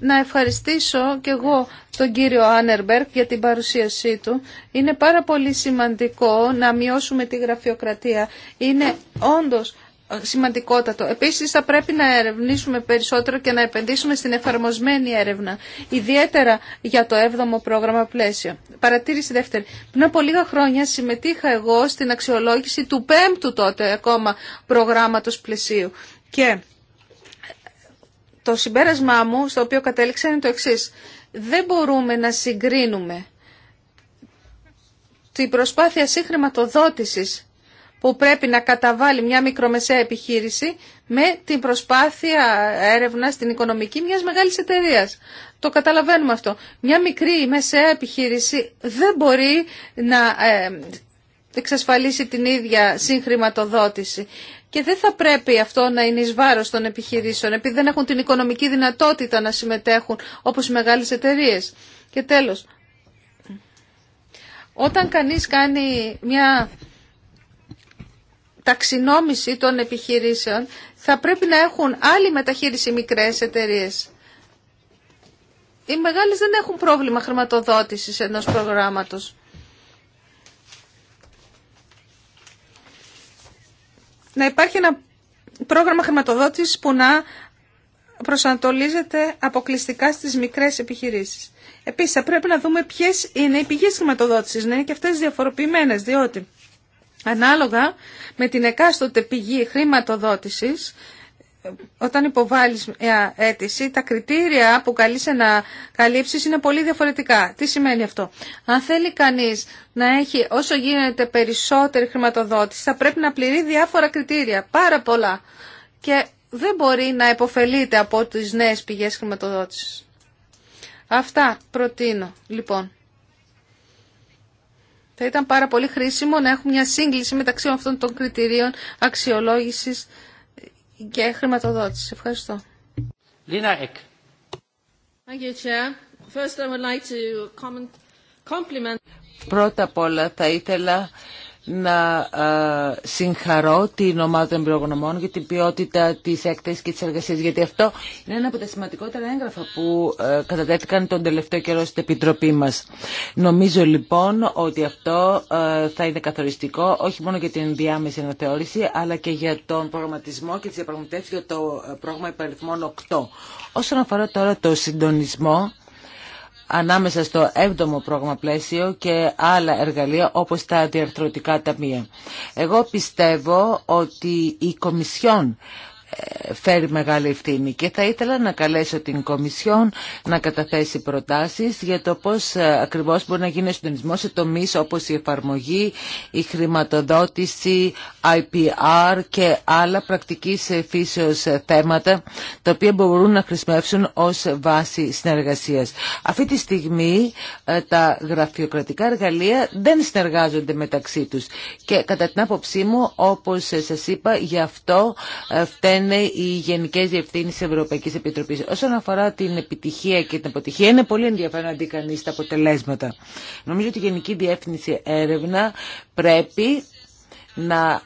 να ευχαριστήσω και εγώ τον κύριο Άνερμπερκ για την παρουσίασή του. Είναι πάρα πολύ σημαντικό να μειώσουμε τη γραφειοκρατία. Είναι όντως σημαντικότατο. Επίσης θα πρέπει να ερευνήσουμε περισσότερο και να επενδύσουμε στην εφαρμοσμένη έρευνα, ιδιαίτερα για το 7ο πρόγραμμα πλαίσιο. Παρατήρηση δεύτερη. Πριν από λίγα χρόνια συμμετείχα εγώ στην αξιολόγηση του 5ου τότε ακόμα προγράμματος πλαισίου και το συμπέρασμά μου στο οποίο κατέληξα είναι το εξής. Δεν μπορούμε να συγκρίνουμε την προσπάθεια συγχρηματοδότησης που πρέπει να καταβάλει μια μικρομεσαία επιχείρηση με την προσπάθεια έρευνα στην οικονομική μιας μεγάλης εταιρείας. Το καταλαβαίνουμε αυτό. Μια μικρή μεσαία επιχείρηση δεν μπορεί να ε, εξασφαλίσει την ίδια συγχρηματοδότηση. Και δεν θα πρέπει αυτό να είναι εις βάρος των επιχειρήσεων, επειδή δεν έχουν την οικονομική δυνατότητα να συμμετέχουν όπως οι μεγάλες εταιρείες. Και τέλος, όταν κανείς κάνει μια ταξινόμηση των επιχειρήσεων θα πρέπει να έχουν άλλη μεταχείριση μικρές εταιρείες. Οι μεγάλες δεν έχουν πρόβλημα χρηματοδότησης ενός προγράμματος. Να υπάρχει ένα πρόγραμμα χρηματοδότησης που να προσανατολίζεται αποκλειστικά στις μικρές επιχειρήσεις. Επίσης, θα πρέπει να δούμε ποιες είναι οι πηγές χρηματοδότησης, να είναι και αυτές διαφοροποιημένες, διότι Ανάλογα με την εκάστοτε πηγή χρηματοδότησης, όταν υποβάλλεις μια αίτηση, τα κριτήρια που καλείσαι να καλύψεις είναι πολύ διαφορετικά. Τι σημαίνει αυτό. Αν θέλει κανείς να έχει όσο γίνεται περισσότερη χρηματοδότηση, θα πρέπει να πληρεί διάφορα κριτήρια, πάρα πολλά. Και δεν μπορεί να υποφελείται από τις νέες πηγές χρηματοδότησης. Αυτά προτείνω, λοιπόν. Θα ήταν πάρα πολύ χρήσιμο να έχουμε μια σύγκληση μεταξύ αυτών των κριτηρίων αξιολόγησης και χρηματοδότησης. Ευχαριστώ. Λίνα Εκ. Πρώτα απ' όλα θα ήθελα να ε, συγχαρώ την ομάδα των εμπειρογνωμών για την ποιότητα της έκθεσης και της εργασίας γιατί αυτό είναι ένα από τα σημαντικότερα έγγραφα που ε, κατατέθηκαν τον τελευταίο καιρό στην Επιτροπή μας. Νομίζω λοιπόν ότι αυτό ε, θα είναι καθοριστικό όχι μόνο για την διάμεση αναθεώρηση αλλά και για τον προγραμματισμό και τις διαπραγματεύσεις για το πρόγραμμα υπαριθμών 8. Όσον αφορά τώρα το συντονισμό ανάμεσα στο έβδομο πρόγραμμα πλαίσιο και άλλα εργαλεία όπως τα διαρθρωτικά ταμεία. Εγώ πιστεύω ότι η Κομισιόν ε, φέρει μεγάλη ευθύνη και θα ήθελα να καλέσω την Κομισιόν να καταθέσει προτάσεις για το πώς ε, ακριβώς μπορεί να γίνει ο συντονισμός σε τομείς όπως η εφαρμογή, η χρηματοδότηση, IPR και άλλα πρακτικής φύσεως ε, θέματα τα οποία μπορούν να χρησιμεύσουν ως βάση συνεργασίας. Αυτή τη στιγμή τα γραφειοκρατικά εργαλεία δεν συνεργάζονται μεταξύ τους και κατά την άποψή μου όπως σας είπα γι' αυτό φταίνει λένε οι Γενικέ Διευθύνσει Ευρωπαϊκή Επιτροπή. Όσον αφορά την επιτυχία και την αποτυχία, είναι πολύ ενδιαφέρον να δει κανεί τα αποτελέσματα. Νομίζω ότι η Γενική Διεύθυνση Έρευνα πρέπει να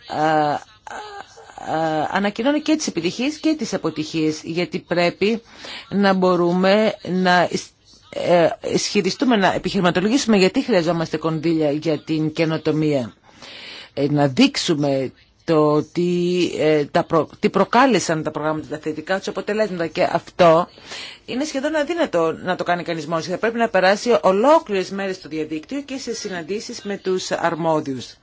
ανακοινώνει και τις επιτυχίες και τις αποτυχίες γιατί πρέπει να μπορούμε να ε, ισχυριστούμε, να επιχειρηματολογήσουμε γιατί χρειαζόμαστε κονδύλια για την καινοτομία ε, να δείξουμε το τι, ε, τα τι προκάλεσαν τα προγράμματα τα θετικά του αποτελέσματα και αυτό είναι σχεδόν αδύνατο να το κάνει κανείς μόνος. Θα πρέπει να περάσει ολόκληρες μέρες στο διαδίκτυο και σε συναντήσεις με τους αρμόδιους.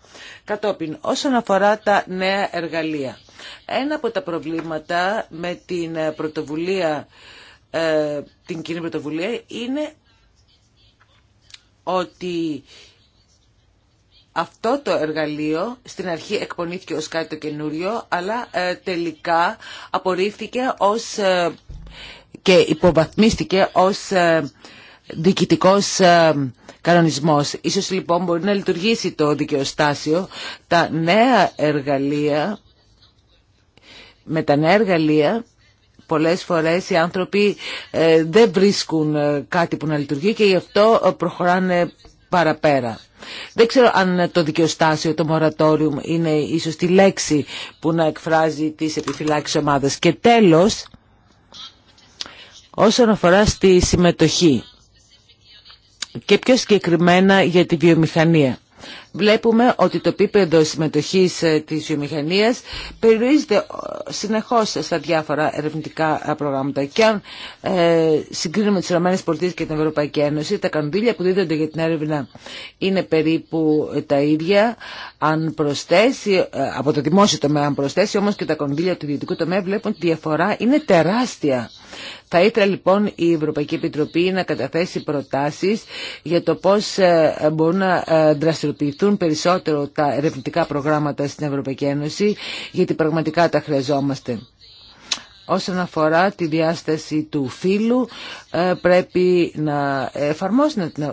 Κατόπιν, όσον αφορά τα νέα εργαλεία. Ένα από τα προβλήματα με την πρωτοβουλία, ε, την κοινή πρωτοβουλία είναι ότι αυτό το εργαλείο στην αρχή εκπονήθηκε ως κάτι το καινούριο, αλλά ε, τελικά απορρίφθηκε ως, ε, και υποβαθμίστηκε ως ε, διοικητικός ε, κανονισμός. Ίσως λοιπόν μπορεί να λειτουργήσει το δικαιοστάσιο. Τα νέα εργαλεία, με τα νέα εργαλεία, πολλές φορές οι άνθρωποι δεν βρίσκουν κάτι που να λειτουργεί και γι' αυτό προχωράνε παραπέρα. Δεν ξέρω αν το δικαιοστάσιο, το moratorium είναι ίσως τη λέξη που να εκφράζει τις επιφυλάξεις ομάδας. Και τέλος, όσον αφορά στη συμμετοχή και πιο συγκεκριμένα για τη βιομηχανία βλέπουμε ότι το επίπεδο συμμετοχής ε, της βιομηχανίας περιορίζεται ε, συνεχώς στα διάφορα ερευνητικά ε, προγράμματα. Και αν συγκρίνουμε τις ΗΠΑ και την Ευρωπαϊκή Ένωση, τα κανδύλια που δίδονται για την έρευνα είναι περίπου τα ίδια. Αν προσθέσει, από το δημόσιο τομέα, αν προσθέσει όμως και τα κονδύλια του ιδιωτικού τομέα, βλέπουν ότι η διαφορά είναι τεράστια. Θα ήθελα λοιπόν η Ευρωπαϊκή Επιτροπή να καταθέσει προτάσεις για το πώς μπορούν να δραστηριοποιηθούν συζητούν περισσότερο τα ερευνητικά προγράμματα στην Ευρωπαϊκή Ένωση, γιατί πραγματικά τα χρειαζόμαστε. Όσον αφορά τη διάσταση του φύλου, ε, πρέπει να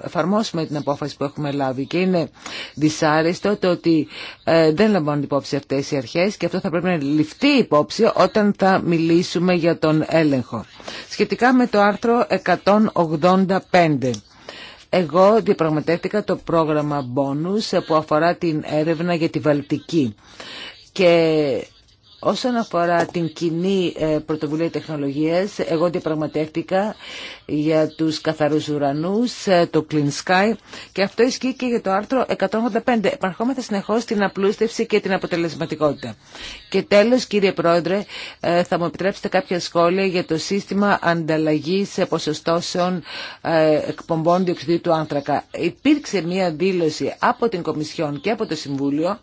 εφαρμόσουμε την απόφαση που έχουμε λάβει και είναι δυσάρεστο το ότι ε, δεν λαμβάνουν υπόψη αυτές οι αρχές και αυτό θα πρέπει να ληφθεί υπόψη όταν θα μιλήσουμε για τον έλεγχο. Σχετικά με το άρθρο 185 εγώ διαπραγματεύτηκα το πρόγραμμα Bonus που αφορά την έρευνα για τη Βαλτική. Και Όσον αφορά την κοινή ε, πρωτοβουλία τεχνολογίας, εγώ διαπραγματεύτηκα για τους καθαρούς ουρανούς, ε, το Clean Sky και αυτό ισχύει και για το άρθρο 185. «Επαρχόμαστε συνεχώς την απλούστευση και την αποτελεσματικότητα. Και τέλος κύριε Πρόεδρε ε, θα μου επιτρέψετε κάποια σχόλια για το σύστημα ανταλλαγής ποσοστώσεων ε, εκπομπών διοξιδίου του άνθρακα. Υπήρξε μία δήλωση από την Κομισιόν και από το Συμβούλιο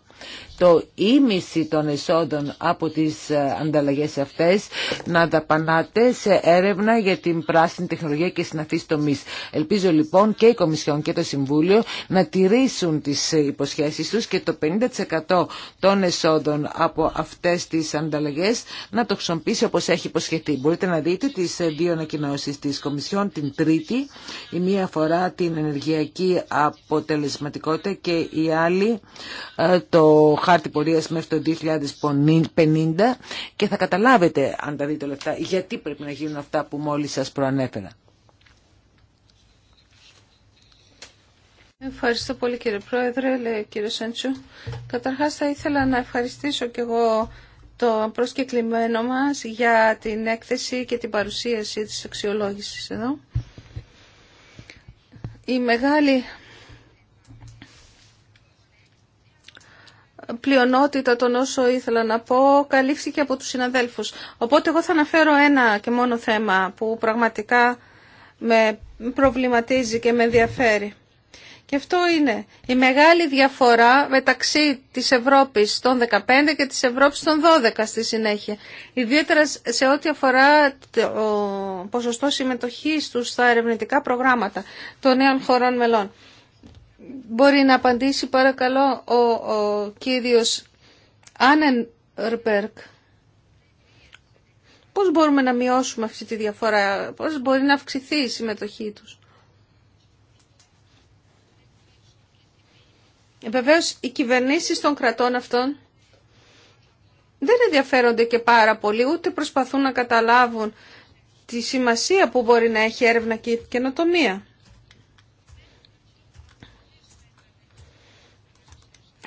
το ίμιση των εσόδων από τις ε, ανταλλαγές αυτές να δαπανάτε σε έρευνα για την πράσινη τεχνολογία και συναφείς τομής. Ελπίζω λοιπόν και η Κομισιόν και το Συμβούλιο να τηρήσουν τις υποσχέσεις τους και το 50% των εσόδων από αυτές τις ανταλλαγές να το χρησιμοποιήσει όπως έχει υποσχεθεί. Μπορείτε να δείτε τις δύο ανακοινώσει της Κομισιόν την Τρίτη. Η μία αφορά την ενεργειακή αποτελεσματικότητα και η άλλη ε, το χάρτη πορείας μέχρι το 2050 και θα καταλάβετε αν τα δείτε όλα αυτά γιατί πρέπει να γίνουν αυτά που μόλις σας προανέφερα. Ευχαριστώ πολύ κύριε Πρόεδρε, λέει κύριο Σέντσου. Καταρχάς θα ήθελα να ευχαριστήσω και εγώ το προσκεκλημένο μας για την έκθεση και την παρουσίαση της αξιολόγησης εδώ. Η μεγάλη πλειονότητα των όσο ήθελα να πω καλύφθηκε από τους συναδέλφους. Οπότε εγώ θα αναφέρω ένα και μόνο θέμα που πραγματικά με προβληματίζει και με ενδιαφέρει. Και αυτό είναι η μεγάλη διαφορά μεταξύ της Ευρώπης των 15 και της Ευρώπης των 12 στη συνέχεια. Ιδιαίτερα σε ό,τι αφορά το ποσοστό συμμετοχής τους στα ερευνητικά προγράμματα των νέων χωρών μελών. Μπορεί να απαντήσει παρακαλώ ο, ο κύριος Άνενρπερκ. Πώς μπορούμε να μειώσουμε αυτή τη διαφορά, πώς μπορεί να αυξηθεί η συμμετοχή τους. Βεβαίω, οι κυβερνήσει των κρατών αυτών δεν ενδιαφέρονται και πάρα πολύ, ούτε προσπαθούν να καταλάβουν τη σημασία που μπορεί να έχει έρευνα και καινοτομία.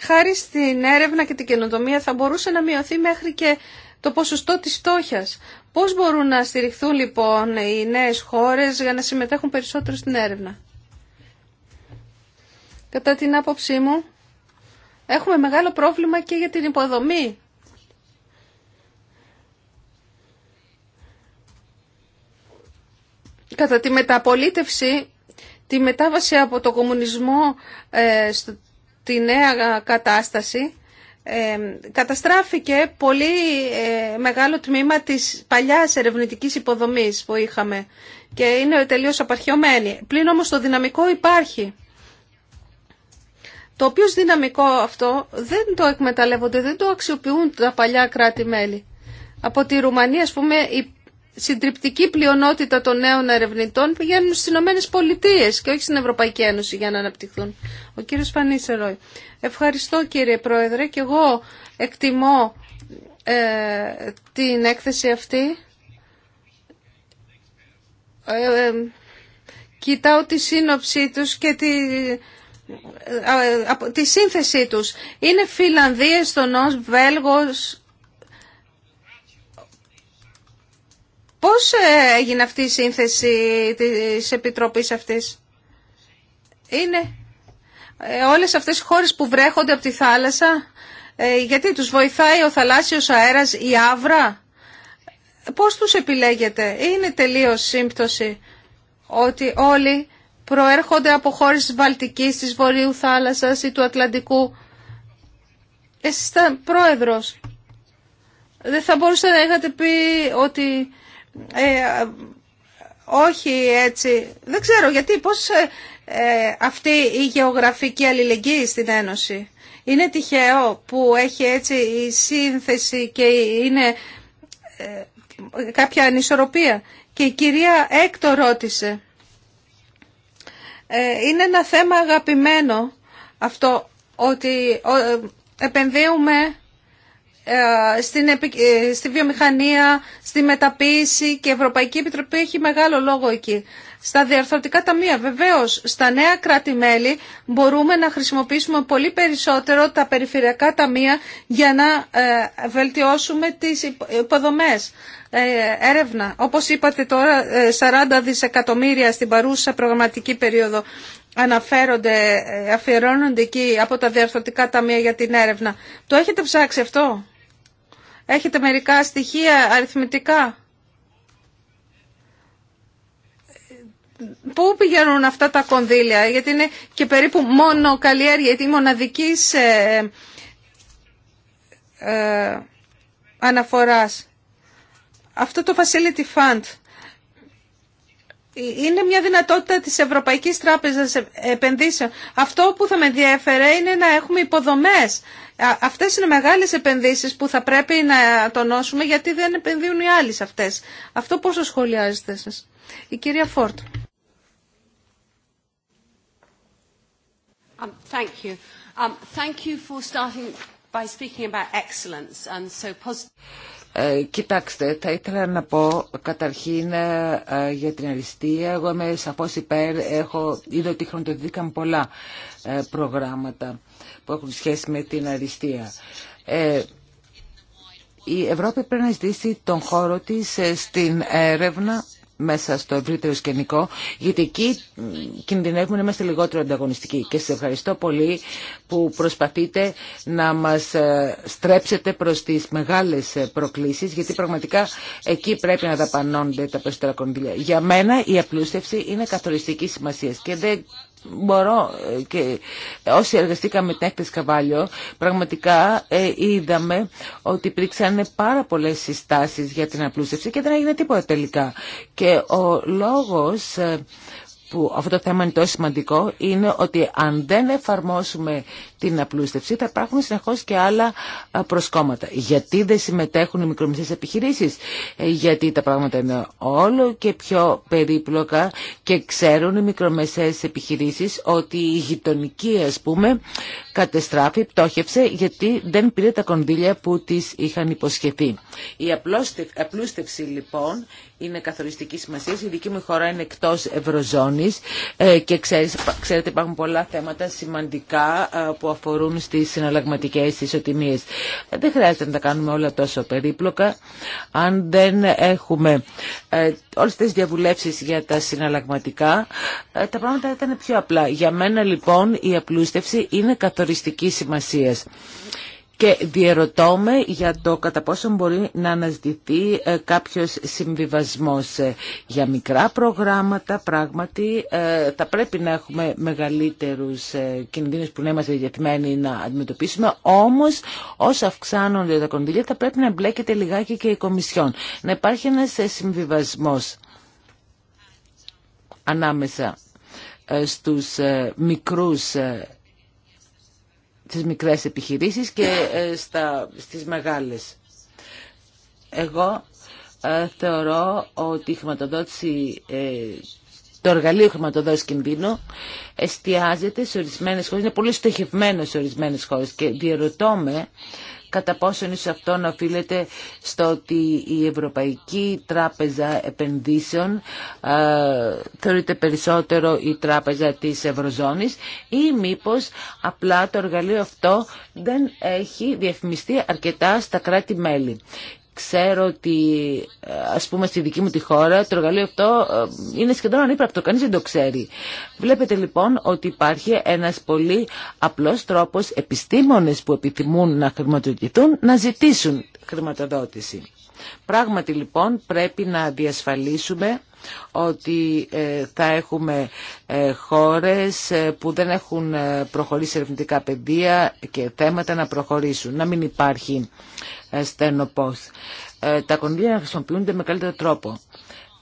Χάρη στην έρευνα και την καινοτομία θα μπορούσε να μειωθεί μέχρι και το ποσοστό της φτώχειας. Πώς μπορούν να στηριχθούν λοιπόν οι νέες χώρες για να συμμετέχουν περισσότερο στην έρευνα κατά την άποψή μου, έχουμε μεγάλο πρόβλημα και για την υποδομή. Κατά τη μεταπολίτευση, τη μετάβαση από το κομμουνισμό ε, στη νέα κατάσταση, ε, καταστράφηκε πολύ ε, μεγάλο τμήμα της παλιάς ερευνητικής υποδομής που είχαμε και είναι τελείως απαρχιωμένη. Πλην όμως το δυναμικό υπάρχει το οποίο δυναμικό αυτό δεν το εκμεταλλεύονται, δεν το αξιοποιούν τα παλιά κράτη-μέλη. Από τη Ρουμανία, ας πούμε, η συντριπτική πλειονότητα των νέων ερευνητών πηγαίνουν στι Ηνωμένε Πολιτείε και όχι στην Ευρωπαϊκή Ένωση για να αναπτυχθούν. Ο κύριος Φανίσερο. Ευχαριστώ κύριε Πρόεδρε και εγώ εκτιμώ ε, την έκθεση αυτή. Ε, ε, κοιτάω τη σύνοψή τους και τη ε, από τη σύνθεσή τους. Είναι Φιλανδοί, Εστονός, Βέλγος. Πώς ε, έγινε αυτή η σύνθεση της Επιτροπής αυτής. Είναι ε, όλες αυτές οι χώρες που βρέχονται από τη θάλασσα. Γιατί τους βοηθάει ο θαλάσσιος αέρας, η άβρα. Πώς τους επιλέγετε. Είναι τελείως σύμπτωση ότι όλοι προέρχονται από χώρες της Βαλτικής, της Βορείου Θάλασσας ή του Ατλαντικού. Εσείς ήταν πρόεδρος. Δεν θα μπορούσατε να είχατε πει ότι ε, όχι έτσι. Δεν ξέρω γιατί, πώς ε, ε, αυτή η γεωγραφική αλληλεγγύη στην Ένωση. Είναι τυχαίο που έχει έτσι η σύνθεση και είναι ε, κάποια ανισορροπία. Και η κυρία Έκτο ρώτησε ε, είναι ένα θέμα αγαπημένο αυτό ότι επενδύουμε ε, στην, ε, στη βιομηχανία, στη μεταποίηση και η Ευρωπαϊκή Επιτροπή έχει μεγάλο λόγο εκεί. Στα διαρθρωτικά ταμεία, βεβαίως, στα νέα κράτη-μέλη μπορούμε να χρησιμοποιήσουμε πολύ περισσότερο τα περιφερειακά ταμεία για να ε, βελτιώσουμε τις υποδομές. Ε, έρευνα, όπως είπατε τώρα, 40 ε, δισεκατομμύρια στην παρούσα προγραμματική περίοδο αναφέρονται, αφιερώνονται εκεί από τα διαρθρωτικά ταμεία για την έρευνα. Το έχετε ψάξει αυτό? Έχετε μερικά στοιχεία αριθμητικά? Πού πηγαίνουν αυτά τα κονδύλια, γιατί είναι και περίπου μόνο καλλιέργεια, γιατί μοναδική ε, αναφοράς. Αυτό το Facility Fund ε, είναι μια δυνατότητα της Ευρωπαϊκής Τράπεζας ε, Επενδύσεων. Αυτό που θα με ενδιαφέρε είναι να έχουμε υποδομές. Αυτές είναι μεγάλες επενδύσεις που θα πρέπει να τονώσουμε γιατί δεν επενδύουν οι άλλοι σε αυτές. Αυτό πόσο σχολιάζετε σας. Η κυρία Φόρτ. Um, thank you. Um, thank you for starting by speaking about excellence and so positive. Ε, κοιτάξτε, θα ήθελα να πω καταρχήν ε, ε για την αριστεία. Εγώ είμαι σαφώ υπέρ, έχω, είδα ότι χρονοτοδίκαμε πολλά ε, προγράμματα που έχουν σχέση με την αριστεία. Ε, η Ευρώπη πρέπει να ζητήσει τον χώρο της ε, στην έρευνα μέσα στο ευρύτερο σκηνικό, γιατί εκεί κινδυνεύουμε να είμαστε λιγότερο ανταγωνιστικοί. Και σε ευχαριστώ πολύ που προσπαθείτε να μας ε, στρέψετε προς τις μεγάλες ε, προκλήσεις, γιατί πραγματικά εκεί πρέπει να δαπανώνται τα περισσότερα κονδύλια. Για μένα η απλούστευση είναι καθοριστική σημασία και δεν μπορώ ε, και όσοι εργαστήκαμε την έκθεση Καβάλιο, πραγματικά ε, είδαμε ότι υπήρξαν πάρα πολλέ συστάσει για την απλούστευση και δεν έγινε τίποτα τελικά. Και ο λόγο ε, που αυτό το θέμα είναι τόσο σημαντικό είναι ότι αν δεν εφαρμόσουμε την απλούστευση θα υπάρχουν συνεχώς και άλλα προσκόμματα. Γιατί δεν συμμετέχουν οι μικρομεσαίες επιχειρήσεις. Ε, γιατί τα πράγματα είναι όλο και πιο περίπλοκα και ξέρουν οι μικρομεσαίες επιχειρήσεις ότι η γειτονική ας πούμε κατεστράφη, πτώχευσε γιατί δεν πήρε τα κονδύλια που της είχαν υποσχεθεί. Η απλούστευση λοιπόν είναι καθοριστική σημασία. Η δική μου χώρα είναι εκτός ευρωζώνης ε, και ξέρετε υπάρχουν πολλά θέματα σημαντικά ε, που αφορούν στις συναλλαγματικές ισοτιμίες. Ε, δεν χρειάζεται να τα κάνουμε όλα τόσο περίπλοκα. Αν δεν έχουμε όλες τις διαβουλεύσεις για τα συναλλαγματικά, τα πράγματα ήταν πιο απλά. Για μένα λοιπόν η απλούστευση είναι καθοριστική σημασίας και διερωτώμε για το κατά πόσο μπορεί να αναζητηθεί ε, κάποιος συμβιβασμός ε, για μικρά προγράμματα. Πράγματι ε, θα πρέπει να έχουμε μεγαλύτερους κινδύνους που να είμαστε διατημένοι να αντιμετωπίσουμε. Όμως όσο αυξάνονται τα κονδύλια θα πρέπει να εμπλέκεται λιγάκι και η Κομισιόν. Να υπάρχει ένας συμβιβασμός ανάμεσα στους μικρούς τις μικρές επιχειρήσεις και ε, στα, στις μεγάλες. Εγώ ε, θεωρώ ότι η χρηματοδότηση, ε, το εργαλείο χρηματοδότηση κινδύνου εστιάζεται σε ορισμένες χώρες, είναι πολύ στοχευμένο σε ορισμένες χώρες και διαρωτώ με κατά πόσον εις αυτό οφείλεται στο ότι η Ευρωπαϊκή Τράπεζα Επενδύσεων θεωρείται περισσότερο η τράπεζα της Ευρωζώνης ή μήπως απλά το εργαλείο αυτό δεν έχει διαφημιστεί αρκετά στα κράτη-μέλη. Ξέρω ότι ας πούμε στη δική μου τη χώρα το εργαλείο αυτό ε, είναι σχεδόν ανύπραπτο, κανείς δεν το ξέρει. Βλέπετε λοιπόν ότι υπάρχει ένας πολύ απλός τρόπος επιστήμονες που επιθυμούν να χρηματοδοτηθούν να ζητήσουν χρηματοδότηση. Πράγματι λοιπόν πρέπει να διασφαλίσουμε ότι ε, θα έχουμε ε, χώρες ε, που δεν έχουν προχωρήσει ερευνητικά παιδεία και θέματα να προχωρήσουν, να μην υπάρχει στενοπός. Τα κονδύλια να χρησιμοποιούνται με καλύτερο τρόπο.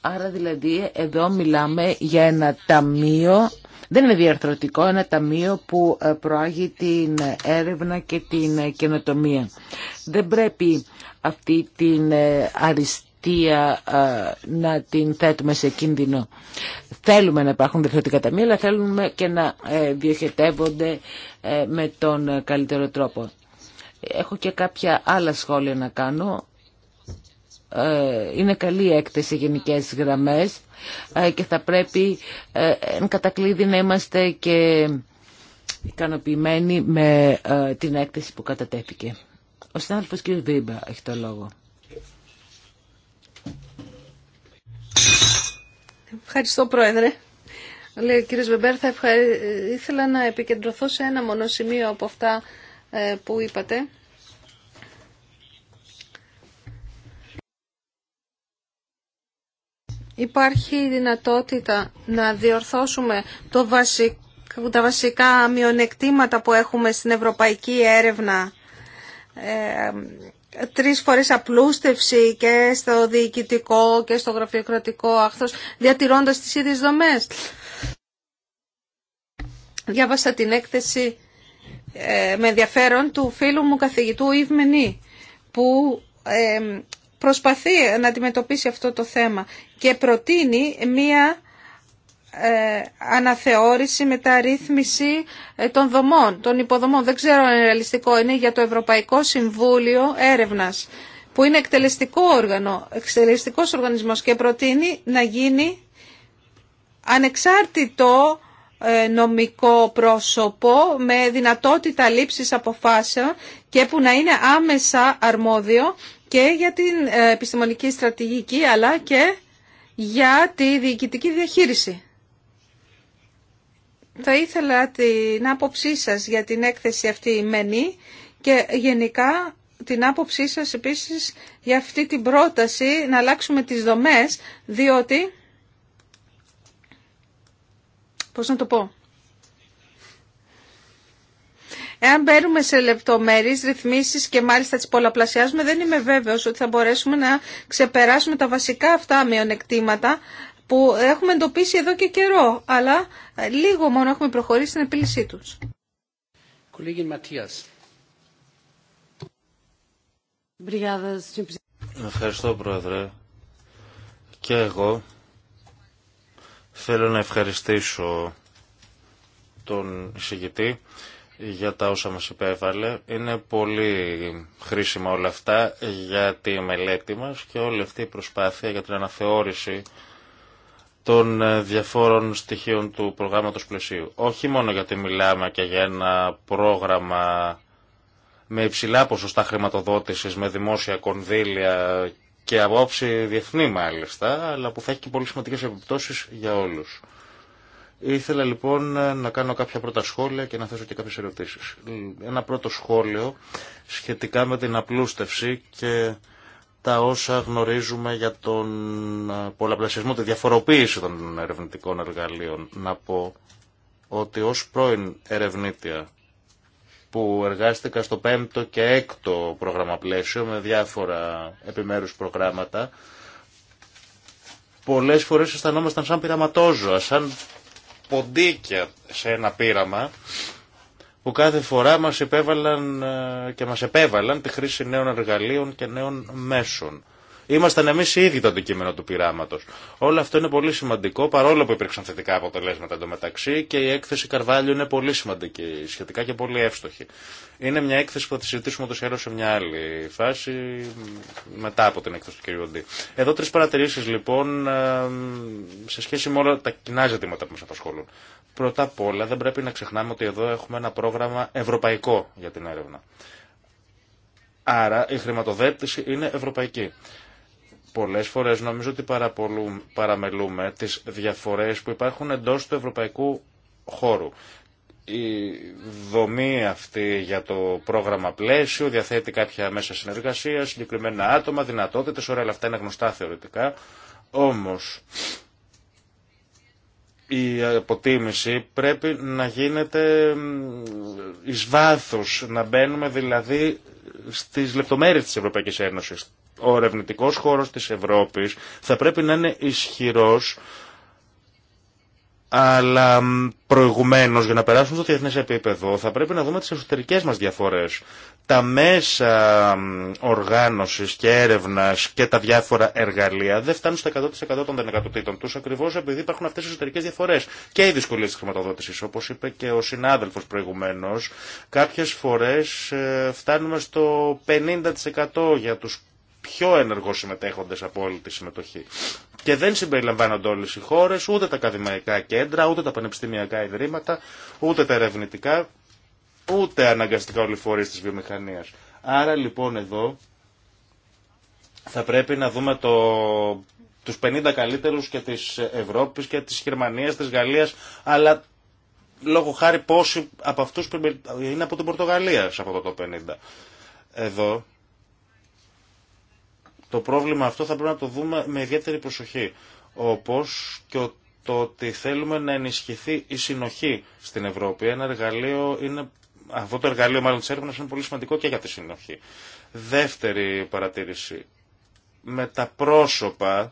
Άρα δηλαδή εδώ μιλάμε για ένα ταμείο, δεν είναι διαρθρωτικό, ένα ταμείο που προάγει την έρευνα και την καινοτομία. Δεν πρέπει αυτή την ε, αριστεία ε, να την θέτουμε σε κίνδυνο. Θέλουμε να υπάρχουν διευθυντικά ταμεία, αλλά θέλουμε και να ε, διοχετεύονται με τον καλύτερο τρόπο. Έχω και κάποια άλλα σχόλια να κάνω. Είναι καλή έκθεση γενικές γραμμές και θα πρέπει εν κατακλείδη να είμαστε και ικανοποιημένοι με την έκθεση που κατατέθηκε. Ο συνάδελφος κ. Βίμπα έχει το λόγο. Ευχαριστώ Πρόεδρε. Λέει ο κ. Βεμπέρ, θα ήθελα να επικεντρωθώ σε ένα μόνο σημείο από αυτά ε, που είπατε. Υπάρχει η δυνατότητα να διορθώσουμε το τα βασικά μειονεκτήματα που έχουμε στην ευρωπαϊκή έρευνα ε, τρεις φορές απλούστευση και στο διοικητικό και στο γραφειοκρατικό άχθος, διατηρώντας τις ίδιες δομές. Διάβασα την έκθεση ε, με ενδιαφέρον του φίλου μου καθηγητού Ιβμενή, που ε, προσπαθεί να αντιμετωπίσει αυτό το θέμα και προτείνει μία ε, αναθεώρηση, μεταρρύθμιση ε, των δομών, των υποδομών. Δεν ξέρω αν είναι ρεαλιστικό. Είναι για το Ευρωπαϊκό Συμβούλιο Έρευνας, που είναι εκτελεστικό όργανο, εκτελεστικός οργανισμός και προτείνει να γίνει ανεξάρτητο ε, νομικό πρόσωπο με δυνατότητα λήψης αποφάσεων και που να είναι άμεσα αρμόδιο και για την επιστημονική στρατηγική αλλά και για τη διοικητική διαχείριση. Θα ήθελα την άποψή σας για την έκθεση αυτή η μενή και γενικά την άποψή σας επίσης για αυτή την πρόταση να αλλάξουμε τις δομές, διότι... Πώς να το πω... Εάν μπαίνουμε σε λεπτομέρειες, ρυθμίσεις και μάλιστα τις πολλαπλασιάζουμε, δεν είμαι βέβαιος ότι θα μπορέσουμε να ξεπεράσουμε τα βασικά αυτά μειονεκτήματα που έχουμε εντοπίσει εδώ και καιρό, αλλά ε, λίγο μόνο έχουμε προχωρήσει στην επίλυσή τους. Ευχαριστώ, Πρόεδρε. Και εγώ θέλω να ευχαριστήσω τον εισηγητή για τα όσα μας υπέβαλε. Είναι πολύ χρήσιμα όλα αυτά για τη μελέτη μας και όλη αυτή η προσπάθεια για την αναθεώρηση των ε, διαφόρων στοιχείων του προγράμματος πλαισίου. Όχι μόνο γιατί μιλάμε και για ένα πρόγραμμα με υψηλά ποσοστά χρηματοδότησης, με δημόσια κονδύλια και απόψη διεθνή μάλιστα, αλλά που θα έχει και πολύ σημαντικές επιπτώσεις για όλους. Ήθελα λοιπόν ε, να κάνω κάποια πρώτα σχόλια και να θέσω και κάποιες ερωτήσεις. Ένα πρώτο σχόλιο σχετικά με την απλούστευση και τα όσα γνωρίζουμε για τον ε, πολλαπλασιασμό, τη διαφοροποίηση των ερευνητικών εργαλείων. Να πω ότι ως πρώην ερευνήτρια που εργάστηκα στο 5ο και έκτο ο πρόγραμμα πλαίσιο με διάφορα επιμέρους προγράμματα, πολλές φορές αισθανόμασταν σαν πειραματόζωα, σαν ποντίκια σε ένα πείραμα που κάθε φορά μας επέβαλαν ε, και μας επέβαλαν τη χρήση νέων εργαλείων και νέων μέσων. Ήμασταν εμεί οι ίδιοι το αντικείμενο του πειράματο. Όλο αυτό είναι πολύ σημαντικό, παρόλο που υπήρξαν θετικά αποτελέσματα εντωμεταξύ και η έκθεση Καρβάλιο είναι πολύ σημαντική σχετικά και πολύ εύστοχη. Είναι μια έκθεση που θα τη συζητήσουμε ούτω ή σε μια άλλη φάση, μετά από την έκθεση του κ. Ντί. Εδώ τρει παρατηρήσει λοιπόν σε σχέση με όλα τα κοινά ζητήματα που μα απασχολούν. Πρώτα απ' όλα δεν πρέπει να ξεχνάμε ότι εδώ έχουμε ένα πρόγραμμα ευρωπαϊκό για την έρευνα. Άρα η χρηματοδότηση είναι ευρωπαϊκή. Πολλές φορές νομίζω ότι παραμελούμε τις διαφορές που υπάρχουν εντός του ευρωπαϊκού χώρου. Η δομή αυτή για το πρόγραμμα πλαίσιο διαθέτει κάποια μέσα συνεργασία, συγκεκριμένα άτομα, δυνατότητες, όλα αυτά είναι γνωστά θεωρητικά. Όμως, η αποτίμηση πρέπει να γίνεται εις βάθος, να μπαίνουμε δηλαδή στις λεπτομέρειες της Ευρωπαϊκής Ένωσης, ο ερευνητικό χώρο τη Ευρώπη θα πρέπει να είναι ισχυρό, αλλά προηγουμένω για να περάσουμε στο διεθνέ επίπεδο θα πρέπει να δούμε τι εσωτερικέ μα διαφορέ. Τα μέσα οργάνωση και έρευνα και τα διάφορα εργαλεία δεν φτάνουν στο 100% των δεκατοτήτων του ακριβώ επειδή υπάρχουν αυτέ οι εσωτερικέ διαφορέ. Και οι δυσκολίε τη χρηματοδότηση, όπω είπε και ο συνάδελφο προηγουμένω, κάποιε φορέ ε, φτάνουμε στο 50% για του πιο ενεργό συμμετέχοντες από όλη τη συμμετοχή. Και δεν συμπεριλαμβάνονται όλες οι χώρες, ούτε τα ακαδημαϊκά κέντρα, ούτε τα πανεπιστημιακά ιδρύματα, ούτε τα ερευνητικά, ούτε αναγκαστικά όλοι οι φορείς της βιομηχανίας. Άρα λοιπόν εδώ θα πρέπει να δούμε το τους 50 καλύτερους και της Ευρώπης και της Γερμανίας, της Γαλλίας, αλλά λόγω χάρη πόσοι από αυτούς είναι από την Πορτογαλία σε αυτό το 50. Εδώ το πρόβλημα αυτό θα πρέπει να το δούμε με ιδιαίτερη προσοχή. Όπως και το ότι θέλουμε να ενισχυθεί η συνοχή στην Ευρώπη. Ένα εργαλείο είναι, αυτό το εργαλείο μάλλον της είναι πολύ σημαντικό και για τη συνοχή. Δεύτερη παρατήρηση. Με τα πρόσωπα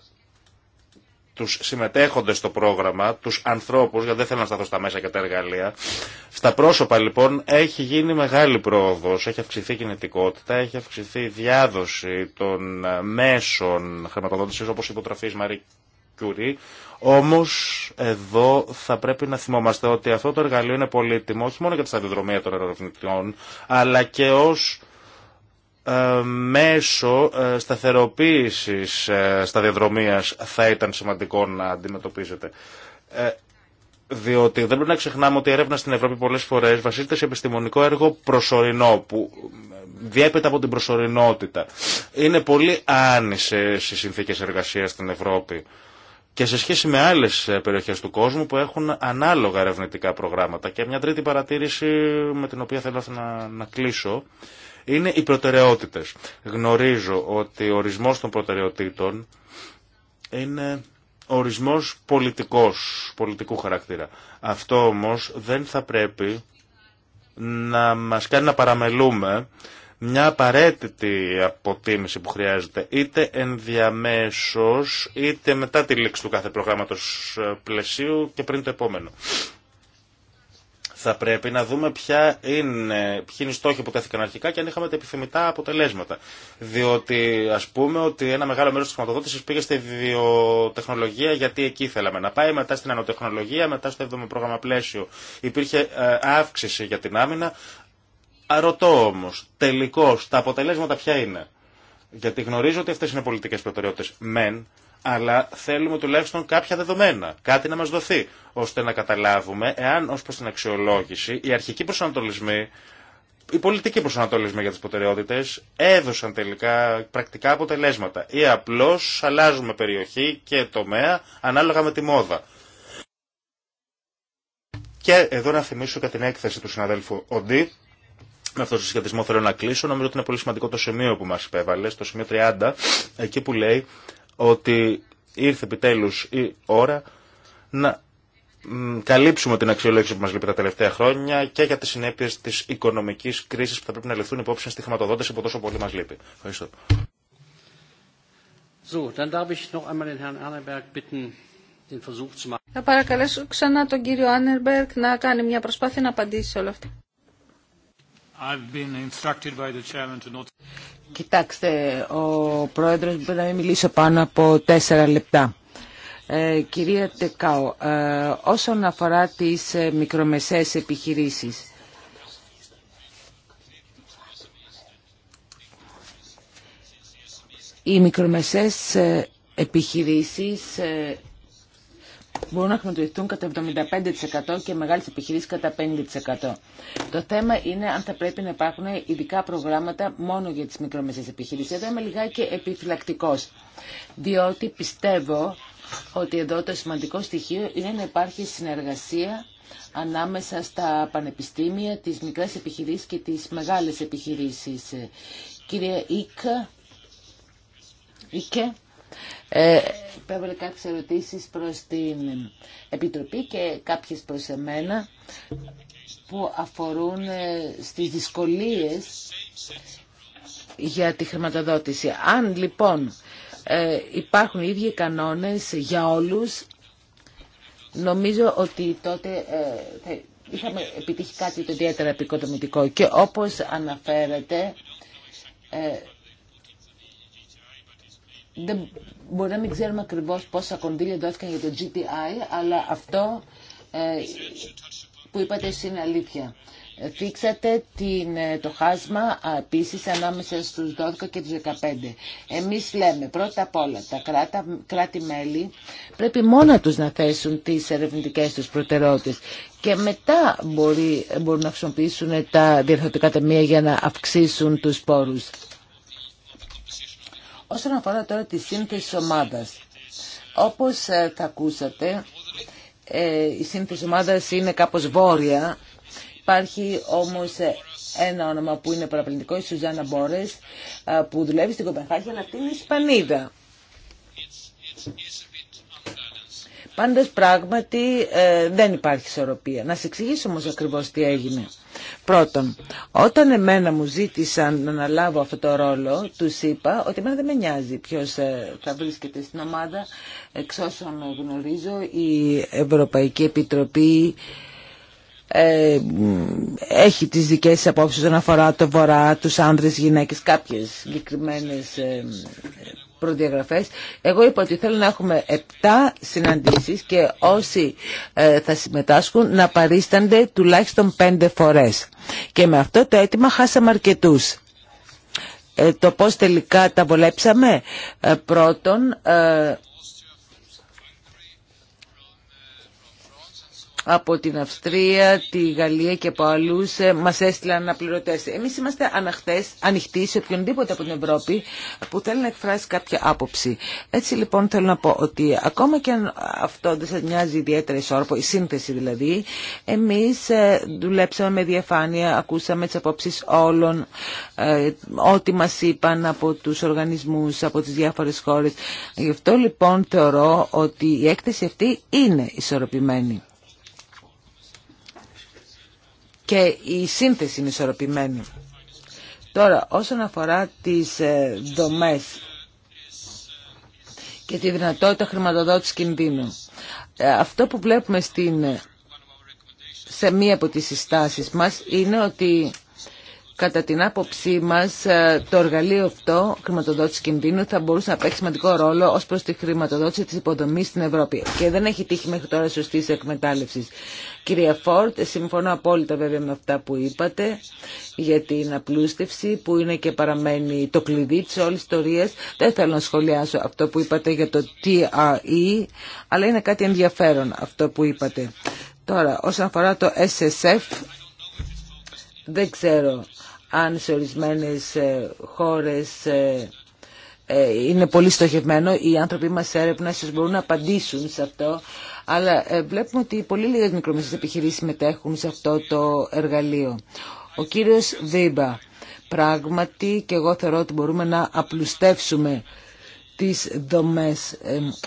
τους συμμετέχοντες στο πρόγραμμα, τους ανθρώπους, γιατί δεν θέλω να σταθώ στα μέσα και τα εργαλεία. Στα πρόσωπα λοιπόν έχει γίνει μεγάλη πρόοδος, έχει αυξηθεί κινητικότητα, έχει αυξηθεί η διάδοση των μέσων χρηματοδότηση, όπως η ο Μαρή Κιουρί. Όμως εδώ θα πρέπει να θυμόμαστε ότι αυτό το εργαλείο είναι πολύτιμο όχι μόνο για τη σταδιοδρομία των ερευνητών, αλλά και ως ε, μέσω ε, σταθεροποίησης ε, σταδιοδρομίας θα ήταν σημαντικό να αντιμετωπίζεται. Διότι δεν πρέπει να ξεχνάμε ότι η έρευνα στην Ευρώπη πολλέ φορέ βασίζεται σε επιστημονικό έργο προσωρινό, που διέπεται από την προσωρινότητα. Είναι πολύ άνισε οι συνθήκε εργασία στην Ευρώπη και σε σχέση με άλλε περιοχέ του κόσμου που έχουν ανάλογα ερευνητικά προγράμματα. Και μια τρίτη παρατήρηση με την οποία θέλω να κλείσω είναι οι προτεραιότητες. Γνωρίζω ότι ο ορισμός των προτεραιοτήτων είναι ορισμός πολιτικός, πολιτικού χαρακτήρα. Αυτό όμως δεν θα πρέπει να μας κάνει να παραμελούμε μια απαραίτητη αποτίμηση που χρειάζεται είτε ενδιαμέσως είτε μετά τη λήξη του κάθε προγράμματος πλαισίου και πριν το επόμενο. Θα πρέπει να δούμε ποια είναι, ποιοι είναι οι στόχοι που τέθηκαν αρχικά και αν είχαμε τα επιθυμητά αποτελέσματα. Διότι α πούμε ότι ένα μεγάλο μέρο τη χρηματοδότηση πήγε στη βιοτεχνολογία γιατί εκεί θέλαμε να πάει, μετά στην ανοτεχνολογία, μετά στο 7ο πρόγραμμα πλαίσιο. Υπήρχε ε, αύξηση για την άμυνα. Αρωτώ όμω, τελικώ τα αποτελέσματα ποια είναι. Γιατί γνωρίζω ότι αυτέ είναι πολιτικέ προτεραιότητε. Μεν, αλλά θέλουμε τουλάχιστον κάποια δεδομένα, κάτι να μας δοθεί, ώστε να καταλάβουμε εάν ως προς την αξιολόγηση οι αρχικοί προσανατολισμοί, οι πολιτικοί προσανατολισμοί για τις προτεραιότητες έδωσαν τελικά πρακτικά αποτελέσματα ή απλώς αλλάζουμε περιοχή και τομέα ανάλογα με τη μόδα. Και εδώ να θυμίσω και την έκθεση του συναδέλφου Οντί, με αυτό το συσχετισμό θέλω να κλείσω. Νομίζω ότι είναι πολύ σημαντικό το σημείο που μα υπέβαλε, το σημείο 30, εκεί που λέει ότι ήρθε επιτέλους η ώρα να καλύψουμε την αξιολόγηση που μας λείπει τα τελευταία χρόνια και για τις συνέπειες της οικονομικής κρίσης που θα πρέπει να ληφθούν υπόψη στη χρηματοδότηση που τόσο πολύ μας λείπει. Ευχαριστώ. Θα παρακαλέσω ξανά τον κύριο Άνερμπεργκ να κάνει μια προσπάθεια να απαντήσει σε όλα αυτά. Κοιτάξτε, ο πρόεδρος μπορεί να μην μιλήσω πάνω από τέσσερα λεπτά. Ε, κυρία Τεκάου, ε, όσον αφορά τις ε, μικρομεσαίες επιχειρήσεις, οι μικρομεσαίες επιχειρήσεις μπορούν να χρηματοδοτηθούν κατά 75% και μεγάλες επιχειρήσεις κατά 50%. Το θέμα είναι αν θα πρέπει να υπάρχουν ειδικά προγράμματα μόνο για τις μικρομεσαίες επιχειρήσεις. Εδώ είμαι λιγάκι επιφυλακτικός, διότι πιστεύω ότι εδώ το σημαντικό στοιχείο είναι να υπάρχει συνεργασία ανάμεσα στα πανεπιστήμια, τις μικρές επιχειρήσεις και τις μεγάλες επιχειρήσεις. Κύριε Ικ, Ικε, ε, κάποιες ερωτήσεις προς την Επιτροπή και κάποιες προς εμένα που αφορούν ε, στις δυσκολίες για τη χρηματοδότηση. Αν λοιπόν ε, υπάρχουν οι ίδιοι κανόνες για όλους, νομίζω ότι τότε ε, θα είχαμε επιτύχει κάτι το ιδιαίτερα επικοδομητικό. Και όπως αναφέρατε, δεν, μπορεί να μην ξέρουμε ακριβώ πόσα κονδύλια δόθηκαν για το GTI, αλλά αυτό ε, που είπατε εσύ είναι αλήθεια. Ε, Φίξατε την, ε, το χάσμα επίση ανάμεσα στους 12 και τους 15. Εμείς λέμε πρώτα απ' όλα τα κρατη κράτη-μέλη πρέπει μόνα τους να θέσουν τις ερευνητικές τους προτεραιότητες και μετά μπορεί, μπορούν να χρησιμοποιήσουν τα διευθυντικά ταμεία για να αυξήσουν τους πόρου. Όσον αφορά τώρα τη σύνθεση ομάδας, όπως ε, θα ακούσατε, ε, η σύνθεση ομάδας είναι κάπως βόρεια, υπάρχει όμως ε, ένα όνομα που είναι παραπληκτικό, η Σουζάνα Μπόρες, που δουλεύει στην Κοπενχάγη, αλλά αυτή είναι Ισπανίδα. Πάντως πράγματι δεν υπάρχει ισορροπία. Να σε εξηγήσω όμως ακριβώς τι έγινε. Πρώτον, όταν εμένα μου ζήτησαν να αναλάβω αυτό το ρόλο, του είπα ότι εμένα δεν με νοιάζει ποιο ε, θα βρίσκεται στην ομάδα. Εξ όσων γνωρίζω, η Ευρωπαϊκή Επιτροπή ε, έχει τις δικές της απόψεις όσον αφορά το βορρά, τους άνδρες, γυναίκες, κάποιες συγκεκριμένε ε, εγώ είπα ότι θέλω να έχουμε 7 συναντήσεις και όσοι ε, θα συμμετάσχουν να παρίστανται τουλάχιστον 5 φορές. Και με αυτό το αίτημα χάσαμε αρκετούς. Ε, το πώς τελικά τα βολέψαμε. Ε, πρώτον, από την Αυστρία, τη Γαλλία και από άλλου ε, μα έστειλαν αναπληρωτέ. Εμεί είμαστε αναχτές, ανοιχτοί σε οποιονδήποτε από την Ευρώπη που θέλει να εκφράσει κάποια άποψη. Έτσι λοιπόν θέλω να πω ότι ακόμα και αν αυτό δεν σα μοιάζει ιδιαίτερα ισόρροπο, η σύνθεση δηλαδή, εμεί ε, δουλέψαμε με διαφάνεια, ακούσαμε τι απόψει όλων, ε, ό,τι μα είπαν από του οργανισμού, από τι διάφορε χώρε. Γι' αυτό λοιπόν θεωρώ ότι η έκθεση αυτή είναι ισορροπημένη και η σύνθεση είναι ισορροπημένη. Τώρα, όσον αφορά τις ε, δομές και τη δυνατότητα χρηματοδότησης κινδύνου, ε, αυτό που βλέπουμε στην, ε, σε μία από τις συστάσεις μας είναι ότι Κατά την άποψή μας, ε, το εργαλείο αυτό, χρηματοδότηση κινδύνου, θα μπορούσε να παίξει σημαντικό ρόλο ως προς τη χρηματοδότηση της υποδομής στην Ευρώπη. Και δεν έχει τύχει μέχρι τώρα σωστή εκμετάλλευση. Κυρία Φόρτ, συμφωνώ απόλυτα βέβαια με αυτά που είπατε για την απλούστευση που είναι και παραμένει το κλειδί της όλης ιστορίας. Δεν θέλω να σχολιάσω αυτό που είπατε για το T.A.E αλλά είναι κάτι ενδιαφέρον αυτό που είπατε. Τώρα, όσον αφορά το SSF, δεν ξέρω αν σε ορισμένες ε, χώρες ε, ε, είναι πολύ στοχευμένο. Οι άνθρωποι μας έρευνα μπορούν να απαντήσουν σε αυτό. Αλλά βλέπουμε ότι πολύ λίγες μικρομεσαίες επιχειρήσεις συμμετέχουν σε αυτό το εργαλείο. Ο κύριος Βίμπα, πράγματι και εγώ θεωρώ ότι μπορούμε να απλουστεύσουμε τις δομές.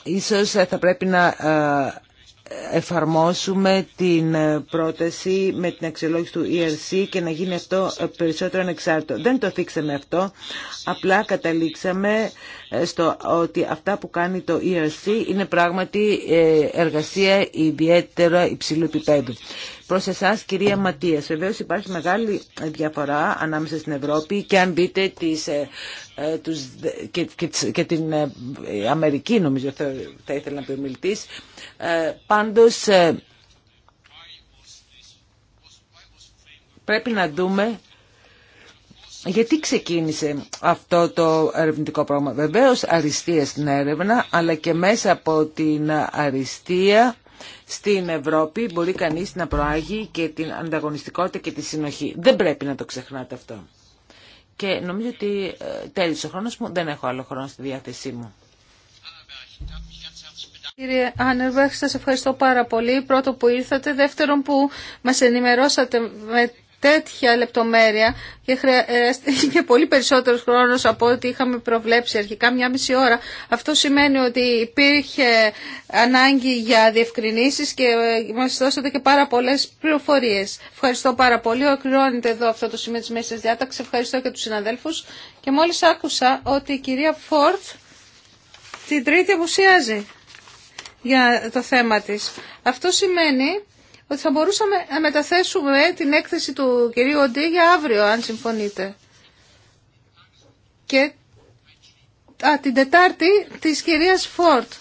Ίσως θα πρέπει να εφαρμόσουμε την ε, πρόταση με την αξιολόγηση του ERC και να γίνει αυτό ε, περισσότερο ανεξάρτητο. Δεν το θίξαμε αυτό, απλά καταλήξαμε ε, στο ότι αυτά που κάνει το ERC είναι πράγματι εργασία ιδιαίτερα υψηλού επίπεδου. Προς εσάς κυρία Ματίας, βεβαίως υπάρχει μεγάλη διαφορά ανάμεσα στην Ευρώπη και αν δείτε τις, ε, ε, τους, και, την ε, Αμερική νομίζω θα, θα ήθελα να πει ο μιλητής. Πάντως πρέπει να δούμε γιατί ξεκίνησε αυτό το ερευνητικό πρόγραμμα. Βεβαίως αριστεία στην έρευνα, αλλά και μέσα από την αριστεία στην Ευρώπη μπορεί κανείς να προάγει και την ανταγωνιστικότητα και τη συνοχή. Δεν πρέπει να το ξεχνάτε αυτό. Και νομίζω ότι ε, τέλειωσε ο χρόνος μου, δεν έχω άλλο χρόνο στη διάθεσή μου. Κύριε Άνερβαχ, σας ευχαριστώ πάρα πολύ. Πρώτο που ήρθατε, δεύτερον που μας ενημερώσατε με τέτοια λεπτομέρεια και χρειάστηκε πολύ περισσότερο χρόνο από ό,τι είχαμε προβλέψει αρχικά μια μισή ώρα. Αυτό σημαίνει ότι υπήρχε ανάγκη για διευκρινήσεις και μας δώσατε και πάρα πολλές πληροφορίες. Ευχαριστώ πάρα πολύ. Οκληρώνεται εδώ αυτό το σημείο της μέσης διάταξης. Ευχαριστώ και τους συναδέλφους. Και μόλις άκουσα ότι η κυρία Φόρτ την τρίτη απουσιάζει για το θέμα της. Αυτό σημαίνει ότι θα μπορούσαμε να μεταθέσουμε την έκθεση του κυρίου Οντή για αύριο, αν συμφωνείτε. Και την Τετάρτη της κυρίας Φόρτ.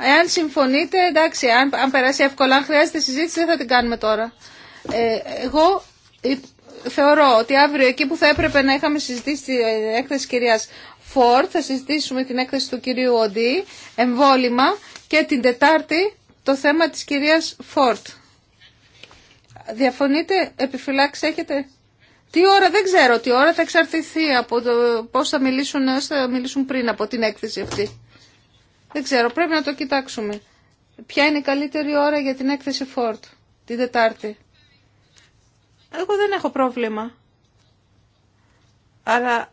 Εάν συμφωνείτε, εντάξει, αν, περάσει εύκολα, αν χρειάζεται συζήτηση, δεν θα την κάνουμε τώρα. Ε, εγώ θεωρώ ότι αύριο εκεί που θα έπρεπε να είχαμε συζητήσει την ε, έκθεση κυρίας Φόρτ, θα συζητήσουμε την έκθεση του κυρίου Οντή, εμβόλυμα, και την Τετάρτη το θέμα της κυρίας Φόρτ. Διαφωνείτε, επιφυλάξει έχετε. Τι ώρα, δεν ξέρω τι ώρα, θα εξαρτηθεί από το πώς θα μιλήσουν, θα μιλήσουν πριν από την έκθεση αυτή. Δεν ξέρω, πρέπει να το κοιτάξουμε. Ποια είναι η καλύτερη ώρα για την έκθεση Φόρτ, την Δετάρτη. Εγώ δεν έχω πρόβλημα. Αλλά...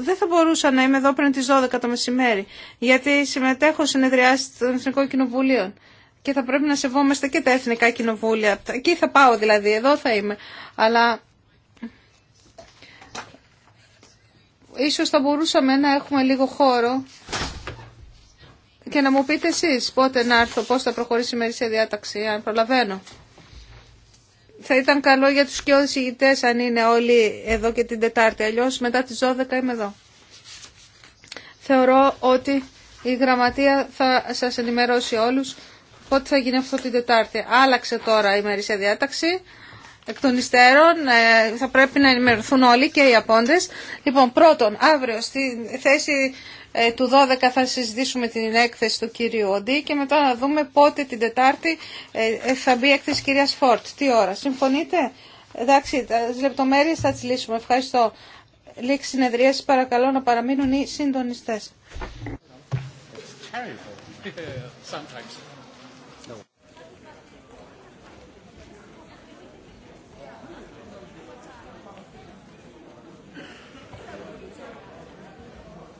Δεν θα μπορούσα να είμαι εδώ πριν τις 12 το μεσημέρι, γιατί συμμετέχω συνεδριάσει των Εθνικών Κοινοβουλίων και θα πρέπει να σεβόμαστε και τα Εθνικά Κοινοβούλια. Εκεί θα πάω δηλαδή, εδώ θα είμαι. Αλλά ίσως θα μπορούσαμε να έχουμε λίγο χώρο και να μου πείτε εσείς πότε να έρθω, πώς θα προχωρήσει η μερίσια διάταξη, αν προλαβαίνω. Θα ήταν καλό για τους και αν είναι όλοι εδώ και την Τετάρτη. Αλλιώς μετά τις 12 είμαι εδώ. Θεωρώ ότι η γραμματεία θα σας ενημερώσει όλους πότε θα γίνει αυτό την Τετάρτη. Άλλαξε τώρα η μερίσια διάταξη. Εκ των υστέρων ε, θα πρέπει να ενημερωθούν όλοι και οι απόντες. Λοιπόν, πρώτον, αύριο στη θέση ε, του 12 θα συζητήσουμε την έκθεση του κυρίου Οντή και μετά να δούμε πότε την Τετάρτη ε, ε, θα μπει η έκθεση κυρίας Φόρτ. Τι ώρα. Συμφωνείτε. Εντάξει, τις λεπτομέρειες θα τις λύσουμε. Ευχαριστώ. Λήξη συνεδρίαση παρακαλώ να παραμείνουν οι συντονιστές. *laughs*